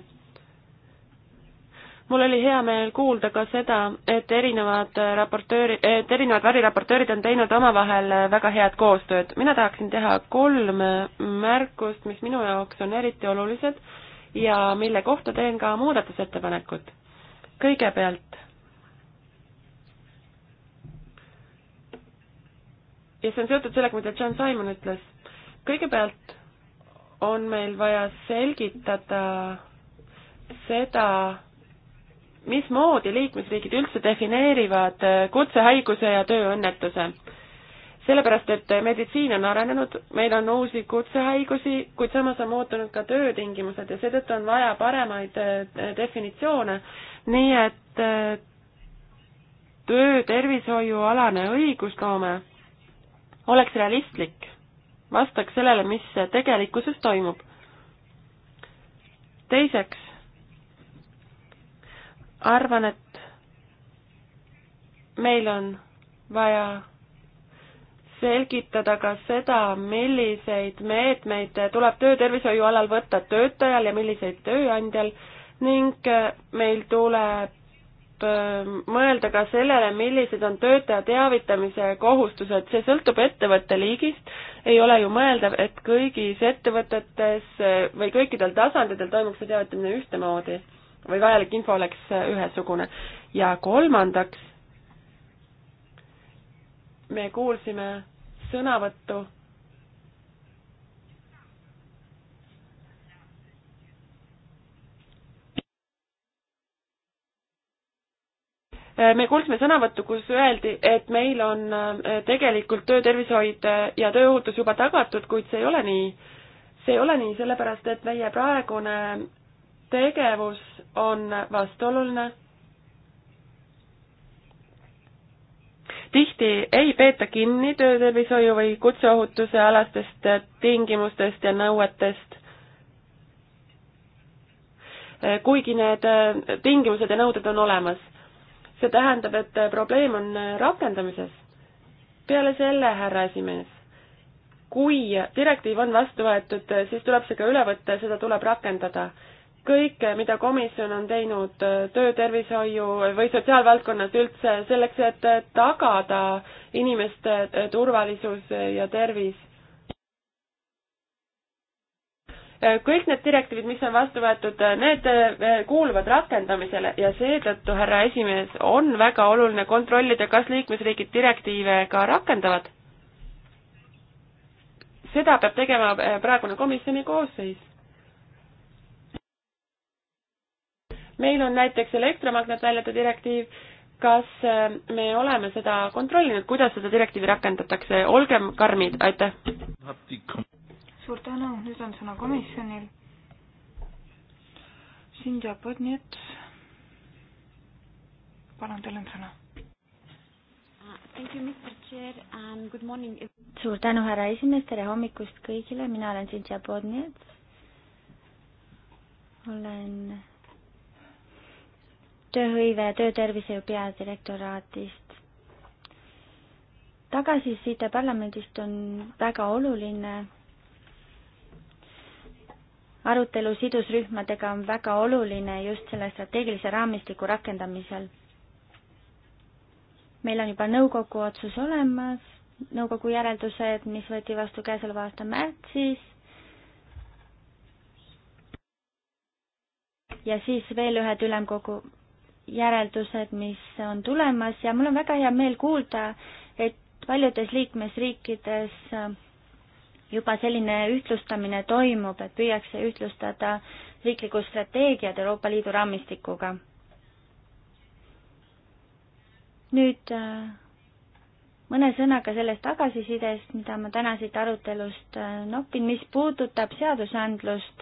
mul oli hea meel kuulda ka seda, et erinevad raportööri, et erinevad väriraportöörid on teinud omavahel väga head koostööd. mina tahaksin teha kolm märkust, mis minu jaoks on eriti olulised ja mille kohta teen ka muudatusettepanekut. kõigepealt ja see on seotud sellega, mida John Simon ütles. kõigepealt on meil vaja selgitada seda, mismoodi liikmesriigid üldse defineerivad äh, kutsehaiguse ja tööõnnetuse. sellepärast, et äh, meditsiin on arenenud, meil on uusi kutsehaigusi, kuid samas on muutunud ka töötingimused ja seetõttu on vaja paremaid äh, definitsioone, nii et töötervishoiualane õigusloome oleks realistlik, vastaks sellele, mis tegelikkuses toimub. teiseks, arvan, et meil on vaja selgitada ka seda, milliseid meetmeid tuleb töötervishoiu alal võtta töötajal ja milliseid tööandjal ning meil tuleb ähm, mõelda ka sellele, millised on töötaja teavitamise kohustused, see sõltub ettevõtte liigist, ei ole ju mõeldav, et kõigis ettevõtetes või kõikidel tasanditel toimuks see teavitamine ühtemoodi või vajalik info oleks äh, ühesugune. ja kolmandaks, me kuulsime sõnavõttu äh, me kuulsime sõnavõttu, kus öeldi, et meil on äh, tegelikult töötervishoid ja tööohutus juba tagatud, kuid see ei ole nii. see ei ole nii, sellepärast et meie praegune tegevus on vastuoluline. tihti ei peeta kinni töötervishoiu või kutseohutuse alastest tingimustest ja nõuetest kuigi need tingimused ja nõuded on olemas. see tähendab, et probleem on rakendamises. peale selle, härra esimees, kui direktiiv on vastu võetud, siis tuleb see ka üle võtta ja seda tuleb rakendada kõike, mida komisjon on teinud äh, töötervishoiu või sotsiaalvaldkonnas üldse selleks, et äh, tagada inimeste äh, turvalisus ja tervis. kõik need direktiivid, mis on vastu võetud, need kuuluvad rakendamisele ja seetõttu, härra esimees, on väga oluline kontrollida, kas liikmesriigid direktiive ka rakendavad. seda peab tegema praegune komisjoni koosseis meil on näiteks elektromagnetväljade direktiiv, kas äh, me oleme seda kontrollinud, kuidas seda direktiivi rakendatakse, olgem karmid, aitäh! suur tänu, nüüd on sõna komisjonil. Sindja Põdnits, palun, teil on sõna. suur tänu, härra esimees, tere hommikust kõigile, mina olen Sindja Põdnits, olen tööhõive ja töötervishoiu peadirektoraadist. tagasiside parlamendist on väga oluline. arutelu sidusrühmadega on väga oluline just selle strateegilise raamistiku rakendamisel. meil on juba nõukogu otsus olemas, nõukogu järeldused, mis võeti vastu käesoleva aasta märtsis, ja siis veel ühed ülemkogu järeldused, mis on tulemas ja mul on väga hea meel kuulda, et paljudes liikmesriikides juba selline ühtlustamine toimub, et püüakse ühtlustada riiklikud strateegiad Euroopa Liidu raamistikuga. nüüd äh, mõne sõnaga sellest tagasisidest, mida ma täna siit arutelust äh, nopin, mis puudutab seadusandlust,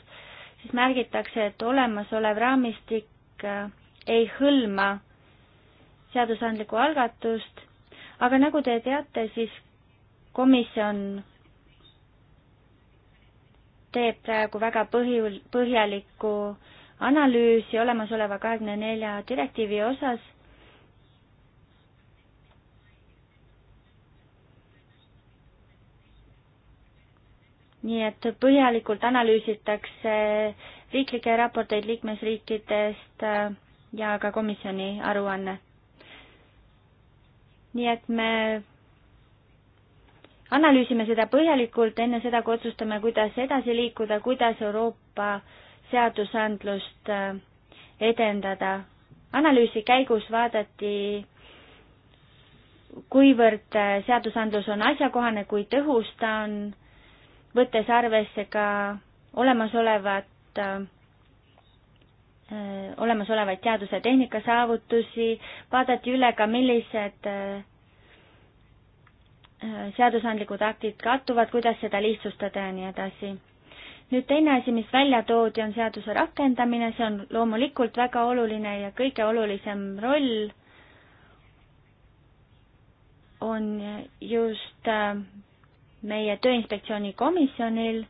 siis märgitakse, et olemasolev raamistik äh, ei hõlma seadusandlikku algatust, aga nagu te teate, siis komisjon teeb praegu väga põhjul, põhjalikku analüüsi olemasoleva kahekümne nelja direktiivi osas nii et põhjalikult analüüsitakse riiklikke raporteid liikmesriikidest ja ka komisjoni aruanne. nii et me analüüsime seda põhjalikult enne seda, kui otsustame, kuidas edasi liikuda, kuidas Euroopa seadusandlust äh, edendada. analüüsi käigus vaadati, kuivõrd äh, seadusandlus on asjakohane, kui tõhus ta on, võttes arvesse ka olemasolevat äh, Äh, olemasolevaid teaduse ja tehnika saavutusi, vaadati üle ka, millised äh, äh, seadusandlikud aktid kattuvad, kuidas seda lihtsustada ja nii edasi. nüüd teine asi, mis välja toodi, on seaduse rakendamine, see on loomulikult väga oluline ja kõige olulisem roll on just meie Tööinspektsiooni komisjonil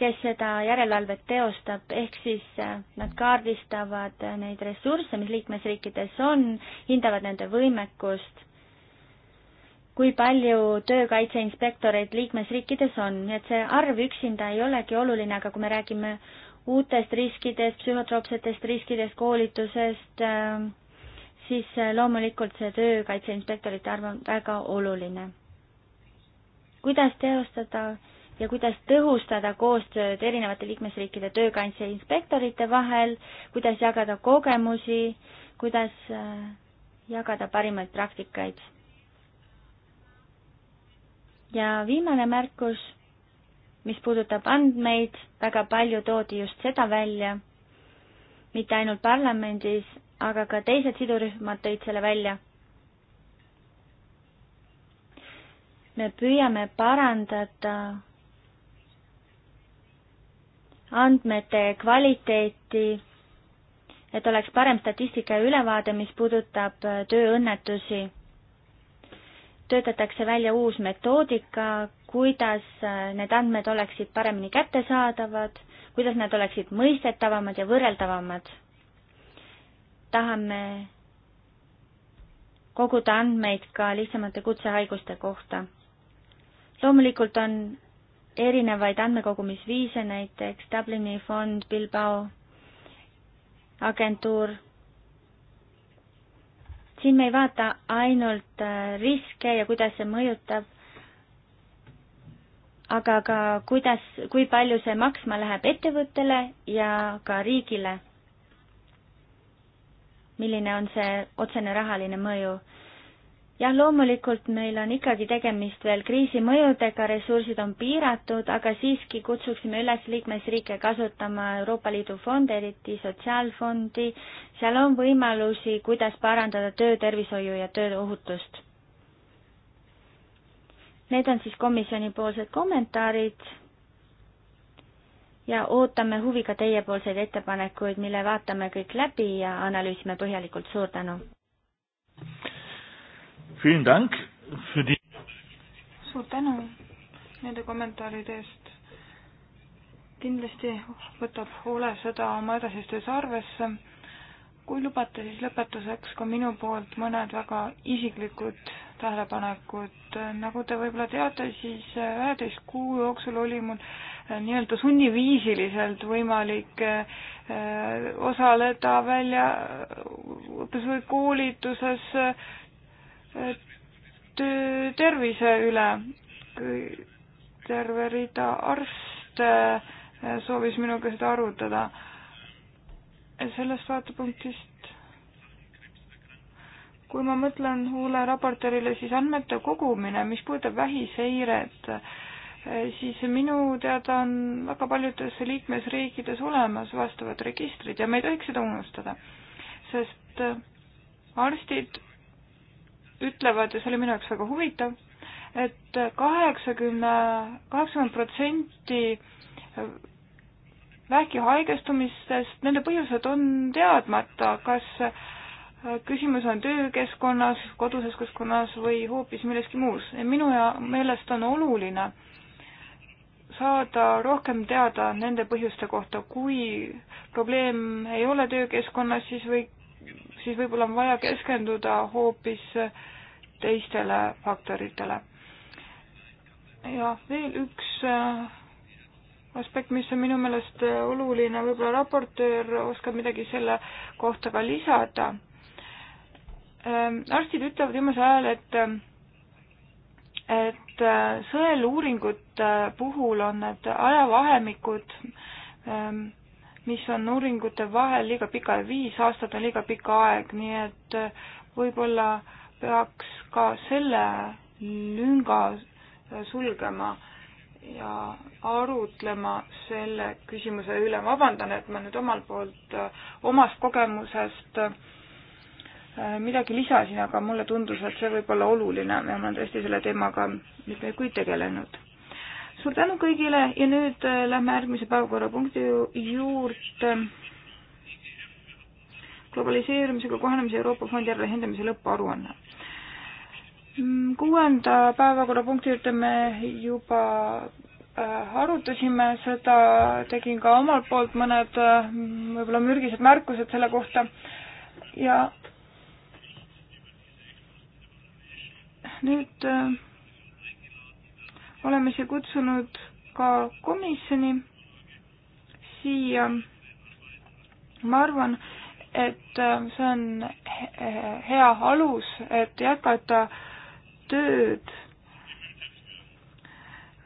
kes seda järelevalvet teostab, ehk siis äh, nad kaardistavad äh, neid ressursse, mis liikmesriikides on, hindavad nende võimekust, kui palju töökaitseinspektoreid liikmesriikides on, nii et see arv üksinda ei olegi oluline, aga kui me räägime uutest riskidest, psühhotroopsetest riskidest, koolitusest, äh, siis loomulikult see töökaitseinspektorite arv on väga oluline. kuidas teostada ja kuidas tõhustada koostööd erinevate liikmesriikide töökandja inspektorite vahel, kuidas jagada kogemusi, kuidas äh, jagada parimaid praktikaid. ja viimane märkus, mis puudutab andmeid, väga palju toodi just seda välja, mitte ainult parlamendis, aga ka teised sidurühmad tõid selle välja me püüame parandada andmete kvaliteeti, et oleks parem statistika ja ülevaade, mis puudutab äh, tööõnnetusi. töötatakse välja uus metoodika, kuidas äh, need andmed oleksid paremini kättesaadavad, kuidas nad oleksid mõistetavamad ja võrreldavamad. tahame koguda andmeid ka lihtsamate kutsehaiguste kohta. loomulikult on erinevaid andmekogumisviise, näiteks Dublini fond, Bilbao agentuur. siin me ei vaata ainult äh, riske ja kuidas see mõjutab, aga ka kuidas, kui palju see maksma läheb ettevõttele ja ka riigile. milline on see otsene rahaline mõju jah, loomulikult meil on ikkagi tegemist veel kriisi mõjudega, ressursid on piiratud, aga siiski kutsuksime üles liikmesriike kasutama Euroopa Liidu fonde, eriti sotsiaalfondi. seal on võimalusi, kuidas parandada töötervishoiu ja tööohutust. Need on siis komisjonipoolsed kommentaarid ja ootame huviga teiepoolseid ettepanekuid, mille vaatame kõik läbi ja analüüsime põhjalikult. suur tänu! Vielen Dank für die suur tänu nende kommentaaride eest. kindlasti võtab Ole seda oma edasistes arvesse. kui lubate, siis lõpetuseks ka minu poolt mõned väga isiklikud tähelepanekud. nagu te võib-olla teate, siis üheteist kuu jooksul oli mul eh, nii-öelda sunniviisiliselt võimalik eh, osaleda välja õppes või koolituses töö tervise üle. terve rida arste soovis minuga seda arutada. sellest vaatepunktist, kui ma mõtlen Uule raportöörile, siis andmete kogumine, mis puudutab vähiseiret, siis minu teada on väga paljudes liikmesriikides olemas vastavad registrid ja me ei tohiks seda unustada, sest arstid ütlevad ja see oli minu jaoks väga huvitav, et kaheksakümne, kaheksakümmend protsenti vähki haigestumistest, nende põhjused on teadmata, kas küsimus on töökeskkonnas, koduses keskkonnas või hoopis milleski muus. minu ja meelest on oluline saada rohkem teada nende põhjuste kohta, kui probleem ei ole töökeskkonnas, siis või siis võib-olla on vaja keskenduda hoopis teistele faktoritele. ja veel üks äh, aspekt, mis on minu meelest oluline, võib-olla raportöör oskab midagi selle kohta ka lisada. Ähm, arstid ütlevad viimasel ajal, et, et äh, sõeluuringute puhul on need ajavahemikud, ähm, mis on uuringute vahel liiga pika, viis aastat on liiga pikk aeg, nii et äh, võib-olla peaks ka selle lünga äh, sulgema ja arutlema selle küsimuse üle. vabandan, et ma nüüd omalt poolt, äh, omast kogemusest midagi lisasin, aga mulle tundus, et see võib olla oluline ja ma olen tõesti selle teemaga mitmeid kuid tegelenud suur tänu kõigile ja nüüd äh, lähme järgmise päevakorrapunkti juurde. globaliseerumisega kohanemise Euroopa Fondi järelehindamise lõpparuanne. Mm, kuuenda päevakorrapunkti juurde me juba äh, arutasime seda, tegin ka omalt poolt mõned äh, võib-olla mürgised märkused selle kohta ja nüüd oleme siia kutsunud ka komisjoni siia. ma arvan, et see on hea alus, et jätkata tööd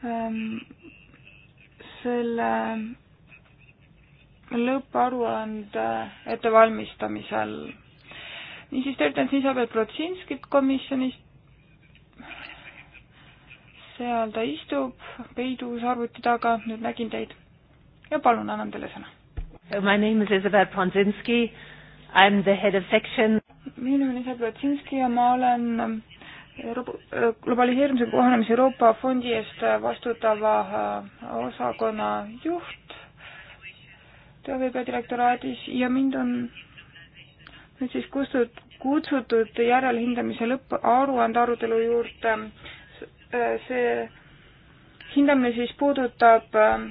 ähm, selle lõpparuande ettevalmistamisel. niisiis töötan siis Abel Protsinskit komisjonist, seal ta istub peidus arvuti taga, nüüd nägin teid ja palun, annan teile sõna. My name is Isabel Pronzinski, I am the head of section. minu nimi on Isabel Pronzinski ja ma olen äh, Euroopa, äh, globaliseerimise kohanemise Euroopa fondi eest vastutava äh, osakonna juht tööpeadirektoraadis ja mind on nüüd siis kustut-, kutsutud järelhindamise lõpparuande arutelu juurde Äh, see hindamine siis puudutab äh,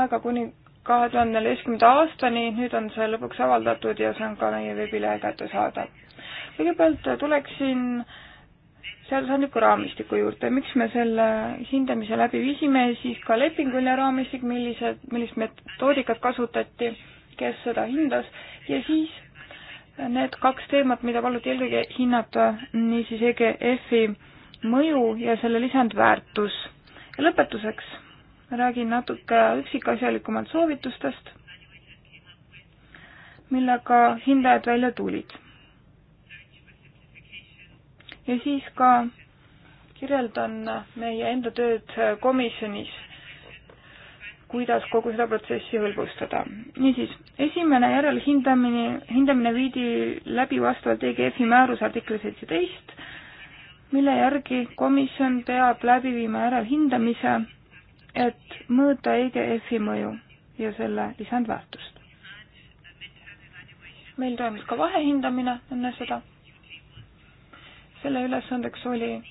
aega kuni kahe tuhande neljateistkümnenda aastani, nüüd on see lõpuks avaldatud ja see on ka meie veebilehe kättesaadav. kõigepealt tuleksin seadusandliku raamistiku juurde, miks me selle hindamise läbi viisime, siis ka lepinguline raamistik, millised, millist metoodikat kasutati, kes seda hindas ja siis need kaks teemat, mida paluti eelkõige hinnata, niisiis EGF-i mõju ja selle lisandväärtus. ja lõpetuseks räägin natuke üksikasjalikumalt soovitustest, millega hindajad välja tulid. ja siis ka kirjeldan meie enda tööd komisjonis, kuidas kogu seda protsessi hõlbustada. niisiis, esimene järelhindamine, hindamine viidi läbi vastavalt EGF-i määruse artikli seitseteist mille järgi komisjon peab läbi viima järelhindamise, et mõõta EGF-i mõju ja selle lisandväärtust. meil toimus ka vahehindamine enne seda. selle ülesandeks oli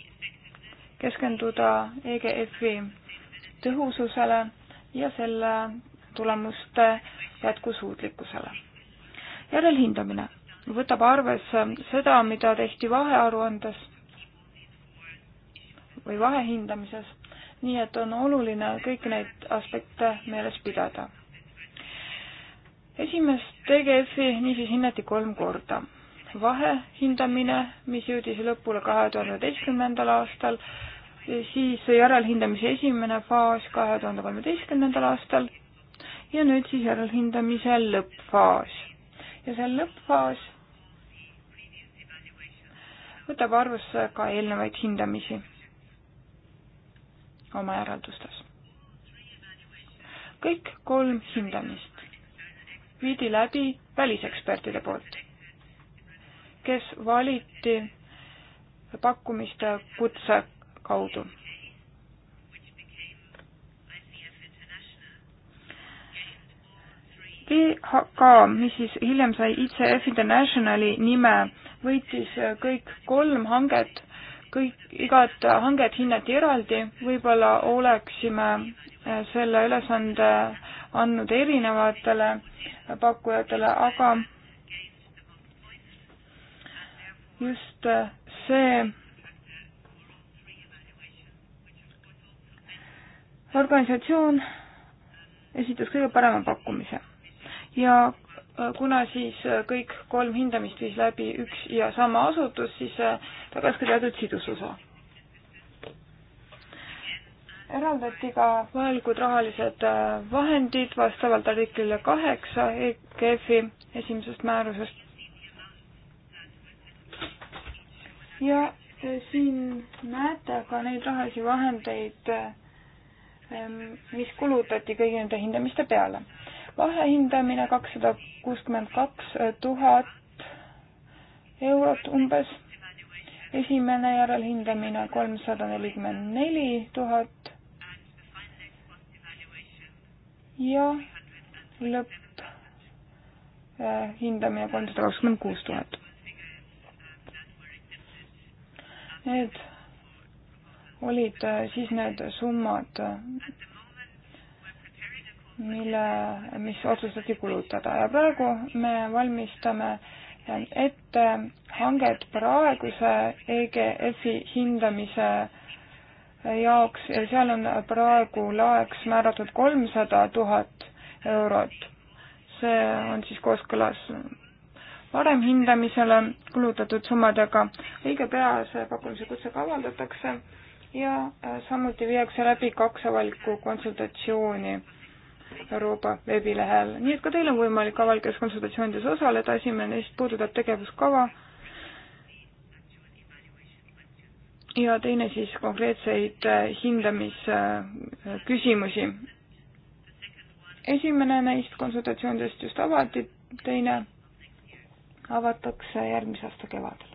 keskenduda EGF-i tõhususele ja selle tulemuste jätkusuutlikkusele. järelhindamine võtab arvesse seda, mida tehti vahearuandes või vahehindamises, nii et on oluline kõiki neid aspekte meeles pidada. esimest TGF-i niisiis hinnati kolm korda. vahehindamine, mis jõudis lõpule kahe tuhande üheteistkümnendal aastal, siis järelhindamise esimene faas kahe tuhande kolmeteistkümnendal aastal ja nüüd siis järelhindamise lõppfaas. ja see lõppfaas võtab arvesse ka eelnevaid hindamisi oma järeldustes. kõik kolm hindamist viidi läbi välisekspertide poolt, kes valiti pakkumiste kutse kaudu. VHK, mis siis hiljem sai ICF Internationali nime, võitis kõik kolm hanget kõik, igat hanget hinnati eraldi, võib-olla oleksime eh, selle ülesande andnud erinevatele pakkujatele, aga just eh, see organisatsioon esitas kõige parema pakkumise ja Äh, kuna siis äh, kõik kolm hindamist viis läbi üks ja sama asutus, siis äh, tagasi ka teatud sidusosa. eraldati ka vajalikud rahalised vahendid vastavalt artiklile kaheksa EGF-i esimesest määrusest. ja siin näete ka neid rahalisi vahendeid, mis kulutati kõigi nende hindamiste peale vahehindamine kakssada kuuskümmend kaks tuhat eurot umbes. esimene järelhindamine kolmsada nelikümmend neli tuhat. ja lõpphindamine äh, kolmsada kakskümmend kuus tuhat. Need olid äh, siis need summad, mille, mis otsustati kulutada ja praegu me valmistame ette hanget praeguse EGF-i hindamise jaoks ja seal on praegu laeks määratud kolmsada tuhat eurot. see on siis kooskõlas varem hindamisele kulutatud summadega. õige pea see pakkumise kutse ka avaldatakse ja samuti viiakse läbi kaks avalikku konsultatsiooni Euroopa veebilehel, nii et ka teil on võimalik avalikes konsultatsioonides osaleda, esimene neist puudutab tegevuskava ja teine siis konkreetseid äh, hindamisküsimusi. esimene neist konsultatsioonidest just avati, teine avatakse järgmise aasta kevadel.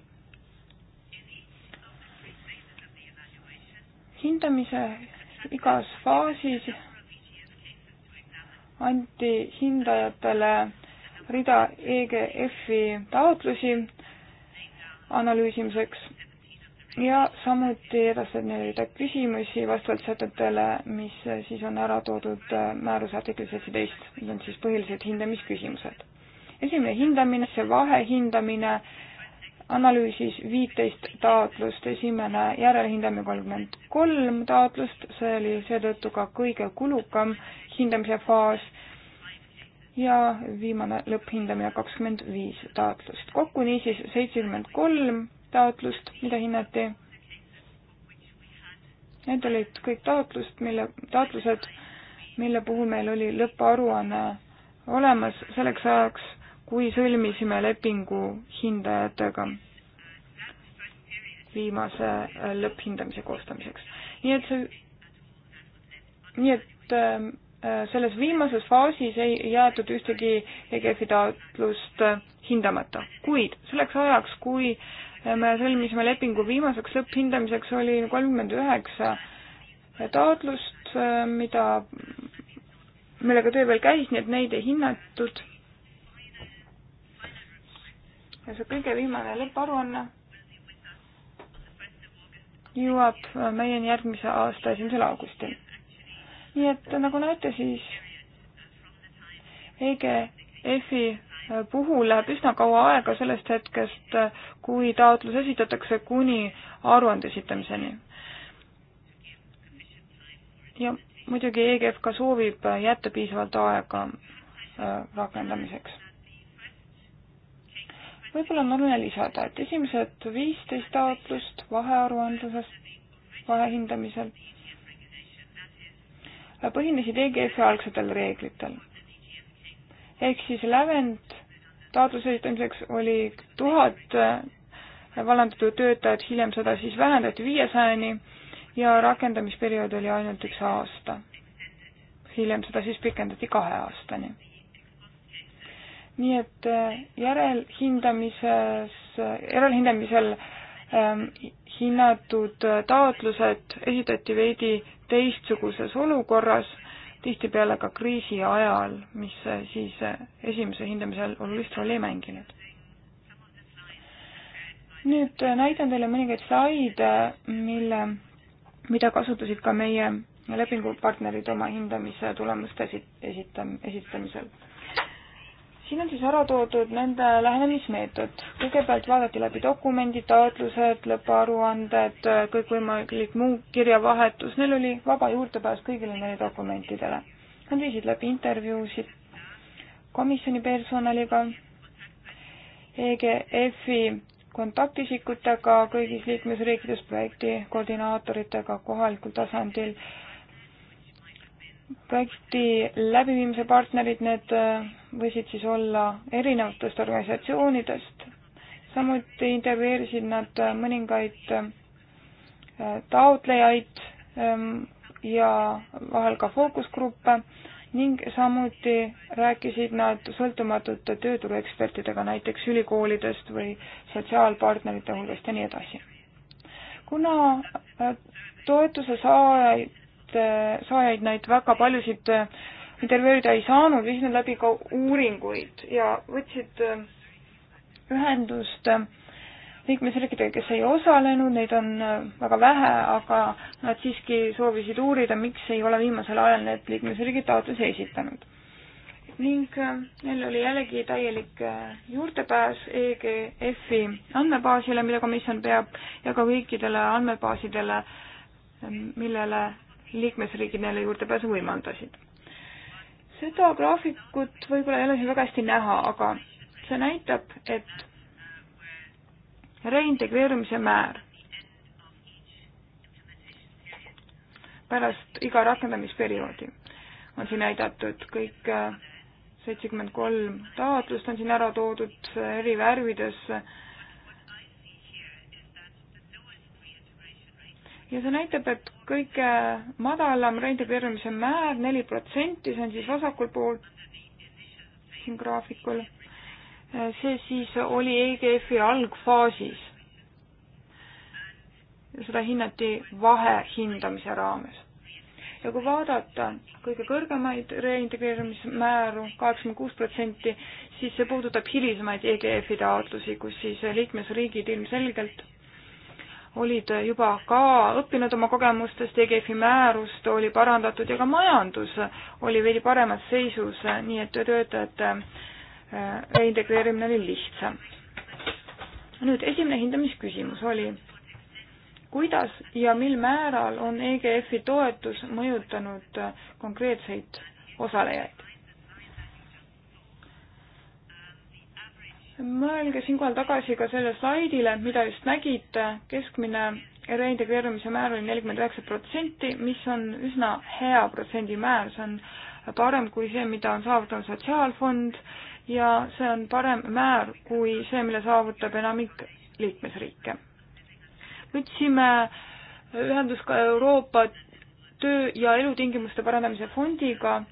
hindamise igas faasis anti hindajatele rida EGF-i taotlusi analüüsimiseks ja samuti edastati neile rida küsimusi vastavalt sätetele, mis siis on ära toodud äh, määruse artiklis seitseteist, need on siis põhilised hindamisküsimused. esimene hindamine, see vahehindamine analüüsis viiteist taotlust, esimene järelhindamine kolmkümmend kolm taotlust, see oli seetõttu ka kõige kulukam hindamise faas ja viimane lõpphindamine kakskümmend viis taotlust. kokku niisiis seitsekümmend kolm taotlust, mida hinnati. Need olid kõik taotlust, mille, taotlused, mille puhul meil oli lõpparuanne olemas selleks ajaks kui sõlmisime lepingu hindajatega viimase äh, lõpphindamise koostamiseks. nii et see, nii et ähm, äh, selles viimases faasis ei jäetud ühtegi EGF-i taotlust äh, hindamata, kuid selleks ajaks, kui me sõlmisime lepingu viimaseks lõpphindamiseks, oli kolmkümmend üheksa taotlust, mida, millega töö veel käis, nii et neid ei hinnatud ja see kõige viimane lõpparuanne jõuab äh, meieni järgmise aasta esimesel augustil. nii et äh, nagu näete, siis EGF-i äh, puhul läheb üsna kaua aega sellest hetkest, kui taotlus esitatakse, kuni aruande esitamiseni. ja muidugi EGF ka soovib jätta piisavalt aega rakendamiseks võib-olla on oluline lisada, et esimesed viisteist taotlust vahearuandluses, vahehindamisel põhinesid EGF-i algsetel reeglitel. ehk siis lävend taotluse esitamiseks oli tuhat vallandatud töötajat, hiljem seda siis vähendati viiesajani ja rakendamisperiood oli ainult üks aasta. hiljem seda siis pikendati kahe aastani nii et äh, järelhindamises, äh, järelhindamisel ähm, hinnatud äh, taotlused esitati veidi teistsuguses olukorras, tihtipeale ka kriisi ajal, mis siis esimese hindamisel olulist rolli ei mänginud. nüüd näitan teile mõningaid slaide, mille, mida kasutasid ka meie lepingupartnerid oma hindamise tulemuste esit-, esitam-, esitamisel siin on siis ära toodud nende lähenemismeetod. kõigepealt vaadati läbi dokumendid, taotlused, lõpparuanded, kõikvõimalik muu kirjavahetus, neil oli vaba juurdepääs kõigile neile dokumentidele. Nad viisid läbi intervjuusid komisjoni personaliga, EGF-i kontaktisikutega kõigis liikmesriikides, projekti koordinaatoritega kohalikul tasandil projekti läbiviimise partnerid, need äh, võisid siis olla erinevatest organisatsioonidest, samuti intervjueerisid nad äh, mõningaid äh, taotlejaid ähm, ja vahel ka fookusgruppe ning samuti rääkisid nad sõltumatute tööturuekspertidega näiteks ülikoolidest või sotsiaalpartnerite hulgast ja nii edasi. kuna toetuse saajaid Äh, saajaid neid väga paljusid äh, intervjueerida ei saanud, viis nad läbi ka uuringuid ja võtsid äh, ühendust liikmesriikidega, kes ei osalenud, neid on väga vähe, aga nad siiski soovisid uurida, miks ei ole viimasel ajal need liikmesriigid taotlusi esitanud. ning neil oli jällegi täielik juurdepääs EGF-i andmebaasile, mida komisjon peab, ja ka kõikidele andmebaasidele, millele liikmesriigid neile juurdepääsu võimaldasid. seda graafikut võib-olla ei ole siin väga hästi näha, aga see näitab, et reintegreerumise määr pärast iga rakendamisperioodi on siin näidatud kõik äh, seitsekümmend kolm taotlust on siin ära toodud eri värvides. ja see näitab, et kõige madalam rendipiiramise määr neli protsenti, see on siis vasakul pool siin graafikul. see siis oli EGF-i algfaasis. seda hinnati vahehindamise raames. ja kui vaadata kõige kõrgemaid reintegreerimismääru, kaheksakümmend kuus protsenti, siis see puudutab hilisemaid EGF-i taotlusi, kus siis liikmesriigid ilmselgelt olid juba ka õppinud oma kogemustest, EGF-i määrust oli parandatud ja ka majandus oli veidi paremas seisus, nii et töötajate äh, reintegreerimine oli lihtsam. nüüd esimene hindamisküsimus oli, kuidas ja mil määral on EGF-i toetus mõjutanud konkreetseid osalejaid? mõelge siinkohal tagasi ka selle slaidile, mida just nägite, keskmine reintegreerumise määr oli nelikümmend üheksa protsenti, mis on üsna hea protsendimäär, see on parem kui see, mida on saavutanud Sotsiaalfond ja see on parem määr kui see, mille saavutab enamik liikmesriike. võtsime ühendust ka Euroopa töö- ja elutingimuste parandamise fondiga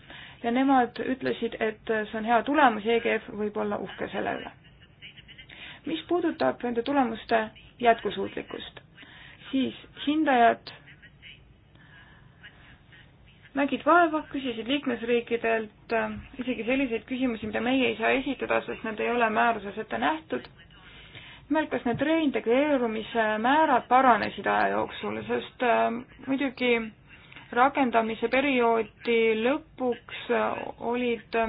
ja nemad ütlesid, et see on hea tulemus, EGF võib olla uhke selle üle mis puudutab nende tulemuste jätkusuutlikkust, siis hindajad nägid vaeva, küsisid liikmesriikidelt äh, isegi selliseid küsimusi, mida meie ei saa esitada, sest need ei ole määruses ette nähtud. nimelt, kas need reintegreerumise määrad paranesid aja jooksul, sest äh, muidugi rakendamise perioodi lõpuks äh, olid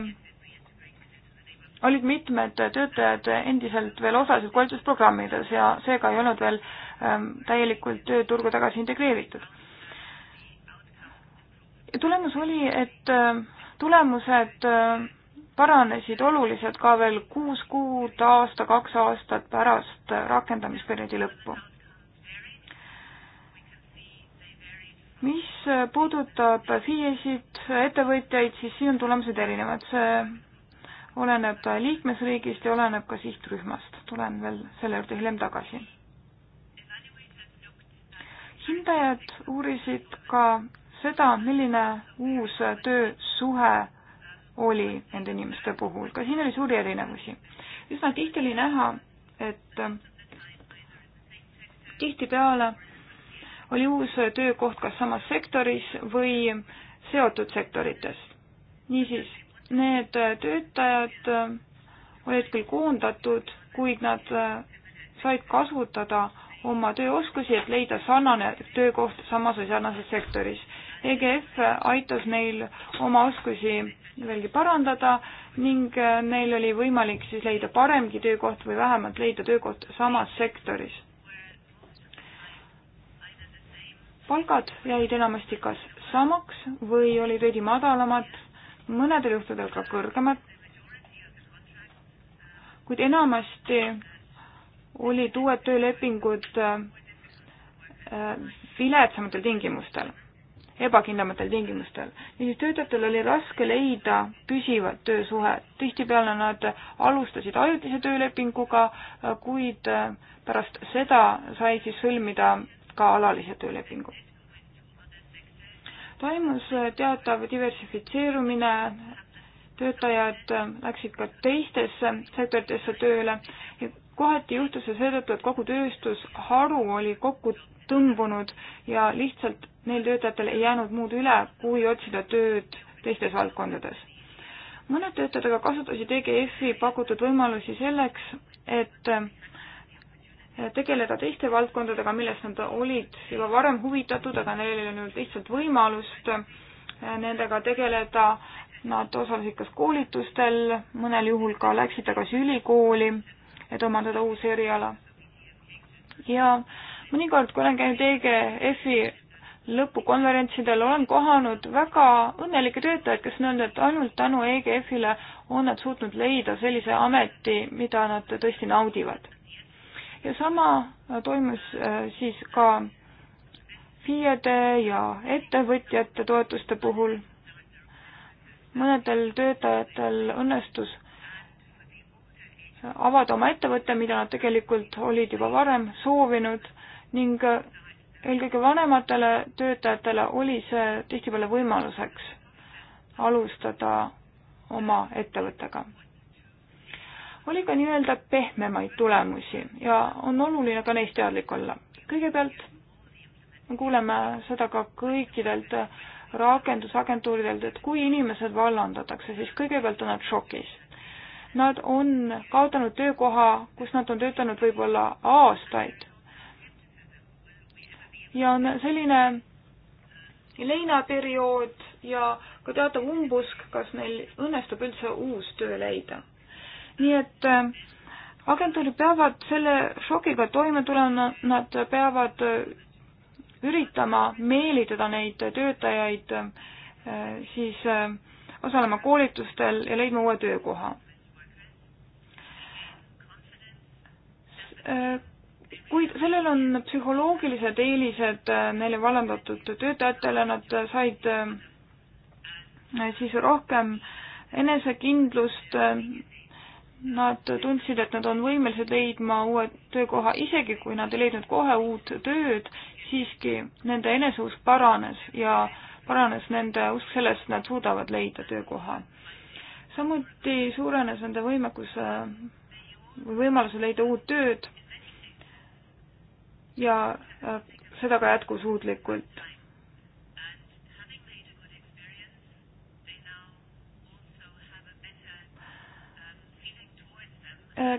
olid mitmed töötajad endiselt veel osaliselt koolitusprogrammides ja seega ei olnud veel ähm, täielikult tööturgu tagasi integreeritud. ja tulemus oli, et ähm, tulemused ähm, paranesid oluliselt ka veel kuus kuud, aasta, kaks aastat pärast rakendamisperioodi lõppu. mis puudutab FIE-sid, ettevõtjaid, siis siin on tulemused erinevad, see oleneb ta liikmesriigist ja oleneb ka sihtrühmast. tulen veel selle juurde hiljem tagasi. hindajad uurisid ka seda, milline uus töösuhe oli nende inimeste puhul. ka siin oli suuri erinevusi. üsna tihti oli näha, et tihtipeale oli uus töökoht kas samas sektoris või seotud sektorites. niisiis, Need töötajad äh, olid küll koondatud, kuid nad äh, said kasutada oma tööoskusi, et leida sarnane töökoht samas või sarnases sektoris. EGF aitas neil oma oskusi veelgi parandada ning äh, neil oli võimalik siis leida paremgi töökoht või vähemalt leida töökoht samas sektoris. palgad jäid enamasti kas samaks või olid veidi madalamad mõnedel juhtudel ka kõrgemad, kuid enamasti olid uued töölepingud äh, viletsamatel tingimustel, ebakindlamatel tingimustel. niisiis töötajatel oli raske leida püsivat töösuhet. tihtipeale nad alustasid ajutise töölepinguga, äh, kuid äh, pärast seda sai siis sõlmida ka alalise töölepingu toimus äh, teatav diversifitseerumine, töötajad äh, läksid ka teistesse sektoritesse tööle ja kohati juhtus see seetõttu, et kogu tööstusharu oli kokku tõmbunud ja lihtsalt neil töötajatel ei jäänud muud üle, kui otsida tööd teistes valdkondades. mõned töötajad aga kasutasid EGF-i pakutud võimalusi selleks, et äh, tegeleda teiste valdkondadega, millest nad olid juba varem huvitatud, aga neil ei olnud lihtsalt võimalust eh, nendega tegeleda. Nad osalesid kas koolitustel, mõnel juhul ka läksid tagasi ülikooli, et omandada uus eriala. ja mõnikord, kui olen käinud EGF-i lõpukonverentsidel, olen kohanud väga õnnelikke töötajaid, kes on öelnud, et ainult tänu EGF-ile on nad suutnud leida sellise ameti, mida nad tõesti naudivad ja sama äh, toimus äh, siis ka FIE-de ja ettevõtjate toetuste puhul. mõnedel töötajatel õnnestus avada oma ettevõtte, mida nad tegelikult olid juba varem soovinud ning äh, eelkõige vanematele töötajatele oli see tihtipeale võimaluseks alustada oma ettevõttega oli ka nii-öelda pehmemaid tulemusi ja on oluline ka neist teadlik olla. kõigepealt me kuuleme seda ka kõikidelt rakendusagentuuridelt, et kui inimesed vallandatakse, siis kõigepealt on nad šokis. Nad on kaotanud töökoha, kus nad on töötanud võib-olla aastaid. ja on selline leinaperiood ja ka teatav umbusk, kas neil õnnestub üldse uus töö leida nii et äh, agentuurid peavad selle šokiga toime tulema, nad peavad äh, üritama meelitada neid töötajaid äh, siis osalema koolitustel ja leidma uue töökoha kuid sellel on psühholoogilised eelised neile vallandatud töötajatele, nad said siis rohkem enesekindlust, nad tundsid, et nad on võimelised leidma uue töökoha, isegi kui nad ei leidnud kohe uut tööd, siiski nende eneseusk paranes ja paranes nende usk sellest, et nad suudavad leida töökoha. samuti suurenes nende võimekus äh, või võimaluse leida uut tööd ja äh, seda ka jätkusuutlikult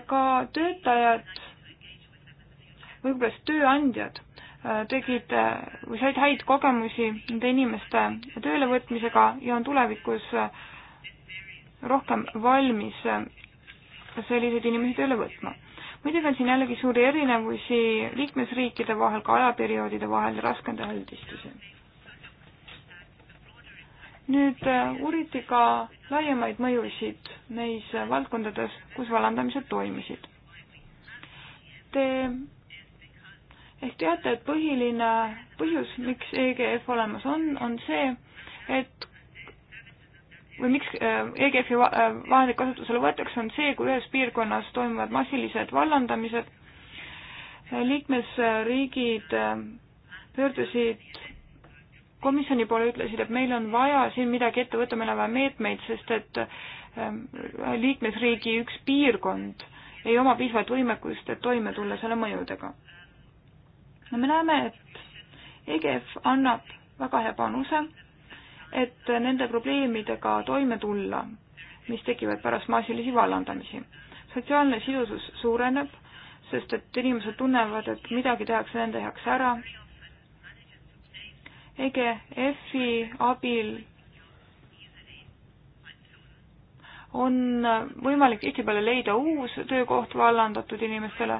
ka töötajad, võib-olla siis tööandjad äh, tegid äh, või said häid kogemusi nende inimeste töölevõtmisega ja on tulevikus äh, rohkem valmis selliseid inimesi tööle võtma. muidugi on siin jällegi suuri erinevusi liikmesriikide vahel, ka ajaperioodide vahel ja raskendajaid istusid nüüd äh, uuriti ka laiemaid mõjusid neis valdkondades, kus vallandamised toimusid. Te ehk teate, et põhiline põhjus, miks EGF olemas on, on see, et või miks äh, EGF-i äh, vahendid kasutusele võetakse, on see, kui ühes piirkonnas toimuvad massilised vallandamised, liikmesriigid pöördusid komisjoni poole ütlesid, et meil on vaja siin midagi ette võtta, meil on vaja meetmeid, sest et ähm, liikmesriigi üks piirkond ei oma piisavat võimekust, et toime tulla selle mõjudega. no me näeme, et EGF annab väga hea panuse, et nende probleemidega toime tulla, mis tekivad pärast massilisi vallandamisi. sotsiaalne sidusus suureneb, sest et inimesed tunnevad, et midagi tehakse nende heaks ära EGF-i abil on võimalik tihtipeale leida uus töökoht vallandatud inimestele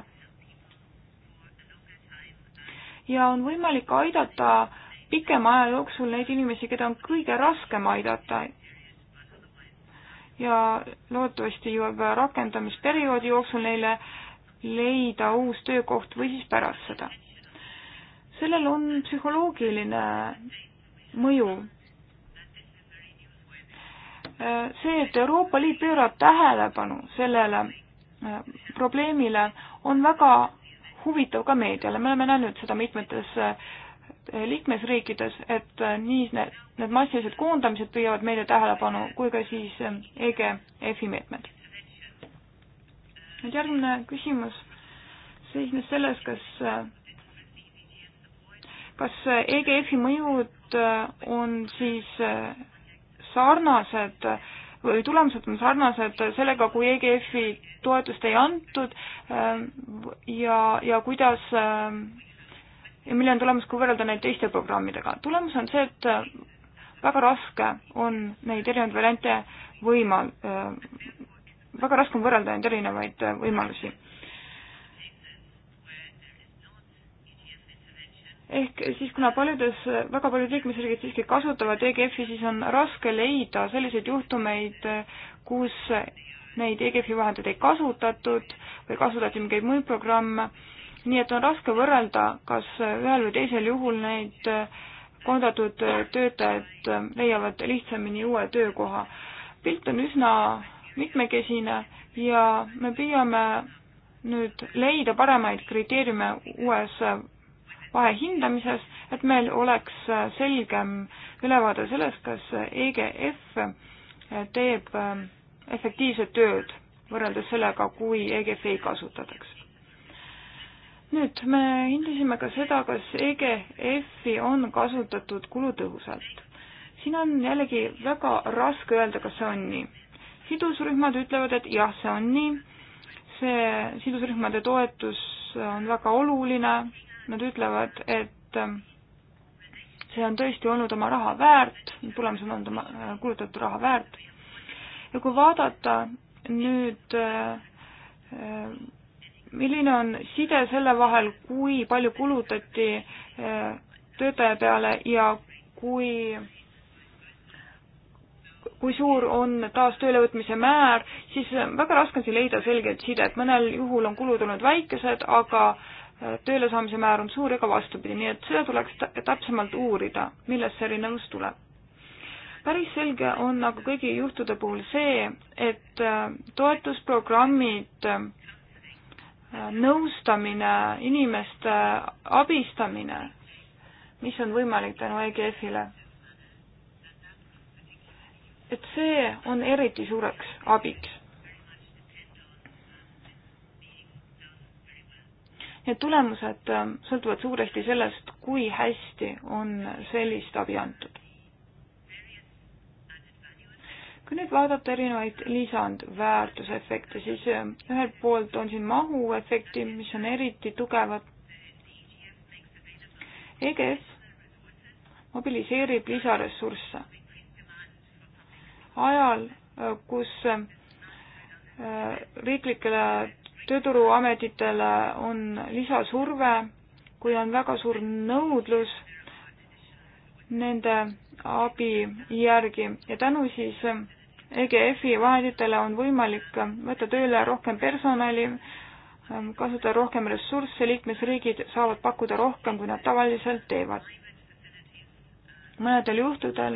ja on võimalik aidata pikema aja jooksul neid inimesi, keda on kõige raskem aidata. ja loodetavasti jõuab rakendamisperioodi jooksul neile leida uus töökoht või siis pärast seda sellel on psühholoogiline mõju. see, et Euroopa Liit pöörab tähelepanu sellele äh, probleemile, on väga huvitav ka meediale, me oleme näinud seda mitmetes äh, liikmesriikides, et äh, nii need, need massilised koondamised püüavad meile tähelepanu kui ka siis EGF-i meetmed. nüüd järgmine küsimus seisnes selles, kas kas äh, EGF-i mõjud äh, on siis äh, sarnased või tulemused on sarnased sellega, kui EGF-i toetust ei antud ja, ja kuidas ja milline on tulemus, kui võrrelda neid teiste programmidega. tulemus on see, et väga raske on neid erinevaid variante võima-, väga raske on võrrelda neid erinevaid võimalusi. ehk siis kuna paljudes, väga paljud liikmesriigid siiski kasutavad EGF-i, siis on raske leida selliseid juhtumeid, kus neid EGF-i vahendeid ei kasutatud või kasutati mingeid muid programme, nii et on raske võrrelda, kas ühel või teisel juhul neid koondatud töötajad leiavad lihtsamini uue töökoha. pilt on üsna mitmekesine ja me püüame nüüd leida paremaid kriteeriume uues vahe hindamises, et meil oleks selgem ülevaade sellest, kas EGF teeb ähm, efektiivset tööd võrreldes sellega, kui EGF-i kasutatakse. nüüd me hindasime ka seda, kas EGF-i on kasutatud kulutõhusalt. siin on jällegi väga raske öelda, kas see on nii. sidusrühmad ütlevad, et jah, see on nii, see sidusrühmade toetus on väga oluline nad ütlevad, et ähm, see on tõesti olnud oma raha väärt, tulemus on olnud oma äh, kulutatud raha väärt. ja kui vaadata nüüd, äh, milline on side selle vahel, kui palju kulutati äh, töötaja peale ja kui kui suur on taas töölevõtmise määr, siis väga raske on siin leida selget sidet, mõnel juhul on kulud olnud väikesed, aga äh, Äh, tööle saamise määr on suur ja ka vastupidi, nii et seda tuleks täpsemalt uurida, millest see erinevus tuleb. päris selge on aga nagu kõigi juhtude puhul see, et äh, toetusprogrammid, äh, nõustamine, inimeste abistamine, mis on võimalik tänu EGF-ile, et see on eriti suureks abiks Need tulemused äh, sõltuvad suuresti sellest, kui hästi on sellist abi antud. kui nüüd vaadata erinevaid lisandväärtuse efekte, siis äh, ühelt poolt on siin mahu efekti, mis on eriti tugevad. EGF mobiliseerib lisaressursse ajal, äh, kus riiklikele tööturuametitele on lisasurve, kui on väga suur nõudlus nende abi järgi ja tänu siis EGF-i vahenditele on võimalik võtta tööle rohkem personali, kasutada rohkem ressursse, liikmesriigid saavad pakkuda rohkem, kui nad tavaliselt teevad. mõnedel juhtudel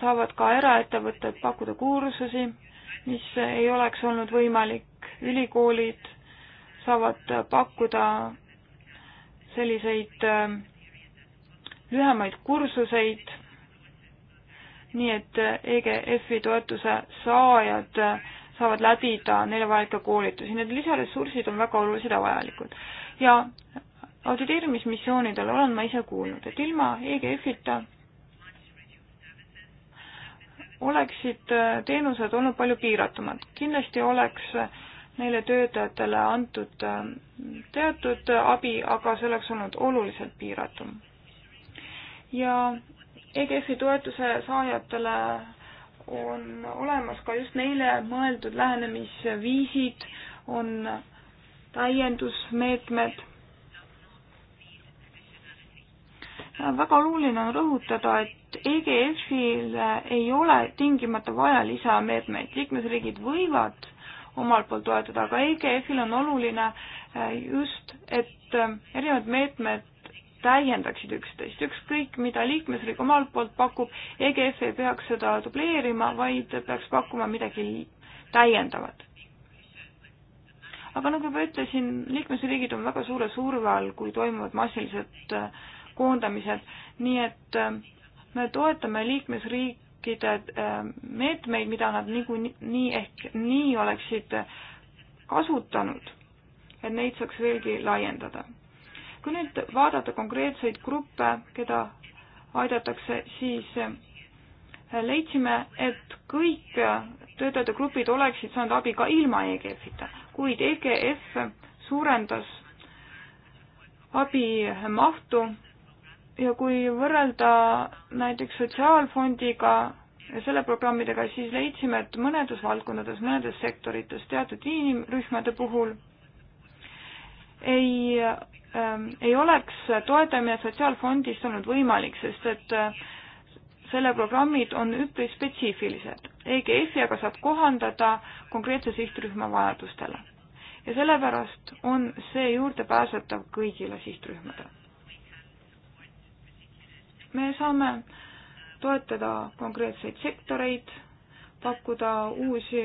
saavad ka eraettevõtted pakkuda kursusi, mis ei oleks olnud võimalik ülikoolid saavad pakkuda selliseid äh, lühemaid kursuseid, nii et äh, EGF-i toetuse saajad äh, saavad läbida neile vajalikke koolitusi, need lisaressursid on väga olulised ja vajalikud. ja auditeerimismissioonidel olen ma ise kuulnud, et ilma EGF-ita oleksid teenused olnud palju piiratumad. kindlasti oleks neile töötajatele antud ähm, teatud abi, aga see oleks olnud oluliselt piiratum. ja EGF-i toetuse saajatele on olemas ka just neile mõeldud lähenemisviisid, on täiendusmeetmed. väga oluline on rõhutada, et EGF-il ei ole tingimata vaja lisameetmeid, liikmesriigid võivad omalt poolt toetada, aga EGF-il on oluline äh, just, et äh, erinevad meetmed täiendaksid üksteist, ükskõik mida liikmesriik omalt poolt pakub, EGF ei peaks seda dubleerima, vaid peaks pakkuma midagi täiendavat. aga nagu juba ütlesin, liikmesriigid on väga suure surve all, kui toimuvad massilised äh, koondamised, nii et me toetame liikmesriike rääkida äh, meetmeid, mida nad niikuinii nii ehk nii oleksid kasutanud, et neid saaks veelgi laiendada. kui nüüd vaadata konkreetseid gruppe, keda aidatakse, siis äh, leidsime, et kõik töötajate grupid oleksid saanud abi ka ilma EGF-ita, kuid EGF suurendas abi mahtu ja kui võrrelda näiteks sotsiaalfondiga ja selle programmidega, siis leidsime, et mõnedes valdkondades, mõnedes sektorites teatud inimrühmade puhul ei ähm,, ei oleks toetamine sotsiaalfondist olnud võimalik, sest et äh, selle programmid on üpris spetsiifilised. EGF-i aga saab kohandada konkreetse sihtrühma vajadustele. ja sellepärast on see juurdepääsetav kõigile sihtrühmadele me saame toetada konkreetseid sektoreid, pakkuda uusi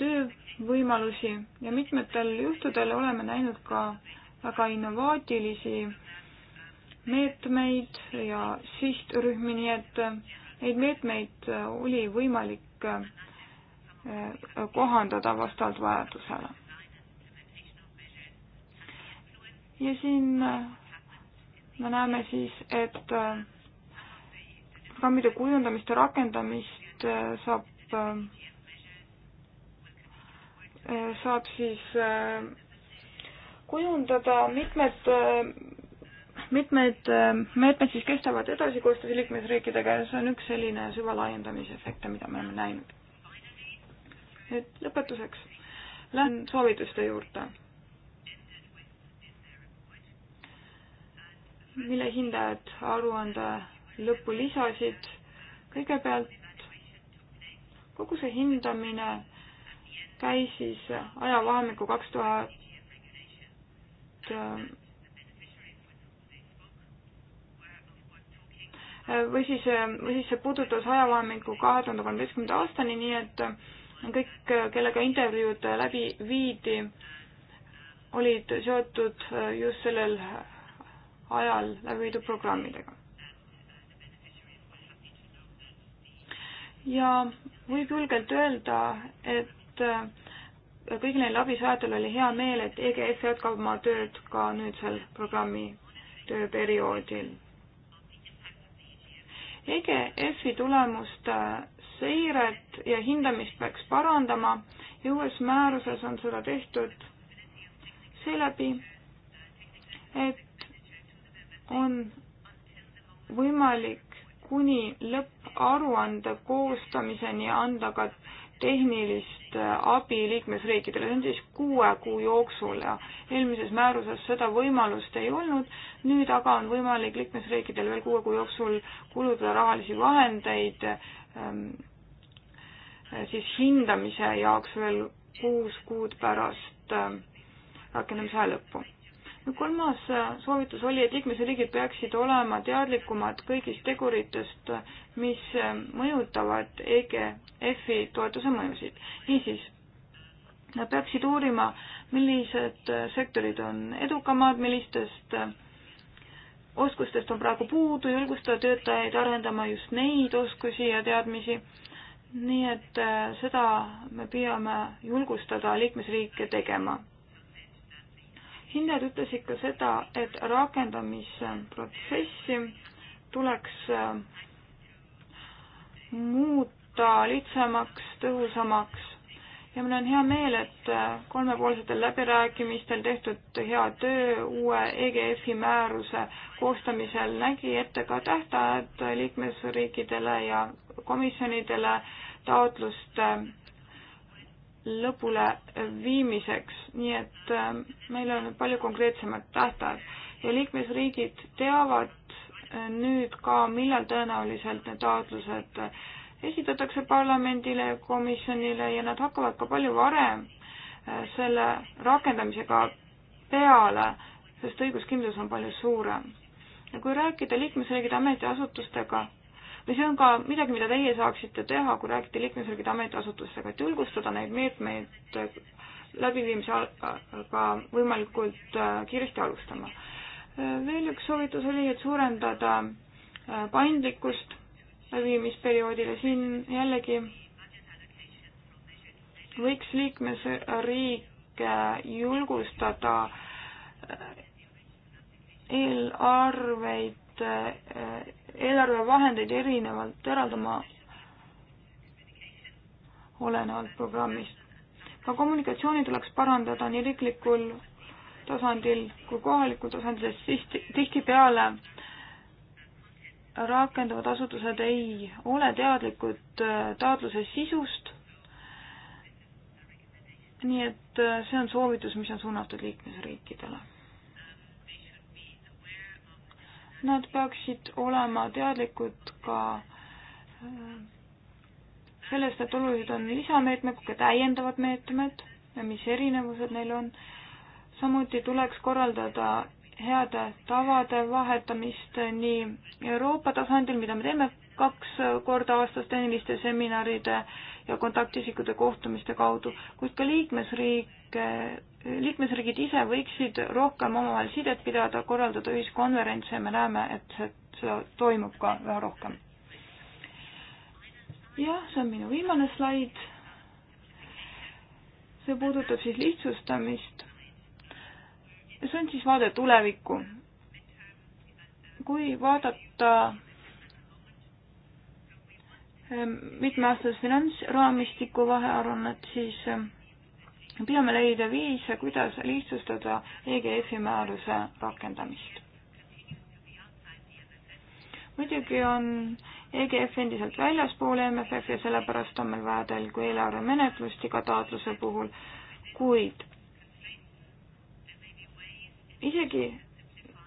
töövõimalusi ja mitmetel juhtudel oleme näinud ka väga innovaatilisi meetmeid ja sihtrühmi, nii et neid meetmeid oli võimalik äh, kohandada vastavalt vajadusele. ja siin äh, me näeme siis, et äh, programmide kujundamist ja rakendamist äh, saab, äh, saab siis kujundada mitmed, mitmed meetmed siis kestavad edasi koostöös liikmesriikidega ja see on üks selline süvalaiendamise efekte, mida me oleme näinud. nüüd lõpetuseks lähen soovituste juurde mille hindajad aruande lõppu lisasid. kõigepealt kogu see hindamine käis siis ajavahemikku kaks tuhat või siis, või siis see puudutas ajavahemikku kahe tuhande kolmeteistkümnenda aastani, nii et kõik, kellega intervjuud läbi viidi, olid seotud just sellel ajal läbi viidud programmidega. ja võib julgelt öelda, et äh, kõigil neil abisaajatel oli hea meel, et EGF jätkab oma tööd ka nüüdsel programmi tööperioodil. EGF-i tulemuste äh, seiret ja hindamist peaks parandama ja uues määruses on seda tehtud seeläbi, et on võimalik kuni lõpparuande koostamiseni anda ka tehnilist abi liikmesriikidele, see on siis kuue kuu jooksul ja eelmises määruses seda võimalust ei olnud, nüüd aga on võimalik liikmesriikidel veel kuue kuu jooksul kulutada rahalisi vahendeid ähm, siis hindamise jaoks veel kuus kuud pärast ähm, rakendamise aja lõppu kolmas äh, soovitus oli, et liikmesriigid peaksid olema teadlikumad kõigist teguritest, mis äh, mõjutavad EGF-i toetuse mõjusid. niisiis, nad peaksid uurima, millised äh, sektorid on edukamad, millistest oskustest on praegu puudu, julgustada töötajaid arendama just neid oskusi ja teadmisi. nii et seda me püüame julgustada liikmesriike tegema hindajad ütlesid ka seda, et rakendamisprotsessi tuleks äh, muuta lihtsamaks, tõhusamaks ja mul on hea meel, et äh, kolmepoolsetel läbirääkimistel tehtud hea töö uue EGF-i määruse koostamisel nägi ette ka tähtajad liikmesriikidele ja komisjonidele taotluste äh, lõpule viimiseks, nii et äh, meil on palju konkreetsemad tähtajad ja liikmesriigid teavad äh, nüüd ka, millal tõenäoliselt need taotlused äh, esitatakse parlamendile ja komisjonile ja nad hakkavad ka palju varem selle rakendamisega peale, sest õiguskindlus on palju suurem. ja kui rääkida liikmesriigid ametiasutustega, ja see on ka midagi, mida teie saaksite teha, kui räägite liikmesriigid ametiasutustega, et julgustada neid meetmeid läbiviimisega võimalikult äh, kiiresti alustama. Äh, veel üks soovitus oli, et suurendada äh, paindlikkust läbiviimisperioodil ja siin jällegi võiks liikmesriik julgustada eelarveid eelarvevahendeid erinevalt eraldama olenevalt programmist. ka kommunikatsiooni tuleks parandada nii riiklikul tasandil kui kohalikul tasandil, sest tihtipeale rakendavad asutused ei ole teadlikud äh, taotluse sisust. nii et äh, see on soovitus, mis on suunatud liikmesriikidele nad peaksid olema teadlikud ka äh, sellest, et olulised on lisameetmed kui ka täiendavad meetmed ja mis erinevused neil on. samuti tuleks korraldada heade tavade vahetamist nii Euroopa tasandil, mida me teeme kaks korda aastas tehniliste seminaride ja kontaktisikute kohtumiste kaudu, kuid ka liikmesriike liikmesriigid ise võiksid rohkem omavahel sidet pidada, korraldada ühiskonverentse ja me näeme, et seda toimub ka üha rohkem. jah, see on minu viimane slaid. see puudutab siis lihtsustamist. see on siis vaade tulevikku. kui vaadata ehm, mitmeaastase finantsraamistiku vahearuannet, siis ehm, peame leida viise, kuidas lihtsustada EGF-i määruse rakendamist. muidugi on EGF endiselt väljaspool MFF-i ja sellepärast on meil vaja teil kui eelarvemenetlust iga taotluse puhul, kuid isegi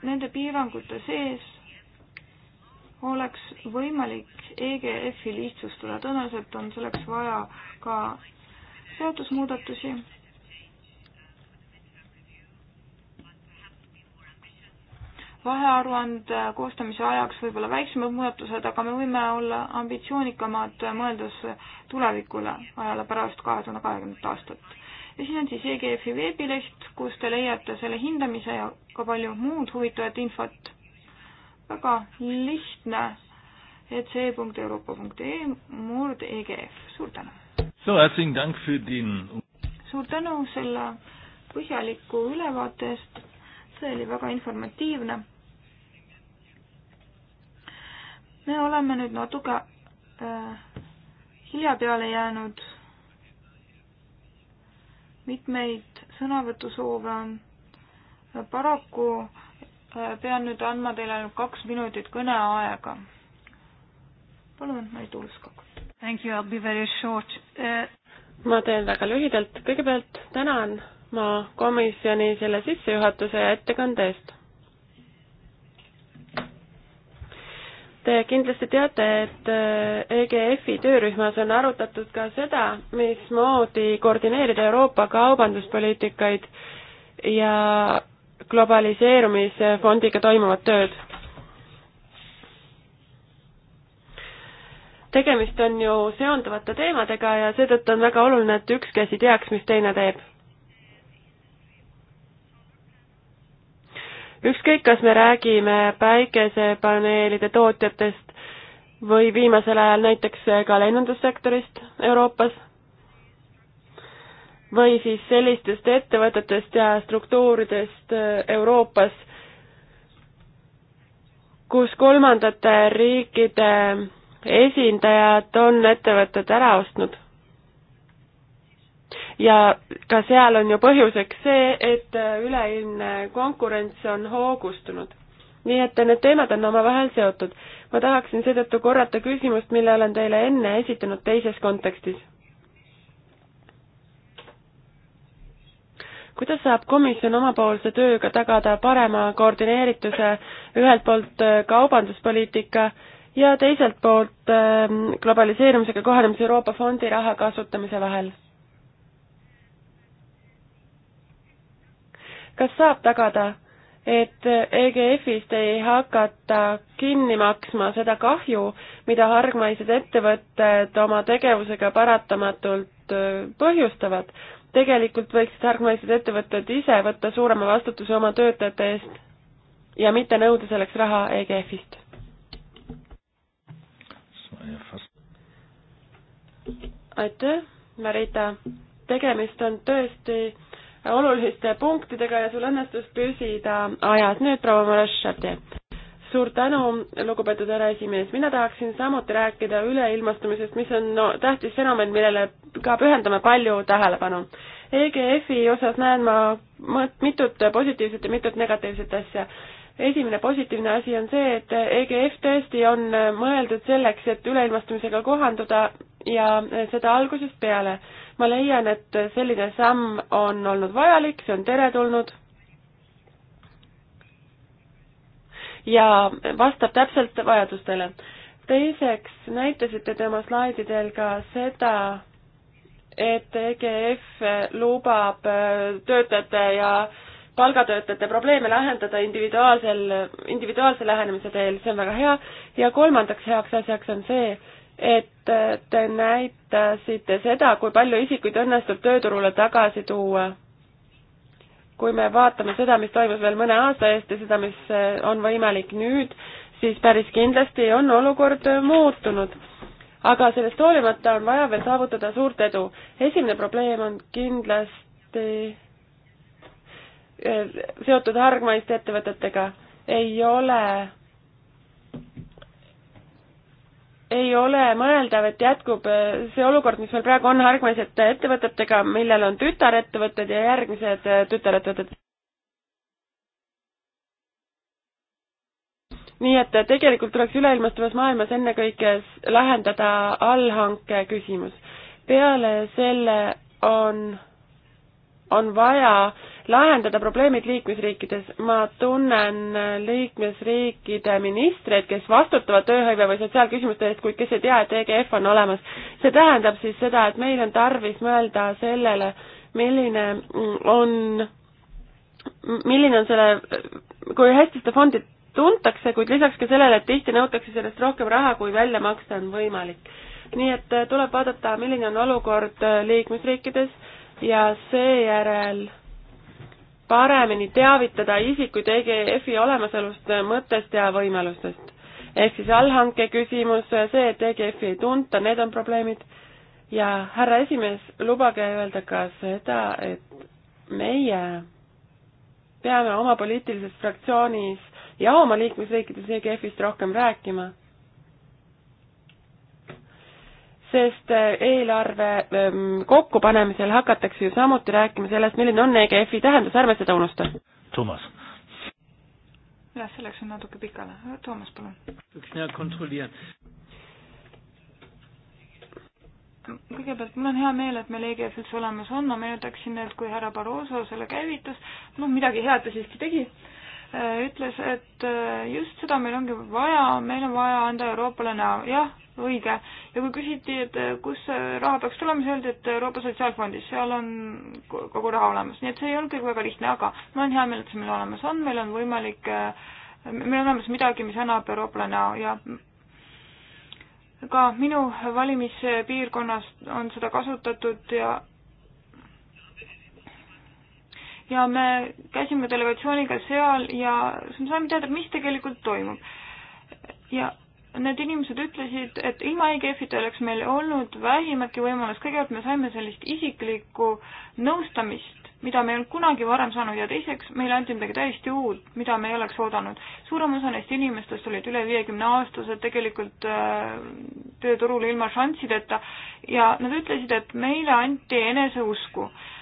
nende piirangute sees oleks võimalik EGF-i lihtsustada, tõenäoliselt on selleks vaja ka seadusmuudatusi vahearuande äh, koostamise ajaks võib-olla väiksemad muudatused, aga me võime olla ambitsioonikamad, äh, mõeldes tulevikule, ajale pärast kahe tuhande kahekümnendat aastat. ja siis on siis EGF-i veebileht, kus te leiate selle hindamise ja ka palju muud huvitavat infot. väga lihtne, et e see.euroopa.ee e murd EGF, suur tänu! suur tänu selle põhjaliku ülevaate eest, see oli väga informatiivne me oleme nüüd natuke äh, hilja peale jäänud. mitmeid sõnavõtusoove on. paraku äh, pean nüüd andma teile ainult kaks minutit kõneaega. palun, Mari Tuulskog. Thank you, I will be very short uh.... ma teen väga lühidalt, kõigepealt tänan ma komisjoni selle sissejuhatuse ja ettekande eest Te kindlasti teate, et äh, EGF-i töörühmas on arutatud ka seda, mismoodi koordineerida Euroopa kaubanduspoliitikaid ja globaliseerumisfondiga toimuvat tööd. tegemist on ju seonduvate teemadega ja seetõttu on väga oluline, et üks käsi teaks, mis teine teeb ükskõik, kas me räägime päikesepaneelide tootjatest või viimasel ajal näiteks ka lennundussektorist Euroopas või siis sellistest ettevõtetest ja struktuuridest Euroopas, kus kolmandate riikide esindajad on ettevõtted ära ostnud ja ka seal on ju põhjuseks see, et äh, üleilmne konkurents on hoogustunud. nii et need teemad on omavahel seotud. ma tahaksin seetõttu korrata küsimust, mille olen teile enne esitanud teises kontekstis. kuidas saab komisjon omapoolse tööga tagada parema koordineerituse ühelt poolt äh, kaubanduspoliitika ja teiselt poolt äh, globaliseerumisega kohanemise Euroopa Fondi raha kasutamise vahel? kas saab tagada, et EGF-ist ei hakata kinni maksma seda kahju, mida hargmaised ettevõtted oma tegevusega paratamatult äh, põhjustavad? tegelikult võiksid hargmaised ettevõtted ise võtta suurema vastutuse oma töötajate eest ja mitte nõuda selleks raha EGF-ist. aitäh, Marita. tegemist on tõesti oluliste punktidega ja sul õnnestus püsida ajas. nüüd proua Marašati. suur tänu, lugupeetud härra esimees. mina tahaksin samuti rääkida üleilmastumisest, mis on no, tähtis fenomen, millele ka pühendame palju tähelepanu. EGF-i osas näen ma mitut positiivset ja mitut negatiivset asja esimene positiivne asi on see, et EGF tõesti on mõeldud selleks, et üleilmastumisega kohanduda ja seda algusest peale ma leian, et selline samm on olnud vajalik, see on teretulnud ja vastab täpselt vajadustele. teiseks näitasite te oma slaididel ka seda, et EGF lubab äh, töötajate ja palgatöötajate probleeme lahendada individuaalsel, individuaalse lähenemise teel, see on väga hea, ja kolmandaks heaks asjaks on see, et te näitasite seda, kui palju isikuid õnnestub tööturule tagasi tuua. kui me vaatame seda, mis toimus veel mõne aasta eest ja seda, mis on võimalik nüüd, siis päris kindlasti on olukord muutunud. aga sellest hoolimata on vaja veel saavutada suurt edu. esimene probleem on kindlasti eh, seotud hargmaiste ettevõtetega. ei ole ei ole mõeldav, et jätkub eh, see olukord, mis meil praegu on hargmaisete ettevõtetega, millel on tütarettevõtted ja järgmised eh, tütarettevõtted. nii et eh, tegelikult tuleks üleilmastuvas maailmas ennekõike lahendada allhanke küsimus. peale selle on on vaja lahendada probleemid liikmesriikides. ma tunnen liikmesriikide ministreid, kes vastutavad tööhõive või sotsiaalküsimuste eest, kuid kes ei tea, et EGF on olemas. see tähendab siis seda, et meil on tarvis mõelda sellele, milline on, milline on selle, kui hästi seda fondi tuntakse, kuid lisaks ka sellele, et tihti nõutakse sellest rohkem raha, kui välja maksta on võimalik. nii et tuleb vaadata, milline on olukord liikmesriikides ja seejärel paremini teavitada isikuid EGF-i olemasolust, mõttest ja võimalustest. ehk siis allhanke küsimus, see, et EGF-i ei tunta, need on probleemid. ja härra esimees, lubage öelda ka seda, et meie peame oma poliitilises fraktsioonis ja oma liikmesriikides EGF-ist rohkem rääkima sest äh, eelarve ähm, kokkupanemisel hakatakse ju samuti rääkima sellest, milline on EGF-i tähendus, ärme seda unusta. Toomas. jah, see läks nüüd natuke pikale. Toomas, palun. kõigepealt mul on hea meel, et meil EGF üldse olemas on, ma meenutaksin, et kui härra Barroso selle käivitas, noh, midagi head ta siiski tegi, äh, ütles, et äh, just seda meil ongi vaja, meil on vaja anda Euroopale näo, jah õige. ja kui küsiti, et äh, kus see raha peaks tulema, siis öeldi, et Euroopa Sotsiaalfondis, seal on kogu raha olemas, nii et see ei olnud kõik väga lihtne, aga mul on hea meel, et see meil olemas on, meil on võimalik, äh, meil on olemas midagi, mis annab eurooplane ja ka minu valimispiirkonnas on seda kasutatud ja ja me käisime delegatsiooniga seal ja siis me saime teada, mis tegelikult toimub. ja need inimesed ütlesid, et ilma IGF-ita ei oleks meil olnud vähimatki võimalust, kõigepealt me saime sellist isiklikku nõustamist, mida me ei olnud kunagi varem saanud ja teiseks meile anti midagi täiesti uut, mida me ei oleks oodanud. suurem osa neist inimestest olid üle viiekümne aastased tegelikult äh, tööturul ilma šanssideta ja nad ütlesid, et meile anti eneseusku äh,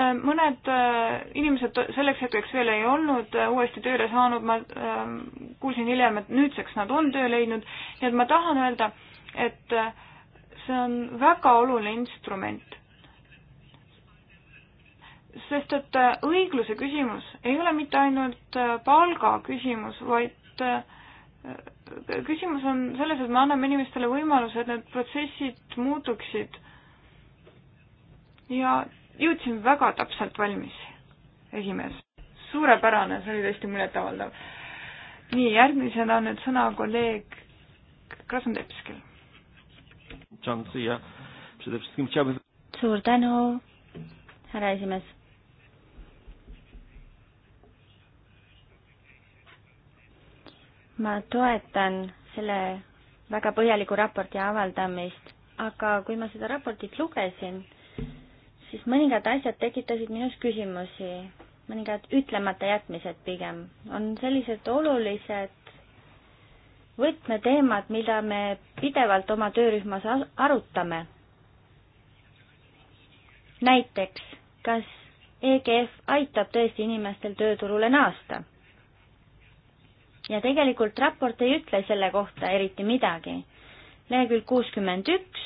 Äh, mõned äh, inimesed selleks hetkeks veel ei olnud äh, uuesti tööle saanud, ma ähm, kuulsin hiljem, et nüüdseks nad on töö leidnud, nii et ma tahan öelda, et see on väga oluline instrument. sest et õigluse küsimus ei ole mitte ainult palga küsimus, vaid küsimus on selles, et me anname inimestele võimaluse, et need protsessid muutuksid ja jõudsime väga täpselt valmis, esimees. suurepärane, see oli tõesti muljetavaldav. nii, järgmisena on nüüd sõna kolleeg Krasnodebskil. suur tänu, härra esimees. ma toetan selle väga põhjaliku raporti avaldamist, aga kui ma seda raportit lugesin, siis mõningad asjad tekitasid minus küsimusi, mõningad ütlemata jätmised pigem. on sellised olulised võtmeteemad, mida me pidevalt oma töörühmas arutame. näiteks, kas EGF aitab tõesti inimestel tööturule naasta? ja tegelikult raport ei ütle selle kohta eriti midagi. lehekülg kuuskümmend üks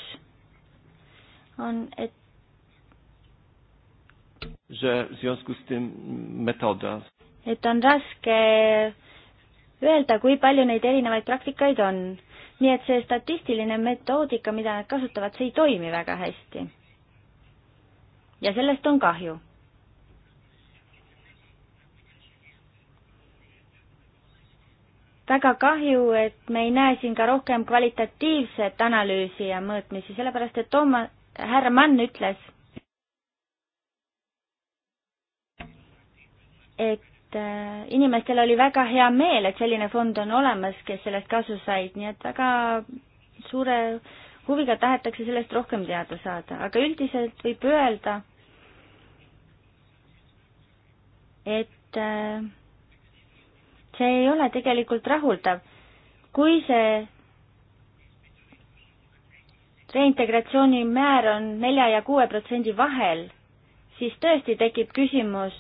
on, et że w związku z tym metoda. et on raske öelda, kui palju neid erinevaid praktikaid on. nii et see statistiline metoodika, mida nad kasutavad, see ei toimi väga hästi. ja sellest on kahju. väga kahju, et me ei näe siin ka rohkem kvalitatiivset analüüsi ja mõõtmisi, sellepärast et Tooma, härra Mann ütles et äh, inimestel oli väga hea meel, et selline fond on olemas, kes sellest kasu said, nii et väga suure huviga tahetakse sellest rohkem teada saada, aga üldiselt võib öelda, et äh, see ei ole tegelikult rahuldav. kui see reintegratsiooni määr on nelja ja kuue protsendi vahel, siis tõesti tekib küsimus,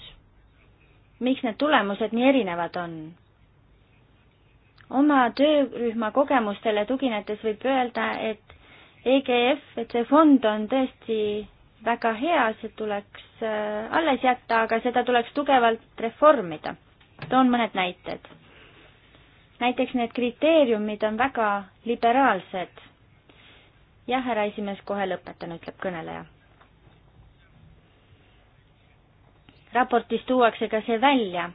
miks need tulemused nii erinevad on. oma töörühma kogemustele tuginedes võib öelda, et EGF, et see fond on tõesti väga hea, see tuleks äh, alles jätta, aga seda tuleks tugevalt reformida. toon mõned näited. näiteks need kriteeriumid on väga liberaalsed. jah, härra esimees, kohe lõpetan, ütleb kõneleja raportis tuuakse ka see välja,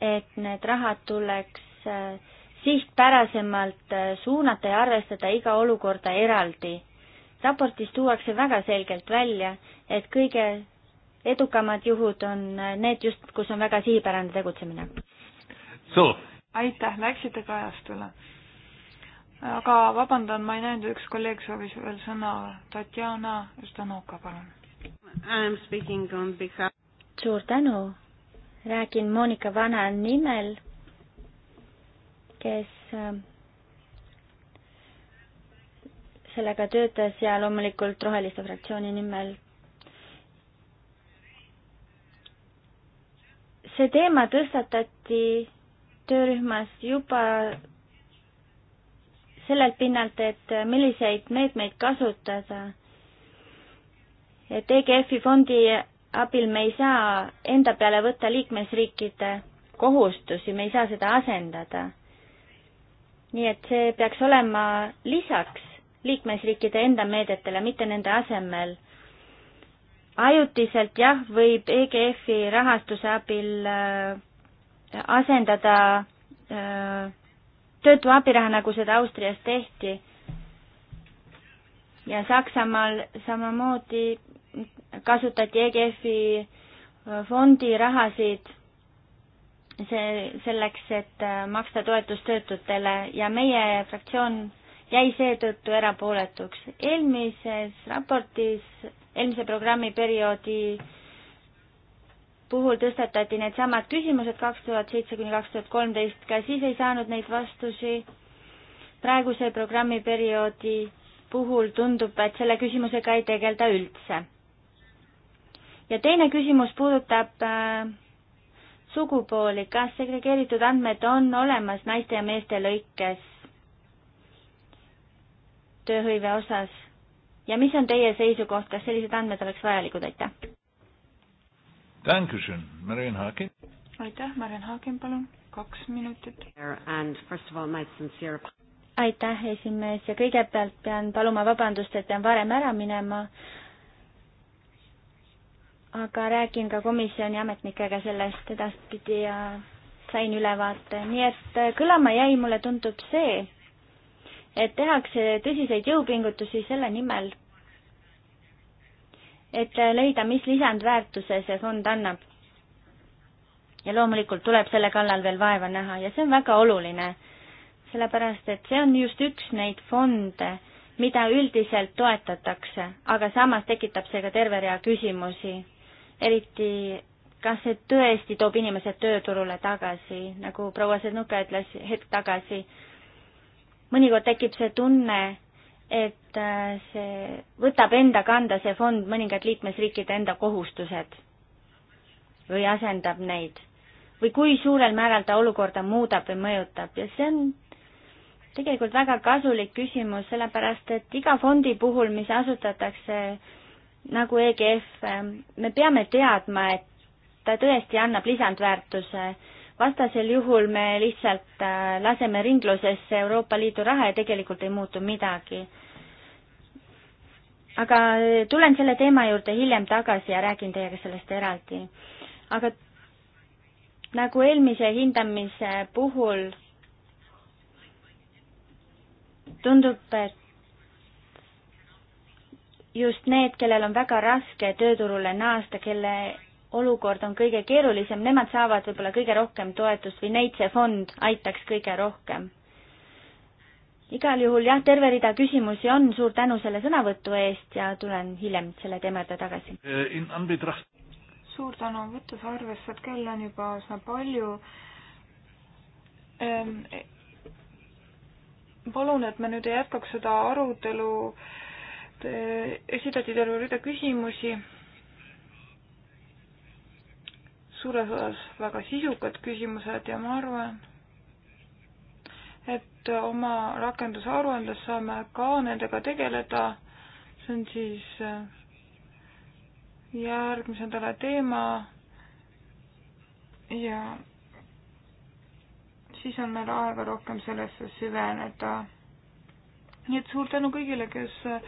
et need rahad tuleks äh, sihtpärasemalt äh, suunata ja arvestada iga olukorda eraldi. raportis tuuakse väga selgelt välja, et kõige edukamad juhud on äh, need just, kus on väga sihipärane tegutsemine. aitäh, läksite kajast üle aga vabandan, ma ei näinud, üks kolleeg soovis veel sõna. Tatjana Ždanoka, palun. suur tänu. räägin Monika Vana nimel, kes ähm, sellega töötas ja loomulikult Roheliste fraktsiooni nimel. see teema tõstatati töörühmas juba sellelt pinnalt, et milliseid meetmeid kasutada. et EGF-i fondi abil me ei saa enda peale võtta liikmesriikide kohustusi, me ei saa seda asendada. nii et see peaks olema lisaks liikmesriikide enda meedetele, mitte nende asemel. ajutiselt jah, võib EGF-i rahastuse abil äh, asendada äh, töötu abiraha, nagu seda Austrias tehti. ja Saksamaal samamoodi kasutati EGF-i fondi rahasid see, selleks, et äh, maksta toetust töötutele ja meie fraktsioon jäi seetõttu erapooletuks. eelmises raportis, eelmise programmiperioodi puhul tõstatati needsamad küsimused kaks tuhat seitse kuni kaks tuhat kolmteist, ka siis ei saanud neid vastusi. praeguse programmiperioodi puhul tundub, et selle küsimusega ei tegelda üldse. ja teine küsimus puudutab äh, sugupooli, kas segregeeritud andmed on olemas naiste ja meeste lõikes tööhõive osas ja mis on teie seisukoht, kas sellised andmed oleks vajalikud, aitäh? Dankeschön, Marian Haakin. aitäh, Marian Haakin, palun, kaks minutit. And first of all my sincere aitäh, esimees, ja kõigepealt pean paluma vabandust, et pean varem ära minema, aga räägin ka komisjoni ametnikega sellest edaspidi ja sain ülevaate, nii et äh, kõlama jäi, mulle tundub see, et tehakse tõsiseid jõupingutusi selle nimel, et leida, mis lisandväärtuse see fond annab. ja loomulikult tuleb selle kallal veel vaeva näha ja see on väga oluline, sellepärast et see on just üks neid fonde, mida üldiselt toetatakse, aga samas tekitab see ka terve rea küsimusi, eriti kas see tõesti toob inimesed tööturule tagasi, nagu proua Senuka ütles hetk tagasi. mõnikord tekib see tunne, et äh, see võtab enda kanda, see fond, mõningad liikmesriikide enda kohustused või asendab neid või kui suurel määral ta olukorda muudab või mõjutab ja see on tegelikult väga kasulik küsimus, sellepärast et iga fondi puhul, mis asutatakse nagu EGF, äh, me peame teadma, et ta tõesti annab lisandväärtuse vastasel juhul me lihtsalt äh, laseme ringlusesse Euroopa Liidu raha ja tegelikult ei muutu midagi. aga äh, tulen selle teema juurde hiljem tagasi ja räägin teiega sellest eraldi. aga nagu eelmise hindamise puhul tundub, et just need, kellel on väga raske tööturule naasta, kelle olukord on kõige keerulisem, nemad saavad võib-olla kõige rohkem toetust või neid see fond aitaks kõige rohkem. igal juhul jah, terve rida küsimusi on, suur tänu selle sõnavõtu eest ja tulen hiljem selle teema juurde tagasi. Eh, suur tänu, võttes arvesse, et kell on juba üsna palju ähm,. palun, et me nüüd ei jätkaks seda arutelu, esitati terve rida küsimusi suures osas väga sisukad küsimused ja ma arvan, et oma rakendusaruandes saame ka nendega tegeleda. see on siis äh, järgmise nädala teema. ja siis on meil aega rohkem sellesse süveneda. nii et suur tänu kõigile, kes äh,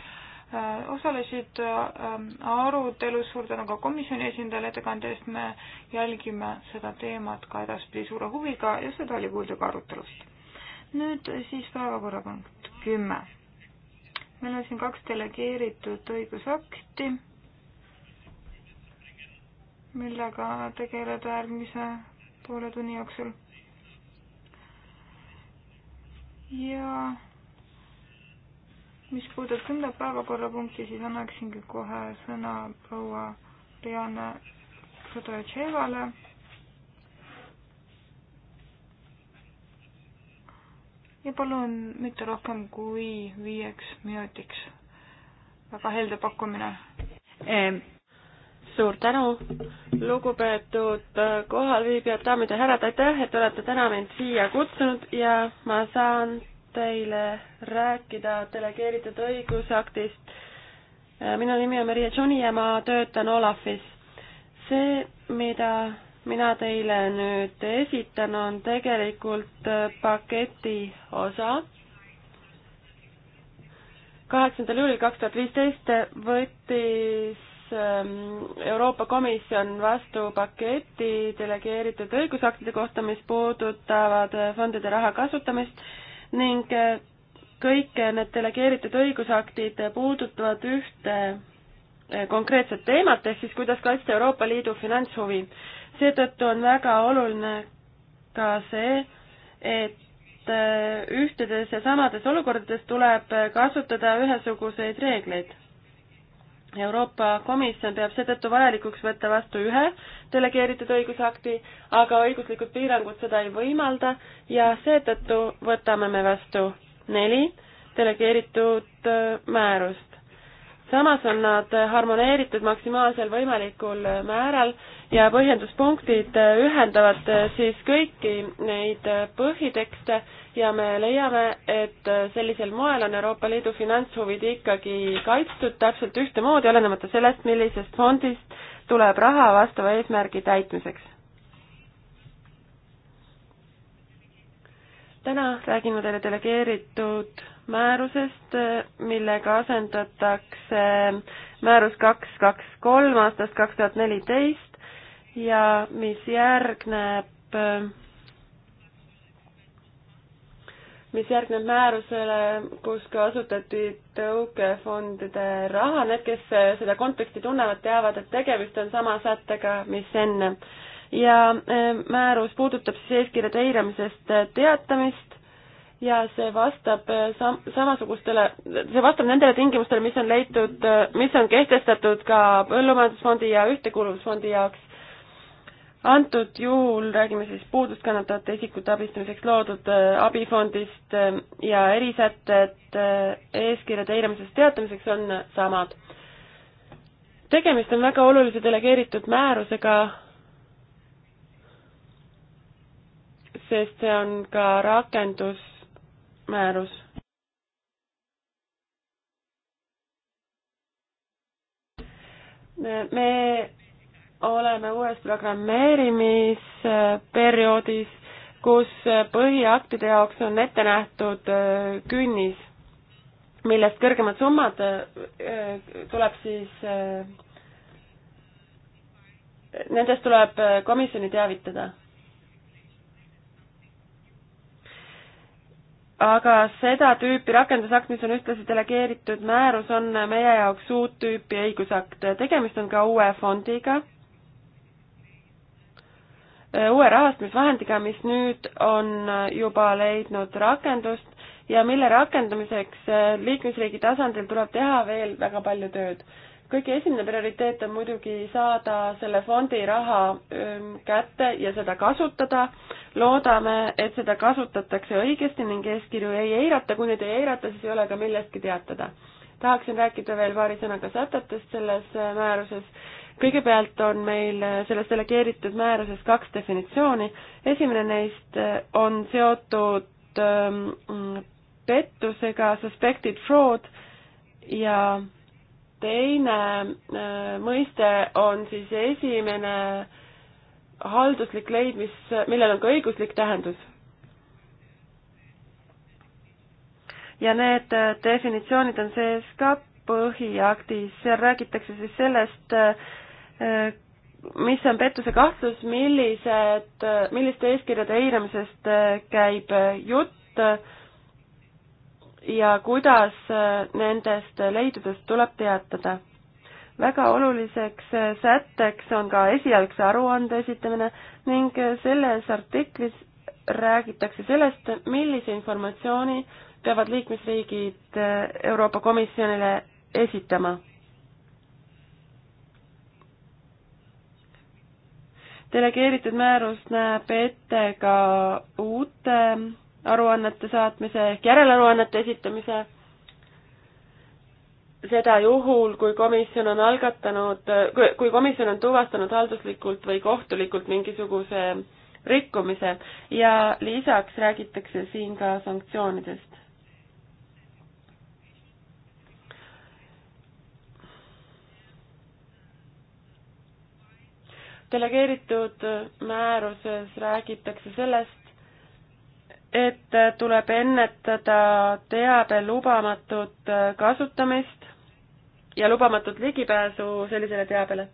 Äh, osalesid ähm, arutelus, suur tänu ka komisjoni esindajale ettekande eest, me jälgime seda teemat ka edaspidi suure huviga ja seda oli kuulda ka arutelust. nüüd siis päevakorrapunkt kümme. meil on siin kaks delegeeritud õigusakti, millega tegeleda järgmise poole tunni jooksul. ja mis puudutab kümnendat päevakorrapunkti, siis annaksingi kohe sõna proua Rianne Sudotševale. ja palun mitte rohkem kui viieks minutiks. väga helde pakkumine ehm.. suur tänu, lugupeetud äh, kohalviibijad, daamid ja härrad, aitäh, et olete täna mind siia kutsunud ja ma saan teile rääkida delegeeritud õigusaktist. Äh, minu nimi on Merje Tšuni ja ma töötan Olafis. see, mida mina teile nüüd esitan, on tegelikult äh, paketi osa. kaheksandal juulil kaks tuhat viisteist võttis ähm, Euroopa Komisjon vastu paketi delegeeritud õigusaktide kohta, mis puudutavad äh, fondide raha kasutamist ning eh, kõik need delegeeritud õigusaktid puudutavad ühte eh, konkreetset teemat, ehk siis kuidas kaitsta Euroopa Liidu finantshuvi. seetõttu on väga oluline ka see, et eh, ühtedes ja samades olukordades tuleb kasutada ühesuguseid reegleid Euroopa Komisjon peab seetõttu vajalikuks võtta vastu ühe delegeeritud õigusakti, aga õiguslikud piirangud seda ei võimalda ja seetõttu võtame me vastu neli delegeeritud äh, määrust. samas on nad harmoneeritud maksimaalsel võimalikul äh, määral ja põhjenduspunktid äh, ühendavad äh, siis kõiki neid äh, põhitekste ja me leiame, et sellisel moel on Euroopa Liidu finantshuvid ikkagi kaitstud täpselt ühtemoodi, olenemata sellest, millisest fondist tuleb raha vastava eesmärgi täitmiseks. täna räägin ma teile delegeeritud määrusest, millega asendatakse määrus kaks kaks kolm aastast kaks tuhat neliteist, ja mis järgneb, mis järgneb määrusele, kus ka asutati tõukefondide raha, need, kes seda konteksti tunnevad, teavad, et tegemist on sama sättega, mis enne. ja eh, määrus puudutab siis eeskirjade eiramisest teatamist ja see vastab eh, sam-, samasugustele, see vastab nendele tingimustele, mis on leitud, eh, mis on kehtestatud ka Põllumajandusfondi ja Ühtekuuluvusfondi jaoks antud juhul räägime siis puudust kannatavate isikute abistamiseks loodud äh, abifondist äh, ja erisätted äh, eeskirjade eiramisest teatamiseks on samad. tegemist on väga olulise delegeeritud määrusega, sest see on ka rakendusmäärus. me oleme uues programmeerimisperioodis, kus põhiaktide jaoks on ette nähtud äh, künnis, millest kõrgemad summad äh, tuleb siis, äh, nendest tuleb komisjoni teavitada aga seda tüüpi rakendusakt, mis on ühtlasi delegeeritud määrus, on meie jaoks uut tüüpi õigusakt. tegemist on ka uue fondiga, Äh, uue rahastamisvahendiga, mis nüüd on äh, juba leidnud rakendust ja mille rakendamiseks äh, liikmesriigi tasandil tuleb teha veel väga palju tööd. kõige esimene prioriteet on muidugi saada selle fondi raha ähm, kätte ja seda kasutada. loodame, et seda kasutatakse õigesti ning eeskirju ei eirata, kui neid ei eirata, siis ei ole ka millestki teatada tahaksin rääkida veel paari sõnaga sätetest selles määruses kõigepealt on meil äh, selles delegeeritud määruses kaks definitsiooni. esimene neist äh, on seotud ähm, pettusega suspected fraud ja teine äh, mõiste on siis esimene halduslik leid, mis, millel on ka õiguslik tähendus. ja need definitsioonid on sees ka põhiaktis, seal räägitakse siis sellest äh, Äh, mis on pettuse kahtlus, millised, milliste eeskirjade eiramisest äh, käib äh, jutt ja kuidas nendest leidudest tuleb teatada. väga oluliseks sätteks on ka esialgse aruande esitamine ning selles artiklis räägitakse sellest, millise informatsiooni peavad liikmesriigid Euroopa Komisjonile esitama delegeeritud määrus näeb ette ka uute aruannete saatmise ehk järelaruannete esitamise, seda juhul, kui komisjon on algatanud, kui komisjon on tuvastanud halduslikult või kohtulikult mingisuguse rikkumise ja lisaks räägitakse siin ka sanktsioonidest. delegeeritud määruses räägitakse sellest, et tuleb ennetada teabe lubamatut kasutamist ja lubamatut ligipääsu sellisele teabele.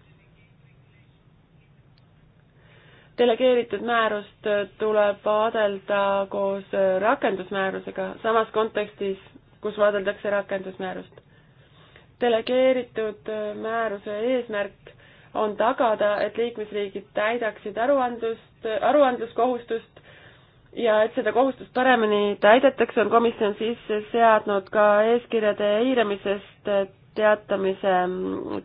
delegeeritud määrust tuleb vaadelda koos rakendusmäärusega samas kontekstis, kus vaadeldakse rakendusmäärust. delegeeritud määruse eesmärk on tagada, et liikmesriigid täidaksid aruandlust, aruandluskohustust ja et seda kohustust paremini täidetakse, on komisjon sisse seadnud ka eeskirjade eiramisest teatamise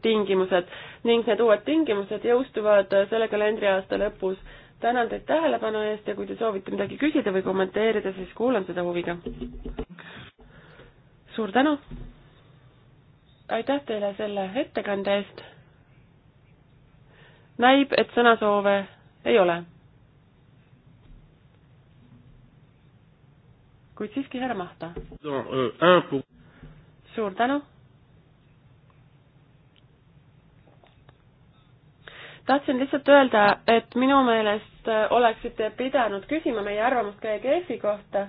tingimused ning need uued tingimused jõustuvad selle kalendriaasta lõpus. tänan teid tähelepanu eest ja kui te soovite midagi küsida või kommenteerida, siis kuulan seda huviga. suur tänu! aitäh teile selle ettekande eest näib, et sõnasoove ei ole. kuid siiski härra Mahta. suur tänu. tahtsin lihtsalt öelda, et minu meelest oleksite pidanud küsima meie arvamust ka EGF-i kohta.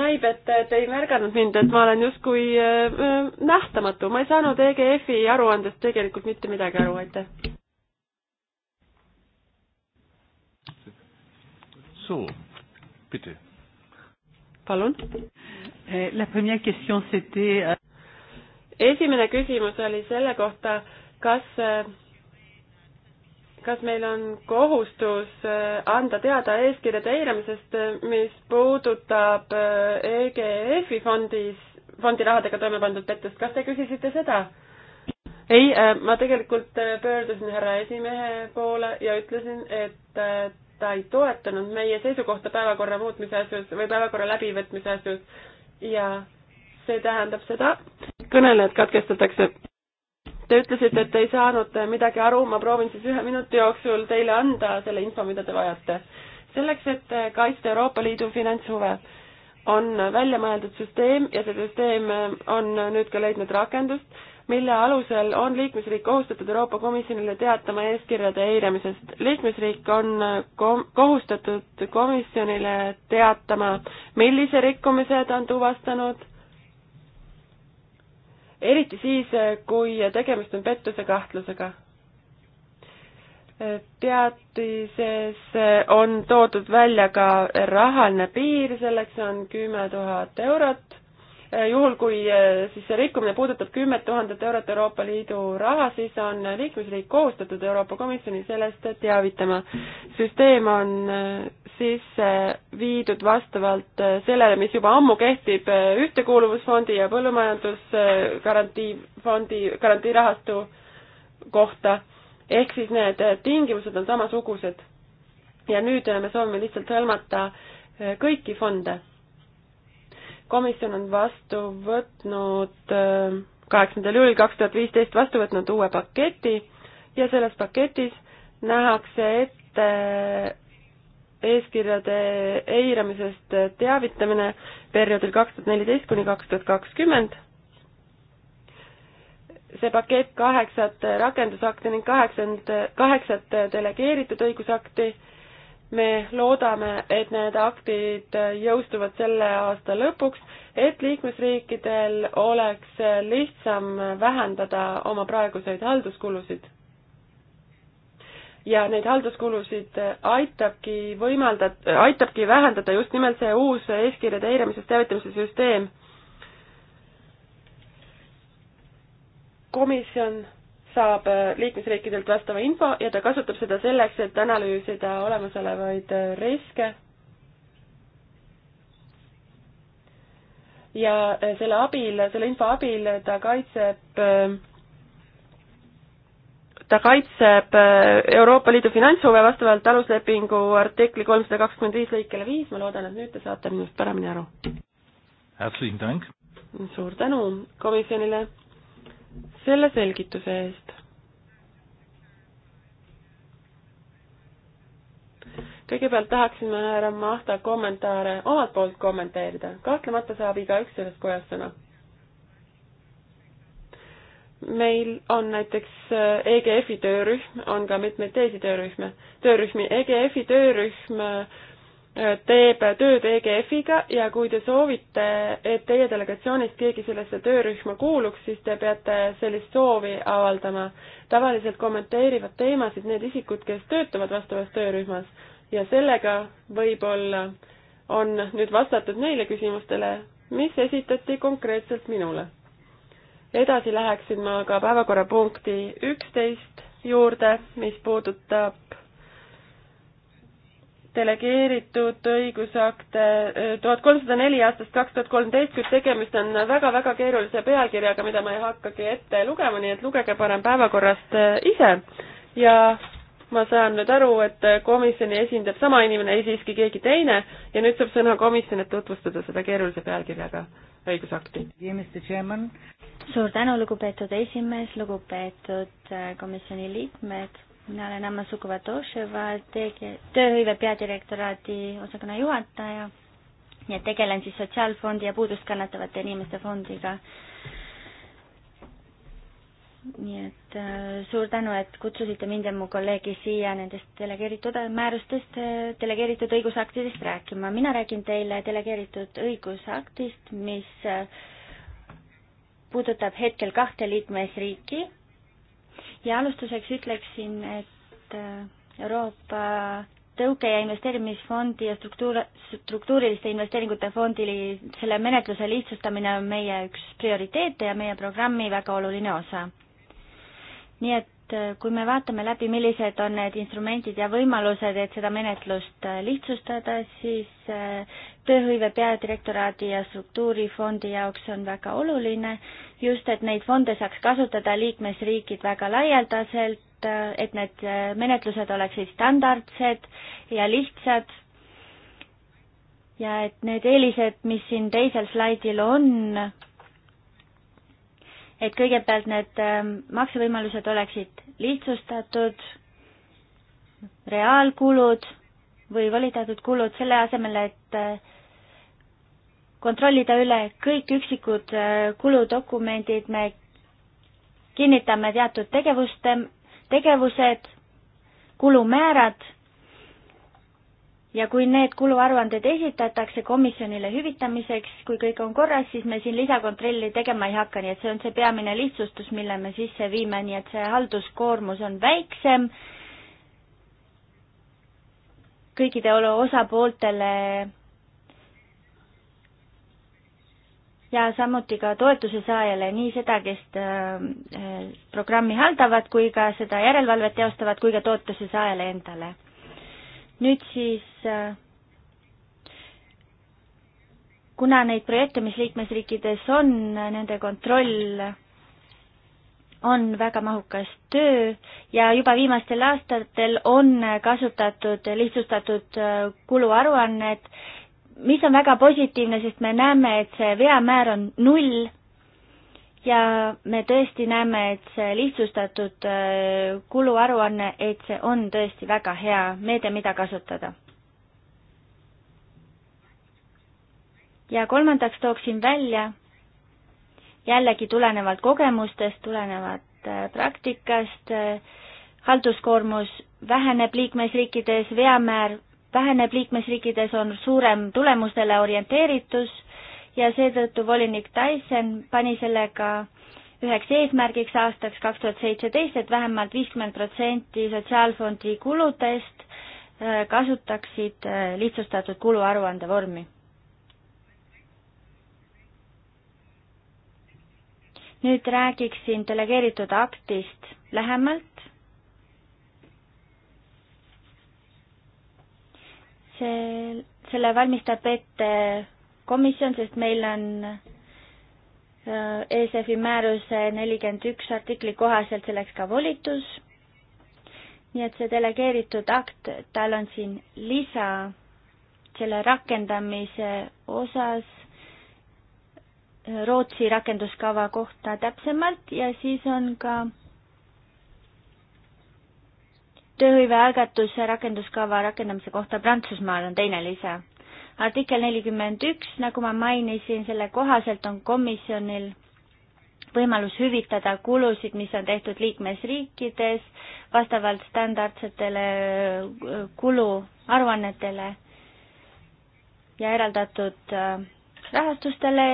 näib, et te ei märganud mind, et ma olen justkui äh, äh, nähtamatu, ma ei saanud EGF-i aruandest tegelikult mitte midagi aru, aitäh. So, bitte. palun. Eh, la première question c'était. Euh, esimene küsimus oli selle kohta, kas, eh, kas meil on kohustus eh, anda teada eeskirjade eiramisest, mis puudutab EGF-i e fondis, fondi rahadega toime pandud pettust, kas te küsisite seda? ei, ma tegelikult pöördusin härra esimehe poole ja ütlesin, et ta ei toetanud meie seisukohta päevakorra muutmise asjus või päevakorra läbivõtmise asjus ja see tähendab seda, kõnelejad katkestatakse. Te ütlesite, et te ei saanud midagi aru, ma proovin siis ühe minuti jooksul teile anda selle info, mida te vajate. selleks, et kaitsta Euroopa Liidu finantshuve, on välja mõeldud süsteem ja see süsteem on nüüd ka leidnud rakendust mille alusel on liikmesriik kohustatud Euroopa Komisjonile teatama eeskirjade eiramisest. liikmesriik on kom-, kohustatud komisjonile teatama, millise rikkumise ta on tuvastanud, eriti siis, kui tegemist on pettuse kahtlusega teatises on toodud välja ka rahaline piir, selleks on kümme tuhat eurot Äh, juhul, kui äh, siis see rikkumine puudutab kümmet tuhandet eurot Euroopa Liidu raha, siis on äh, liikmesriik kohustatud Euroopa Komisjoni sellest teavitama. süsteem on sisse viidud vastavalt sellele, mis juba ammu kehtib Ühtekuuluvusfondi ja Põllumajandusgarantii fondi, garantiirahastu kohta, ehk siis need tingimused on samasugused. ja nüüd me soovime lihtsalt hõlmata kõiki fonde komisjon on vastu võtnud äh, kaheksandal juulil kaks tuhat viisteist vastu võtnud uue paketi ja selles paketis nähakse ette eeskirjade eiramisest teavitamine perioodil kaks tuhat neliteist kuni kaks tuhat kakskümmend. see pakett kaheksat rakendusakti ning kaheksand, kaheksat delegeeritud õigusakti me loodame, et need aktid jõustuvad selle aasta lõpuks, et liikmesriikidel oleks lihtsam vähendada oma praeguseid halduskulusid. ja neid halduskulusid aitabki võimaldada, aitabki vähendada just nimelt see uus eeskirjade eiramisest teavitamise süsteem. komisjon saab äh, liikmesriikidelt vastava info ja ta kasutab seda selleks, et analüüsida olemasolevaid äh, riske. ja äh, selle abil, selle info abil ta kaitseb, ta kaitseb Euroopa Liidu finantshuve vastavalt aluslepingu artikli kolmsada kakskümmend viis lõikele viis, ma loodan, et nüüd te saate minust paremini aru. suur tänu komisjonile selle selgituse eest. kõigepealt tahaksin ma härra Mahta kommentaare omalt poolt kommenteerida, kahtlemata saab igaüks sellest kojast sõna. meil on näiteks äh, EGF-i töörühm, on ka mitmeid teisi töörühme, töörühmi, EGF-i töörühm äh, teeb tööd EGF-iga ja kui te soovite, et teie delegatsioonist keegi sellesse töörühma kuuluks, siis te peate sellist soovi avaldama. tavaliselt kommenteerivad teemasid need isikud, kes töötavad vastavas töörühmas ja sellega võib-olla on nüüd vastatud neile küsimustele, mis esitati konkreetselt minule. edasi läheksin ma aga päevakorrapunkti üksteist juurde, mis puudutab delegeeritud õigusakte äh, tuhat kolmsada neli aastast kaks tuhat kolmteist, kuid tegemist on väga-väga keerulise pealkirjaga, mida ma ei hakkagi ette lugema, nii et lugege parem päevakorrast äh, ise. ja ma saan nüüd aru, et äh, komisjoni esindab sama inimene, ei siiski keegi teine ja nüüd saab sõna komisjon, et tutvustada seda keerulise pealkirjaga õigusakti. suur tänu, lugupeetud esimees, lugupeetud komisjoni liikmed mina olen Anna Sukova-Toševa, tööhõive peadirektoraadi osakonna juhataja ja tegelen siis Sotsiaalfondi ja puudust kannatavate inimeste fondiga. nii et äh, suur tänu, et kutsusite mind ja mu kolleegi siia nendest delegeeritud määrustest, äh, delegeeritud õigusaktidest rääkima. mina räägin teile delegeeritud õigusaktist, mis äh, puudutab hetkel kahte liikmesriiki ja alustuseks ütleksin, et äh, Euroopa tõuke- ja investeerimisfondi ja struktuur, struktuuriliste investeeringute fondi, selle menetluse lihtsustamine on meie üks prioriteete ja meie programmi väga oluline osa. nii et äh, kui me vaatame läbi, millised on need instrumendid ja võimalused, et seda menetlust äh, lihtsustada, siis tööhõive peadirektoraadi ja struktuurifondi jaoks on väga oluline just, et neid fonde saaks kasutada liikmesriigid väga laialdaselt, et need menetlused oleksid standardsed ja lihtsad ja et need eelised, mis siin teisel slaidil on, et kõigepealt need ähm, maksevõimalused oleksid lihtsustatud, reaalkulud või volitatud kulud selle asemel, et äh, kontrollida üle kõik üksikud äh, kuludokumendid, me kinnitame teatud tegevuste, tegevused, kulumäärad ja kui need kuluaruanded esitatakse komisjonile hüvitamiseks, kui kõik on korras, siis me siin lisakontrolli tegema ei hakka, nii et see on see peamine lihtsustus, mille me sisse viime, nii et see halduskoormus on väiksem kõikidele osapooltele ja samuti ka toetuse saajale, nii seda, kes äh, programmi haldavad, kui ka seda järelevalvet teostavad, kui ka toetuse saajale endale. nüüd siis äh, kuna neid projekte, mis liikmesriikides on, äh, nende kontroll on väga mahukas töö ja juba viimastel aastatel on kasutatud lihtsustatud äh, kuluaruannet, mis on väga positiivne, sest me näeme, et see veamäär on null ja me tõesti näeme, et see lihtsustatud äh, kuluaruanne, et see on tõesti väga hea meede, mida kasutada. ja kolmandaks tooksin välja jällegi tulenevalt kogemustest, tulenevalt äh, praktikast, äh, halduskoormus väheneb liikmesriikides, veamäär väheneb liikmesriikides, on suurem tulemustele orienteeritus ja seetõttu volinik Tyson pani sellega üheks eesmärgiks aastaks kaks tuhat seitseteist, et vähemalt viiskümmend protsenti sotsiaalfondi kuludest äh, kasutaksid lihtsustatud kuluaruande vormi nüüd räägiksin delegeeritud aktist lähemalt. see, selle valmistab ette komisjon, sest meil on äh, ESF-i määruse nelikümmend üks artikli kohaselt selleks ka volitus. nii et see delegeeritud akt, tal on siin lisa selle rakendamise osas Rootsi rakenduskava kohta täpsemalt ja siis on ka tööhõivealgatuse rakenduskava rakendamise kohta Prantsusmaal on teine lisa. artikkel nelikümmend üks, nagu ma mainisin, selle kohaselt on komisjonil võimalus hüvitada kulusid, mis on tehtud liikmesriikides vastavalt standardsetele äh, kuluaruannetele ja eraldatud äh, rahastustele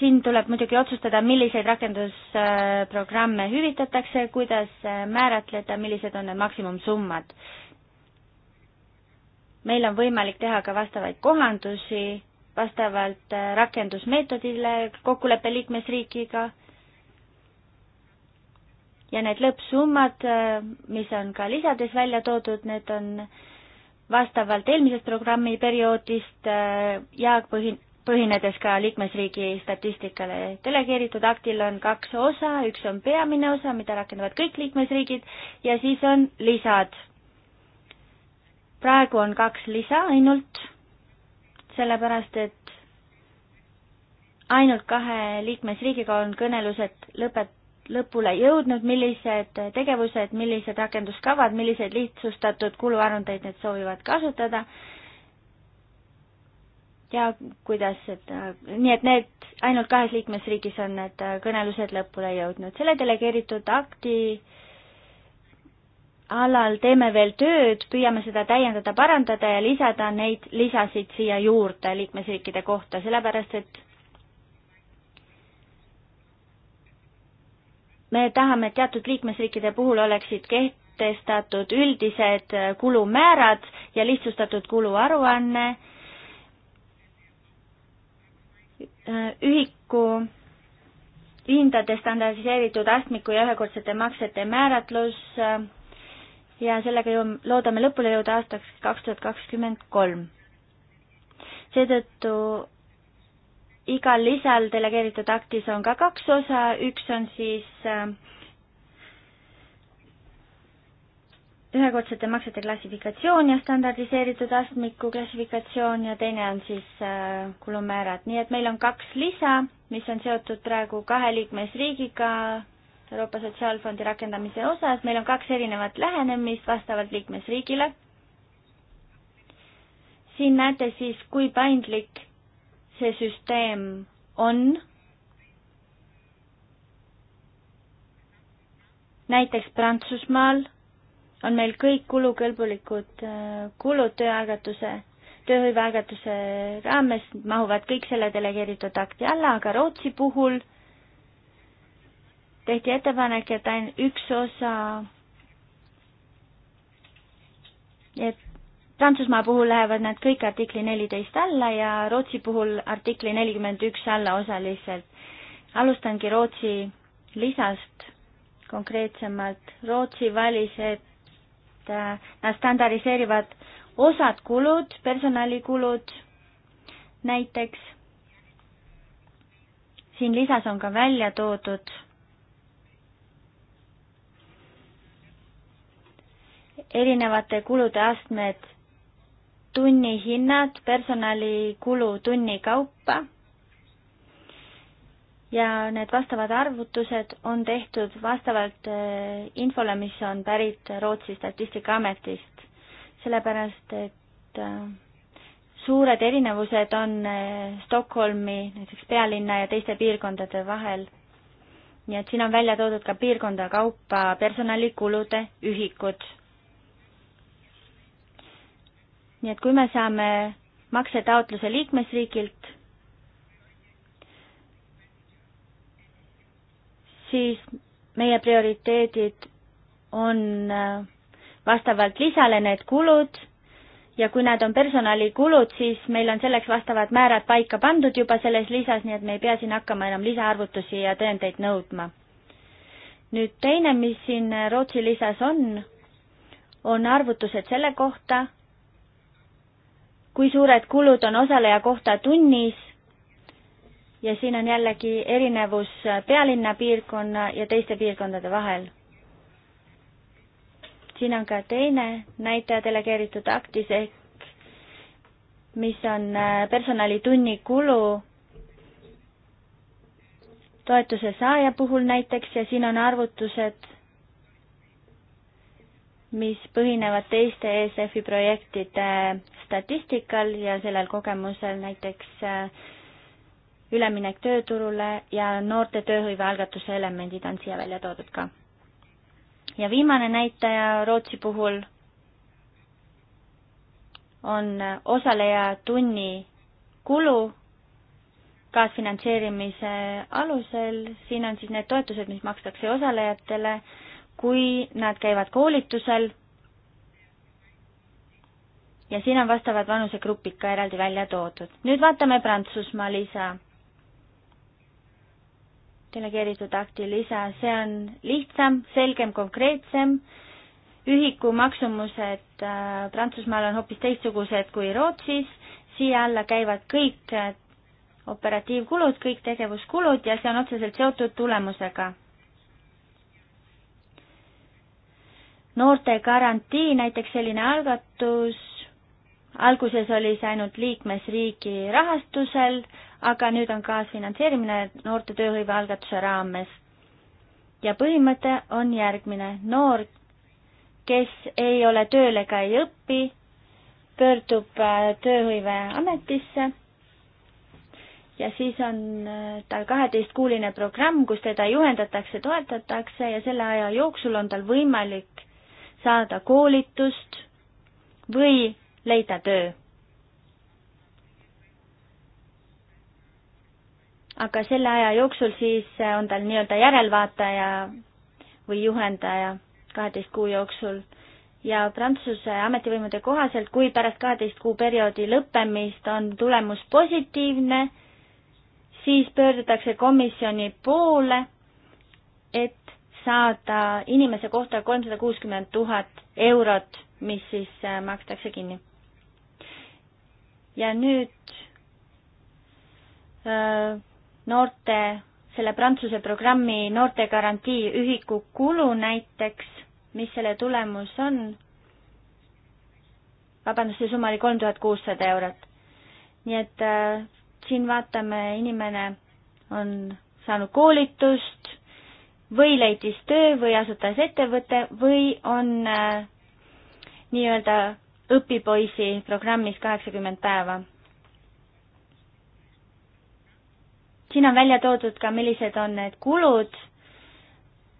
siin tuleb muidugi otsustada, milliseid rakendusprogramme hüvitatakse, kuidas määratleda, millised on need maksimumsummad. meil on võimalik teha ka vastavaid kohandusi vastavalt äh, rakendusmeetodile kokkuleppe liikmesriigiga ja need lõppsummad, äh, mis on ka lisades välja toodud, need on vastavalt eelmisest programmi perioodist äh, ja põhi, põhinedes ka liikmesriigi statistikale. delegeeritud aktil on kaks osa, üks on peamine osa, mida rakendavad kõik liikmesriigid ja siis on lisad. praegu on kaks lisa ainult, sellepärast et ainult kahe liikmesriigiga on kõnelused lõpet-, lõpule jõudnud, millised tegevused, millised rakenduskavad, milliseid lihtsustatud kuluarvuteid need soovivad kasutada ja kuidas, et äh, nii et need, ainult kahes liikmesriigis on need äh, kõnelused lõpule jõudnud. selle delegeeritud akti alal teeme veel tööd, püüame seda täiendada, parandada ja lisada neid lisasid siia juurde liikmesriikide kohta, sellepärast et me tahame, et teatud liikmesriikide puhul oleksid kehtestatud üldised kulumäärad ja lihtsustatud kuluaruanne ühiku hindade standardiseeritud astmiku ja ühekordsete maksete määratlus äh, ja sellega jõuame, loodame lõpule jõuda aastaks kaks tuhat kakskümmend kolm. seetõttu igal lisal delegeeritud aktis on ka kaks osa, üks on siis äh, ühekordsete maksete klassifikatsioon ja standardiseeritud astmiku klassifikatsioon ja teine on siis äh, kulumäärad, nii et meil on kaks lisa, mis on seotud praegu kahe liikmesriigiga Euroopa Sotsiaalfondi rakendamise osas, meil on kaks erinevat lähenemist vastavalt liikmesriigile. siin näete siis, kui paindlik see süsteem on näiteks Prantsusmaal on meil kõik kulukõlbulikud äh, kulud tööalgatuse, tööhõivealgatuse raames, mahuvad kõik selle delegeeritud akti alla, aga Rootsi puhul tehti ettepanek, et ainult üks osa, et Prantsusmaa puhul lähevad nad kõik artikli neliteist alla ja Rootsi puhul artikli nelikümmend üks alla osaliselt. alustangi Rootsi lisast konkreetsemalt. Rootsi valis, et et äh, nad standardiseerivad osad kulud, personalikulud näiteks. siin lisas on ka välja toodud erinevate kulude astmed, tunnihinnad, personalikulu tunni kaupa ja need vastavad arvutused on tehtud vastavalt äh, infole, mis on pärit Rootsi statistikaametist, sellepärast et äh, suured erinevused on äh, Stockholmi, näiteks pealinna ja teiste piirkondade vahel. nii et siin on välja toodud ka piirkonda kaupa personalikulude ühikud. nii et kui me saame maksetaotluse liikmesriigilt, siis meie prioriteedid on äh, vastavalt lisale need kulud ja kui need on personalikulud, siis meil on selleks vastavad määrad paika pandud juba selles lisas, nii et me ei pea siin hakkama enam lisaarvutusi ja tõendeid nõudma. nüüd teine, mis siin Rootsi lisas on, on arvutused selle kohta, kui suured kulud on osaleja kohta tunnis ja siin on jällegi erinevus pealinna piirkonna ja teiste piirkondade vahel. siin on ka teine näitaja delegeeritud aktis ehk mis on äh, personalitunni kulu toetuse saaja puhul näiteks ja siin on arvutused, mis põhinevad teiste ESF-i projektide statistikal ja sellel kogemusel näiteks äh, üleminek tööturule ja noorte tööhõive algatuse elemendid on siia välja toodud ka. ja viimane näitaja Rootsi puhul on osaleja tunni kulu kaasfinantseerimise alusel, siin on siis need toetused, mis makstakse osalejatele, kui nad käivad koolitusel ja siin on vastavad vanusegrupid ka eraldi välja toodud. nüüd vaatame Prantsusmaa lisa delegeeritud akti lisa, see on lihtsam, selgem, konkreetsem, ühiku maksumused äh, Prantsusmaal on hoopis teistsugused kui Rootsis, siia alla käivad kõik äh, operatiivkulud, kõik tegevuskulud ja see on otseselt seotud tulemusega. noorte garantii, näiteks selline algatus alguses oli see ainult liikmesriigi rahastusel, aga nüüd on kaasfinantseerimine noorte tööhõive algatuse raames. ja põhimõte on järgmine, noor, kes ei ole tööl ega ei õpi, pöördub äh, Tööhõiveametisse ja siis on äh, tal kaheteistkuuline programm, kus teda juhendatakse, toetatakse ja selle aja jooksul on tal võimalik saada koolitust või leida töö. aga selle aja jooksul siis on tal nii-öelda järelvaataja või juhendaja kaheteist kuu jooksul ja Prantsuse ametivõimude kohaselt, kui pärast kaheteist kuu perioodi lõppemist on tulemus positiivne, siis pöördutakse komisjoni poole, et saada inimese kohta kolmsada kuuskümmend tuhat eurot, mis siis äh, makstakse kinni ja nüüd äh, noorte, selle Prantsuse programmi noortegarantii ühiku kulu näiteks, mis selle tulemus on? vabandust, see summa oli kolm tuhat kuussada eurot. nii et äh, siin vaatame, inimene on saanud koolitust või leidis töö või asutas ettevõte või on äh, nii-öelda õpipoisi programmis kaheksakümmend päeva. siin on välja toodud ka, millised on need kulud.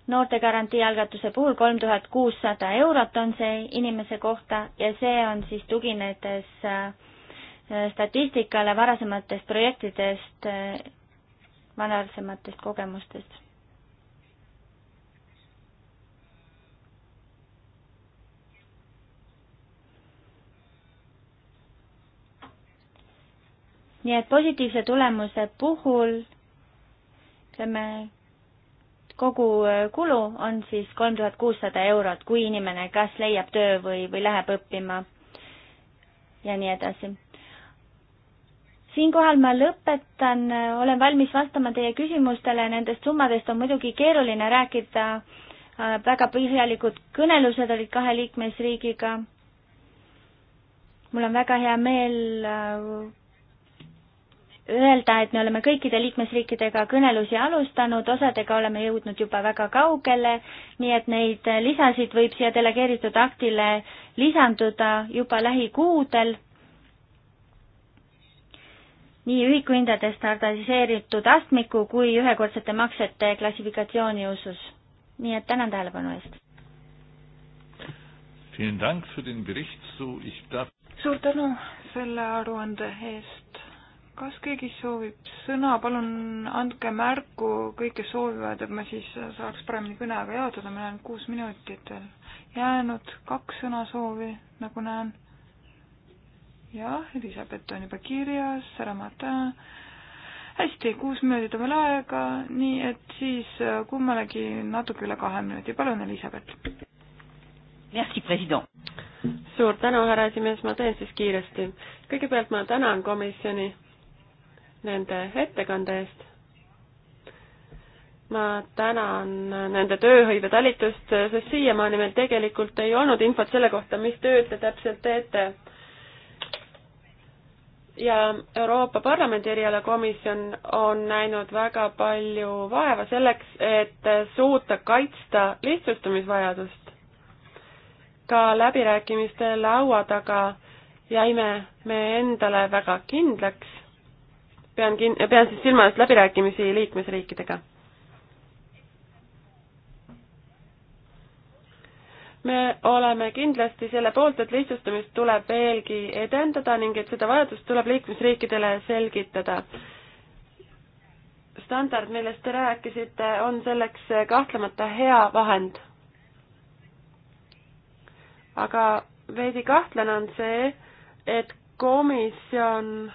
noortegarantii algatuse puhul kolm tuhat kuussada eurot on see inimese kohta ja see on siis tuginedes äh, statistikale varasematest projektidest, äh, varasematest kogemustest. nii et positiivse tulemuse puhul ütleme, kogu äh, kulu on siis kolm tuhat kuussada eurot, kui inimene kas leiab töö või, või läheb õppima ja nii edasi. siinkohal ma lõpetan, äh, olen valmis vastama teie küsimustele, nendest summadest on muidugi keeruline rääkida, äh, väga põhjalikud kõnelused olid kahe liikmesriigiga. mul on väga hea meel öelda, et me oleme kõikide liikmesriikidega kõnelusi alustanud, osadega oleme jõudnud juba väga kaugele, nii et neid lisasid võib siia delegeeritud aktile lisanduda juba lähikuudel. nii ühikuhindade standardiseeritud astmiku kui ühekordsete maksete klassifikatsiooni usus. nii et tänan tähelepanu eest. suur tänu selle aruande eest kas keegi soovib sõna, palun andke märku, kõik, kes soovivad, et ma siis saaks paremini kõnega jaotada, meil on kuus minutit veel jäänud, kaks sõnasoovi, nagu näen. jah, Elisabeth on juba kirjas, härra Mata. hästi, kuus minutit on veel aega, nii et siis äh, kummalegi natuke üle kahe minuti, palun, Elisabeth. Merci, president. suur tänu, härra esimees, ma teen siis kiiresti. kõigepealt ma tänan komisjoni nende ettekande eest. ma tänan nende tööhõive talitust, sest siiamaani meil tegelikult ei olnud infot selle kohta, mis tööd te täpselt teete ja Euroopa Parlamendi erialakomisjon on näinud väga palju vaeva selleks, et suuta kaitsta lihtsustumisvajadust. ka läbirääkimiste laua taga jäime me endale väga kindlaks, pean kin-, pean siis silmas läbirääkimisi liikmesriikidega. me oleme kindlasti selle poolt, et lihtsustamist tuleb veelgi edendada ning et seda vajadust tuleb liikmesriikidele selgitada. standard, millest te rääkisite, on selleks kahtlemata hea vahend. aga veidi kahtlane on see, et komisjon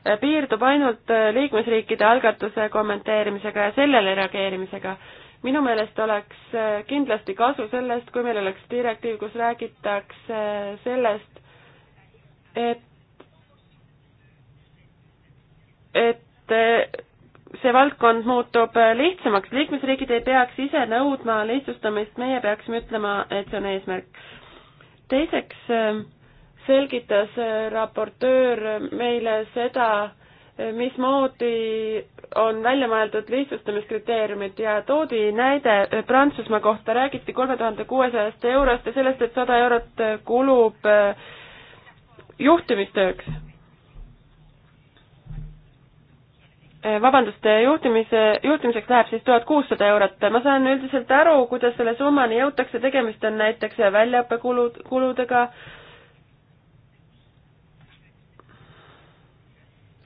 Äh, piirdub ainult äh, liikmesriikide algatuse kommenteerimisega ja sellele reageerimisega. minu meelest oleks äh, kindlasti kasu sellest, kui meil oleks direktiiv, kus räägitakse sellest, et, et see valdkond muutub lihtsamaks, liikmesriigid ei peaks ise nõudma lihtsustamist, meie peaksime ütlema, et see on eesmärk. teiseks äh, selgitas äh, raportöör meile seda, äh, mismoodi on välja mõeldud lihtsustamiskriteeriumid ja toodi näide äh, Prantsusmaa kohta, räägiti kolme tuhande kuuesajast eurost ja sellest, et sada eurot kulub juhtimistööks. vabandust, juhtimise, juhtimiseks läheb siis tuhat kuussada eurot, ma saan üldiselt aru, kuidas selle summani jõutakse, tegemist on näiteks väljaõppekulud, kuludega, kuludega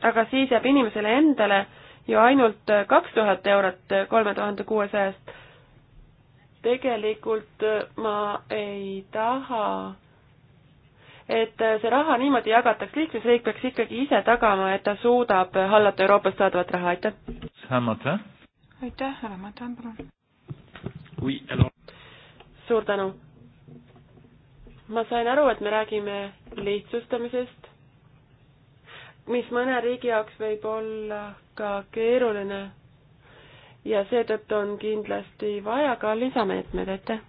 aga siis jääb inimesele endale ju ainult kaks tuhat eurot kolme tuhande kuuesajast. tegelikult ma ei taha, et see raha niimoodi jagataks, liikmesriik peaks ikkagi ise tagama, et ta suudab hallata Euroopast saadavat raha, aitäh. aitäh, härra Matan, palun. suur tänu. ma sain aru, et me räägime lihtsustamisest mis mõne riigi jaoks võib olla ka keeruline ja seetõttu on kindlasti vaja ka lisameetmeid ette.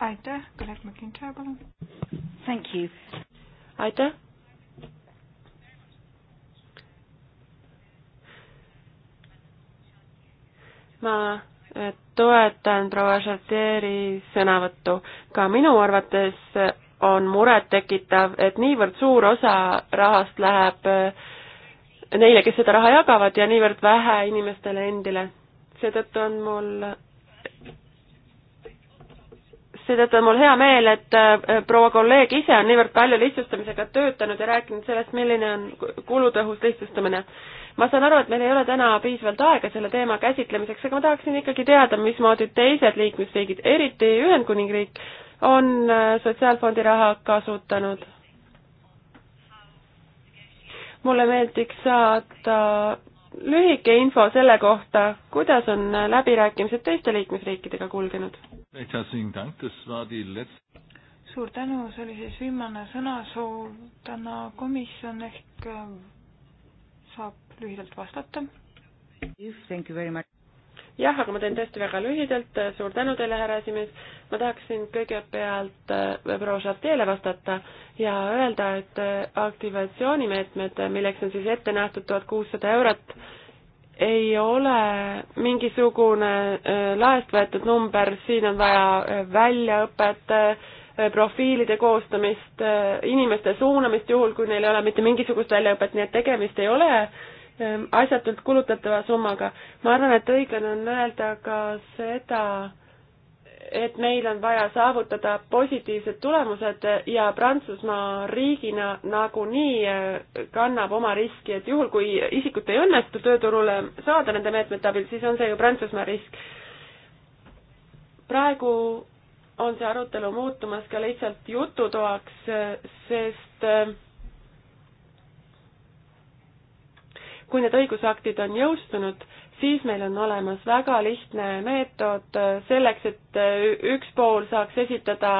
aitäh, kolleeg McIntyre, palun. aitäh. ma toetan proua Šateeri sõnavõttu. ka minu arvates on murettekitav, et niivõrd suur osa rahast läheb eh, neile, kes seda raha jagavad ja niivõrd vähe inimestele endile. seetõttu on mul seetõttu on mul hea meel, et eh, proua kolleeg ise on niivõrd palju lihtsustamisega töötanud ja rääkinud sellest, milline on kulutõhus lihtsustamine ma saan aru, et meil ei ole täna piisavalt aega selle teema käsitlemiseks, aga ma tahaksin ikkagi teada, mismoodi teised liikmesriigid, eriti Ühendkuningriik, on äh, sotsiaalfondi raha kasutanud mulle meeldiks saada lühike info selle kohta, kuidas on äh, läbirääkimised teiste liikmesriikidega kulgenud. suur tänu, see oli siis viimane sõnasoov täna komisjon ehk äh, saab lühidalt vastata? jah, aga ma teen tõesti väga lühidalt, suur tänu teile, härra esimees. ma tahaksin kõigepealt äh, proua Šartele vastata ja öelda, et äh, aktivatsioonimeetmed, milleks on siis ette nähtud tuhat kuussada eurot, ei ole mingisugune äh, laest võetud number, siin on vaja väljaõpet, profiilide koostamist, inimeste suunamist, juhul kui neil ei ole mitte mingisugust väljaõpet, nii et tegemist ei ole äh, Ehm, asjatult kulutatava summaga. ma arvan, et õiglane on öelda ka seda, et meil on vaja saavutada positiivsed tulemused ja Prantsusmaa riigina nagunii eh, kannab oma riski, et juhul, kui isikut ei õnnestu tööturule saada nende meetmete abil, siis on see ju Prantsusmaa risk. praegu on see arutelu muutumas ka lihtsalt jututoaks, eh, sest eh, kui need õigusaktid on jõustunud, siis meil on olemas väga lihtne meetod selleks, et äh, üks pool saaks esitada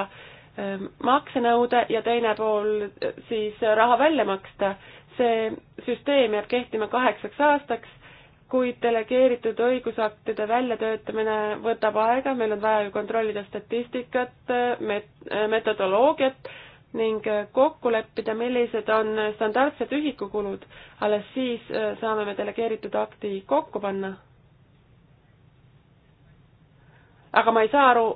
ähm, maksenõude ja teine pool äh, siis raha välja maksta. see süsteem jääb kehtima kaheksaks aastaks, kuid delegeeritud õigusaktide väljatöötamine võtab aega, meil on vaja ju kontrollida statistikat äh, met,, metodoloogiat ning äh, kokku leppida, millised on standardsed ühikukulud, alles siis äh, saame me delegeeritud akti kokku panna. aga ma ei saa aru,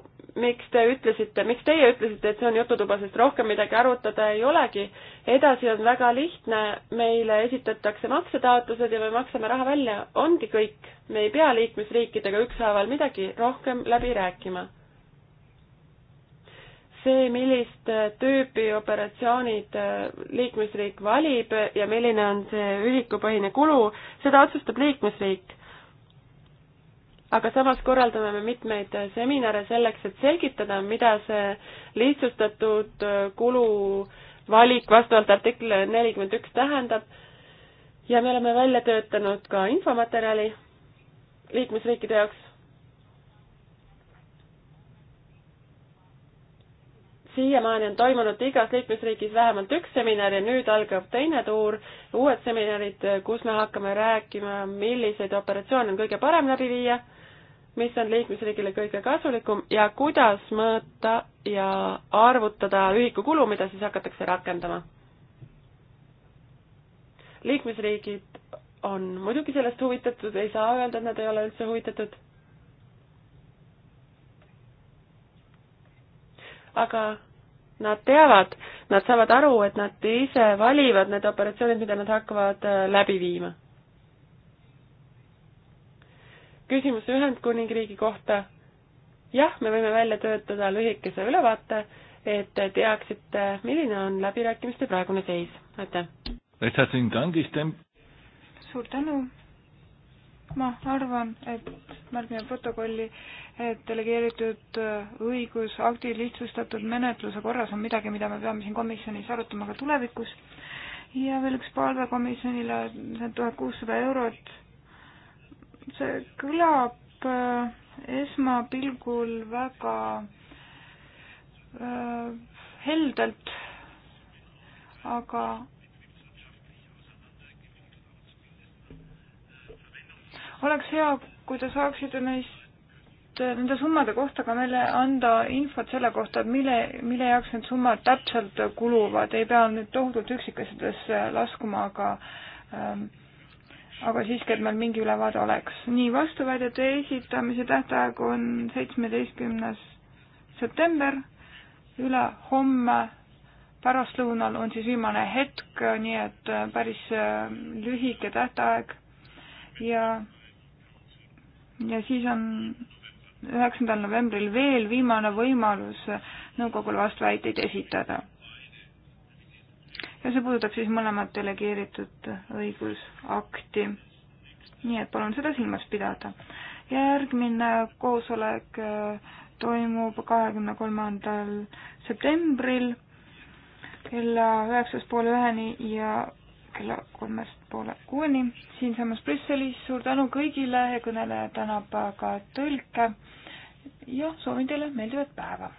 miks te ütlesite, miks teie ütlesite, et see on jututuba, sest rohkem midagi arutada ei olegi. edasi on väga lihtne, meile esitatakse maksetaotlused ja me maksame raha välja, ongi kõik. me ei pea liikmesriikidega ükshaaval midagi rohkem läbi rääkima see, millist äh, tüüpi operatsioonid äh, liikmesriik valib ja milline on see ühikupõhine kulu, seda otsustab liikmesriik. aga samas korraldame me mitmeid äh, seminare selleks, et selgitada, mida see lihtsustatud kulu valik vastavalt artiklile nelikümmend üks tähendab ja me oleme välja töötanud ka infomaterjali liikmesriikide jaoks siiamaani on toimunud igas liikmesriigis vähemalt üks seminar ja nüüd algab teine tuur, uued seminarid, kus me hakkame rääkima, milliseid operatsioone on kõige parem läbi viia, mis on liikmesriigile kõige kasulikum ja kuidas mõõta ja arvutada ühikukulu, mida siis hakatakse rakendama. liikmesriigid on muidugi sellest huvitatud, ei saa öelda, et nad ei ole üldse huvitatud aga nad teavad, nad saavad aru, et nad ise valivad need operatsioonid, mida nad hakkavad äh, läbi viima. küsimus Ühendkuningriigi kohta. jah, me võime välja töötada lühikese ülevaate, et teaksite, milline on läbirääkimiste praegune seis. aitäh! suur tänu! ma arvan, et märgime protokolli, et delegeeritud õigusakti lihtsustatud menetluse korras on midagi, mida me peame siin komisjonis arutama ka tulevikus. ja veel üks palve komisjonile, see on tuhat kuussada eurot. see kõlab äh, esmapilgul väga äh, heldelt, aga oleks hea, kui te saaksite neist, nende summade kohta ka meile anda infot selle kohta, et mille, mille jaoks need summad täpselt kuluvad, ei pea nüüd tohutult üksikasjadesse laskuma, aga ähm, aga siiski, et meil mingi ülevaade oleks. nii, vastuväidete esitamise tähtaeg on seitsmeteistkümnes september, ülehomme pärastlõunal on siis viimane hetk, nii et äh, päris äh, lühike tähtaeg ja ja siis on üheksandal novembril veel viimane võimalus nõukogule vastuväiteid esitada. ja see puudutab siis mõlemat delegeeritud õigusakti. nii et palun seda silmas pidada. järgmine koosolek äh, toimub kahekümne kolmandal septembril kella üheksast poole üheni ja kella kolmest poole kuueni siinsamas Brüsselis. suur tänu kõigile ja kõneleja tänab ka tõlke ja soovin teile meeldivat päeva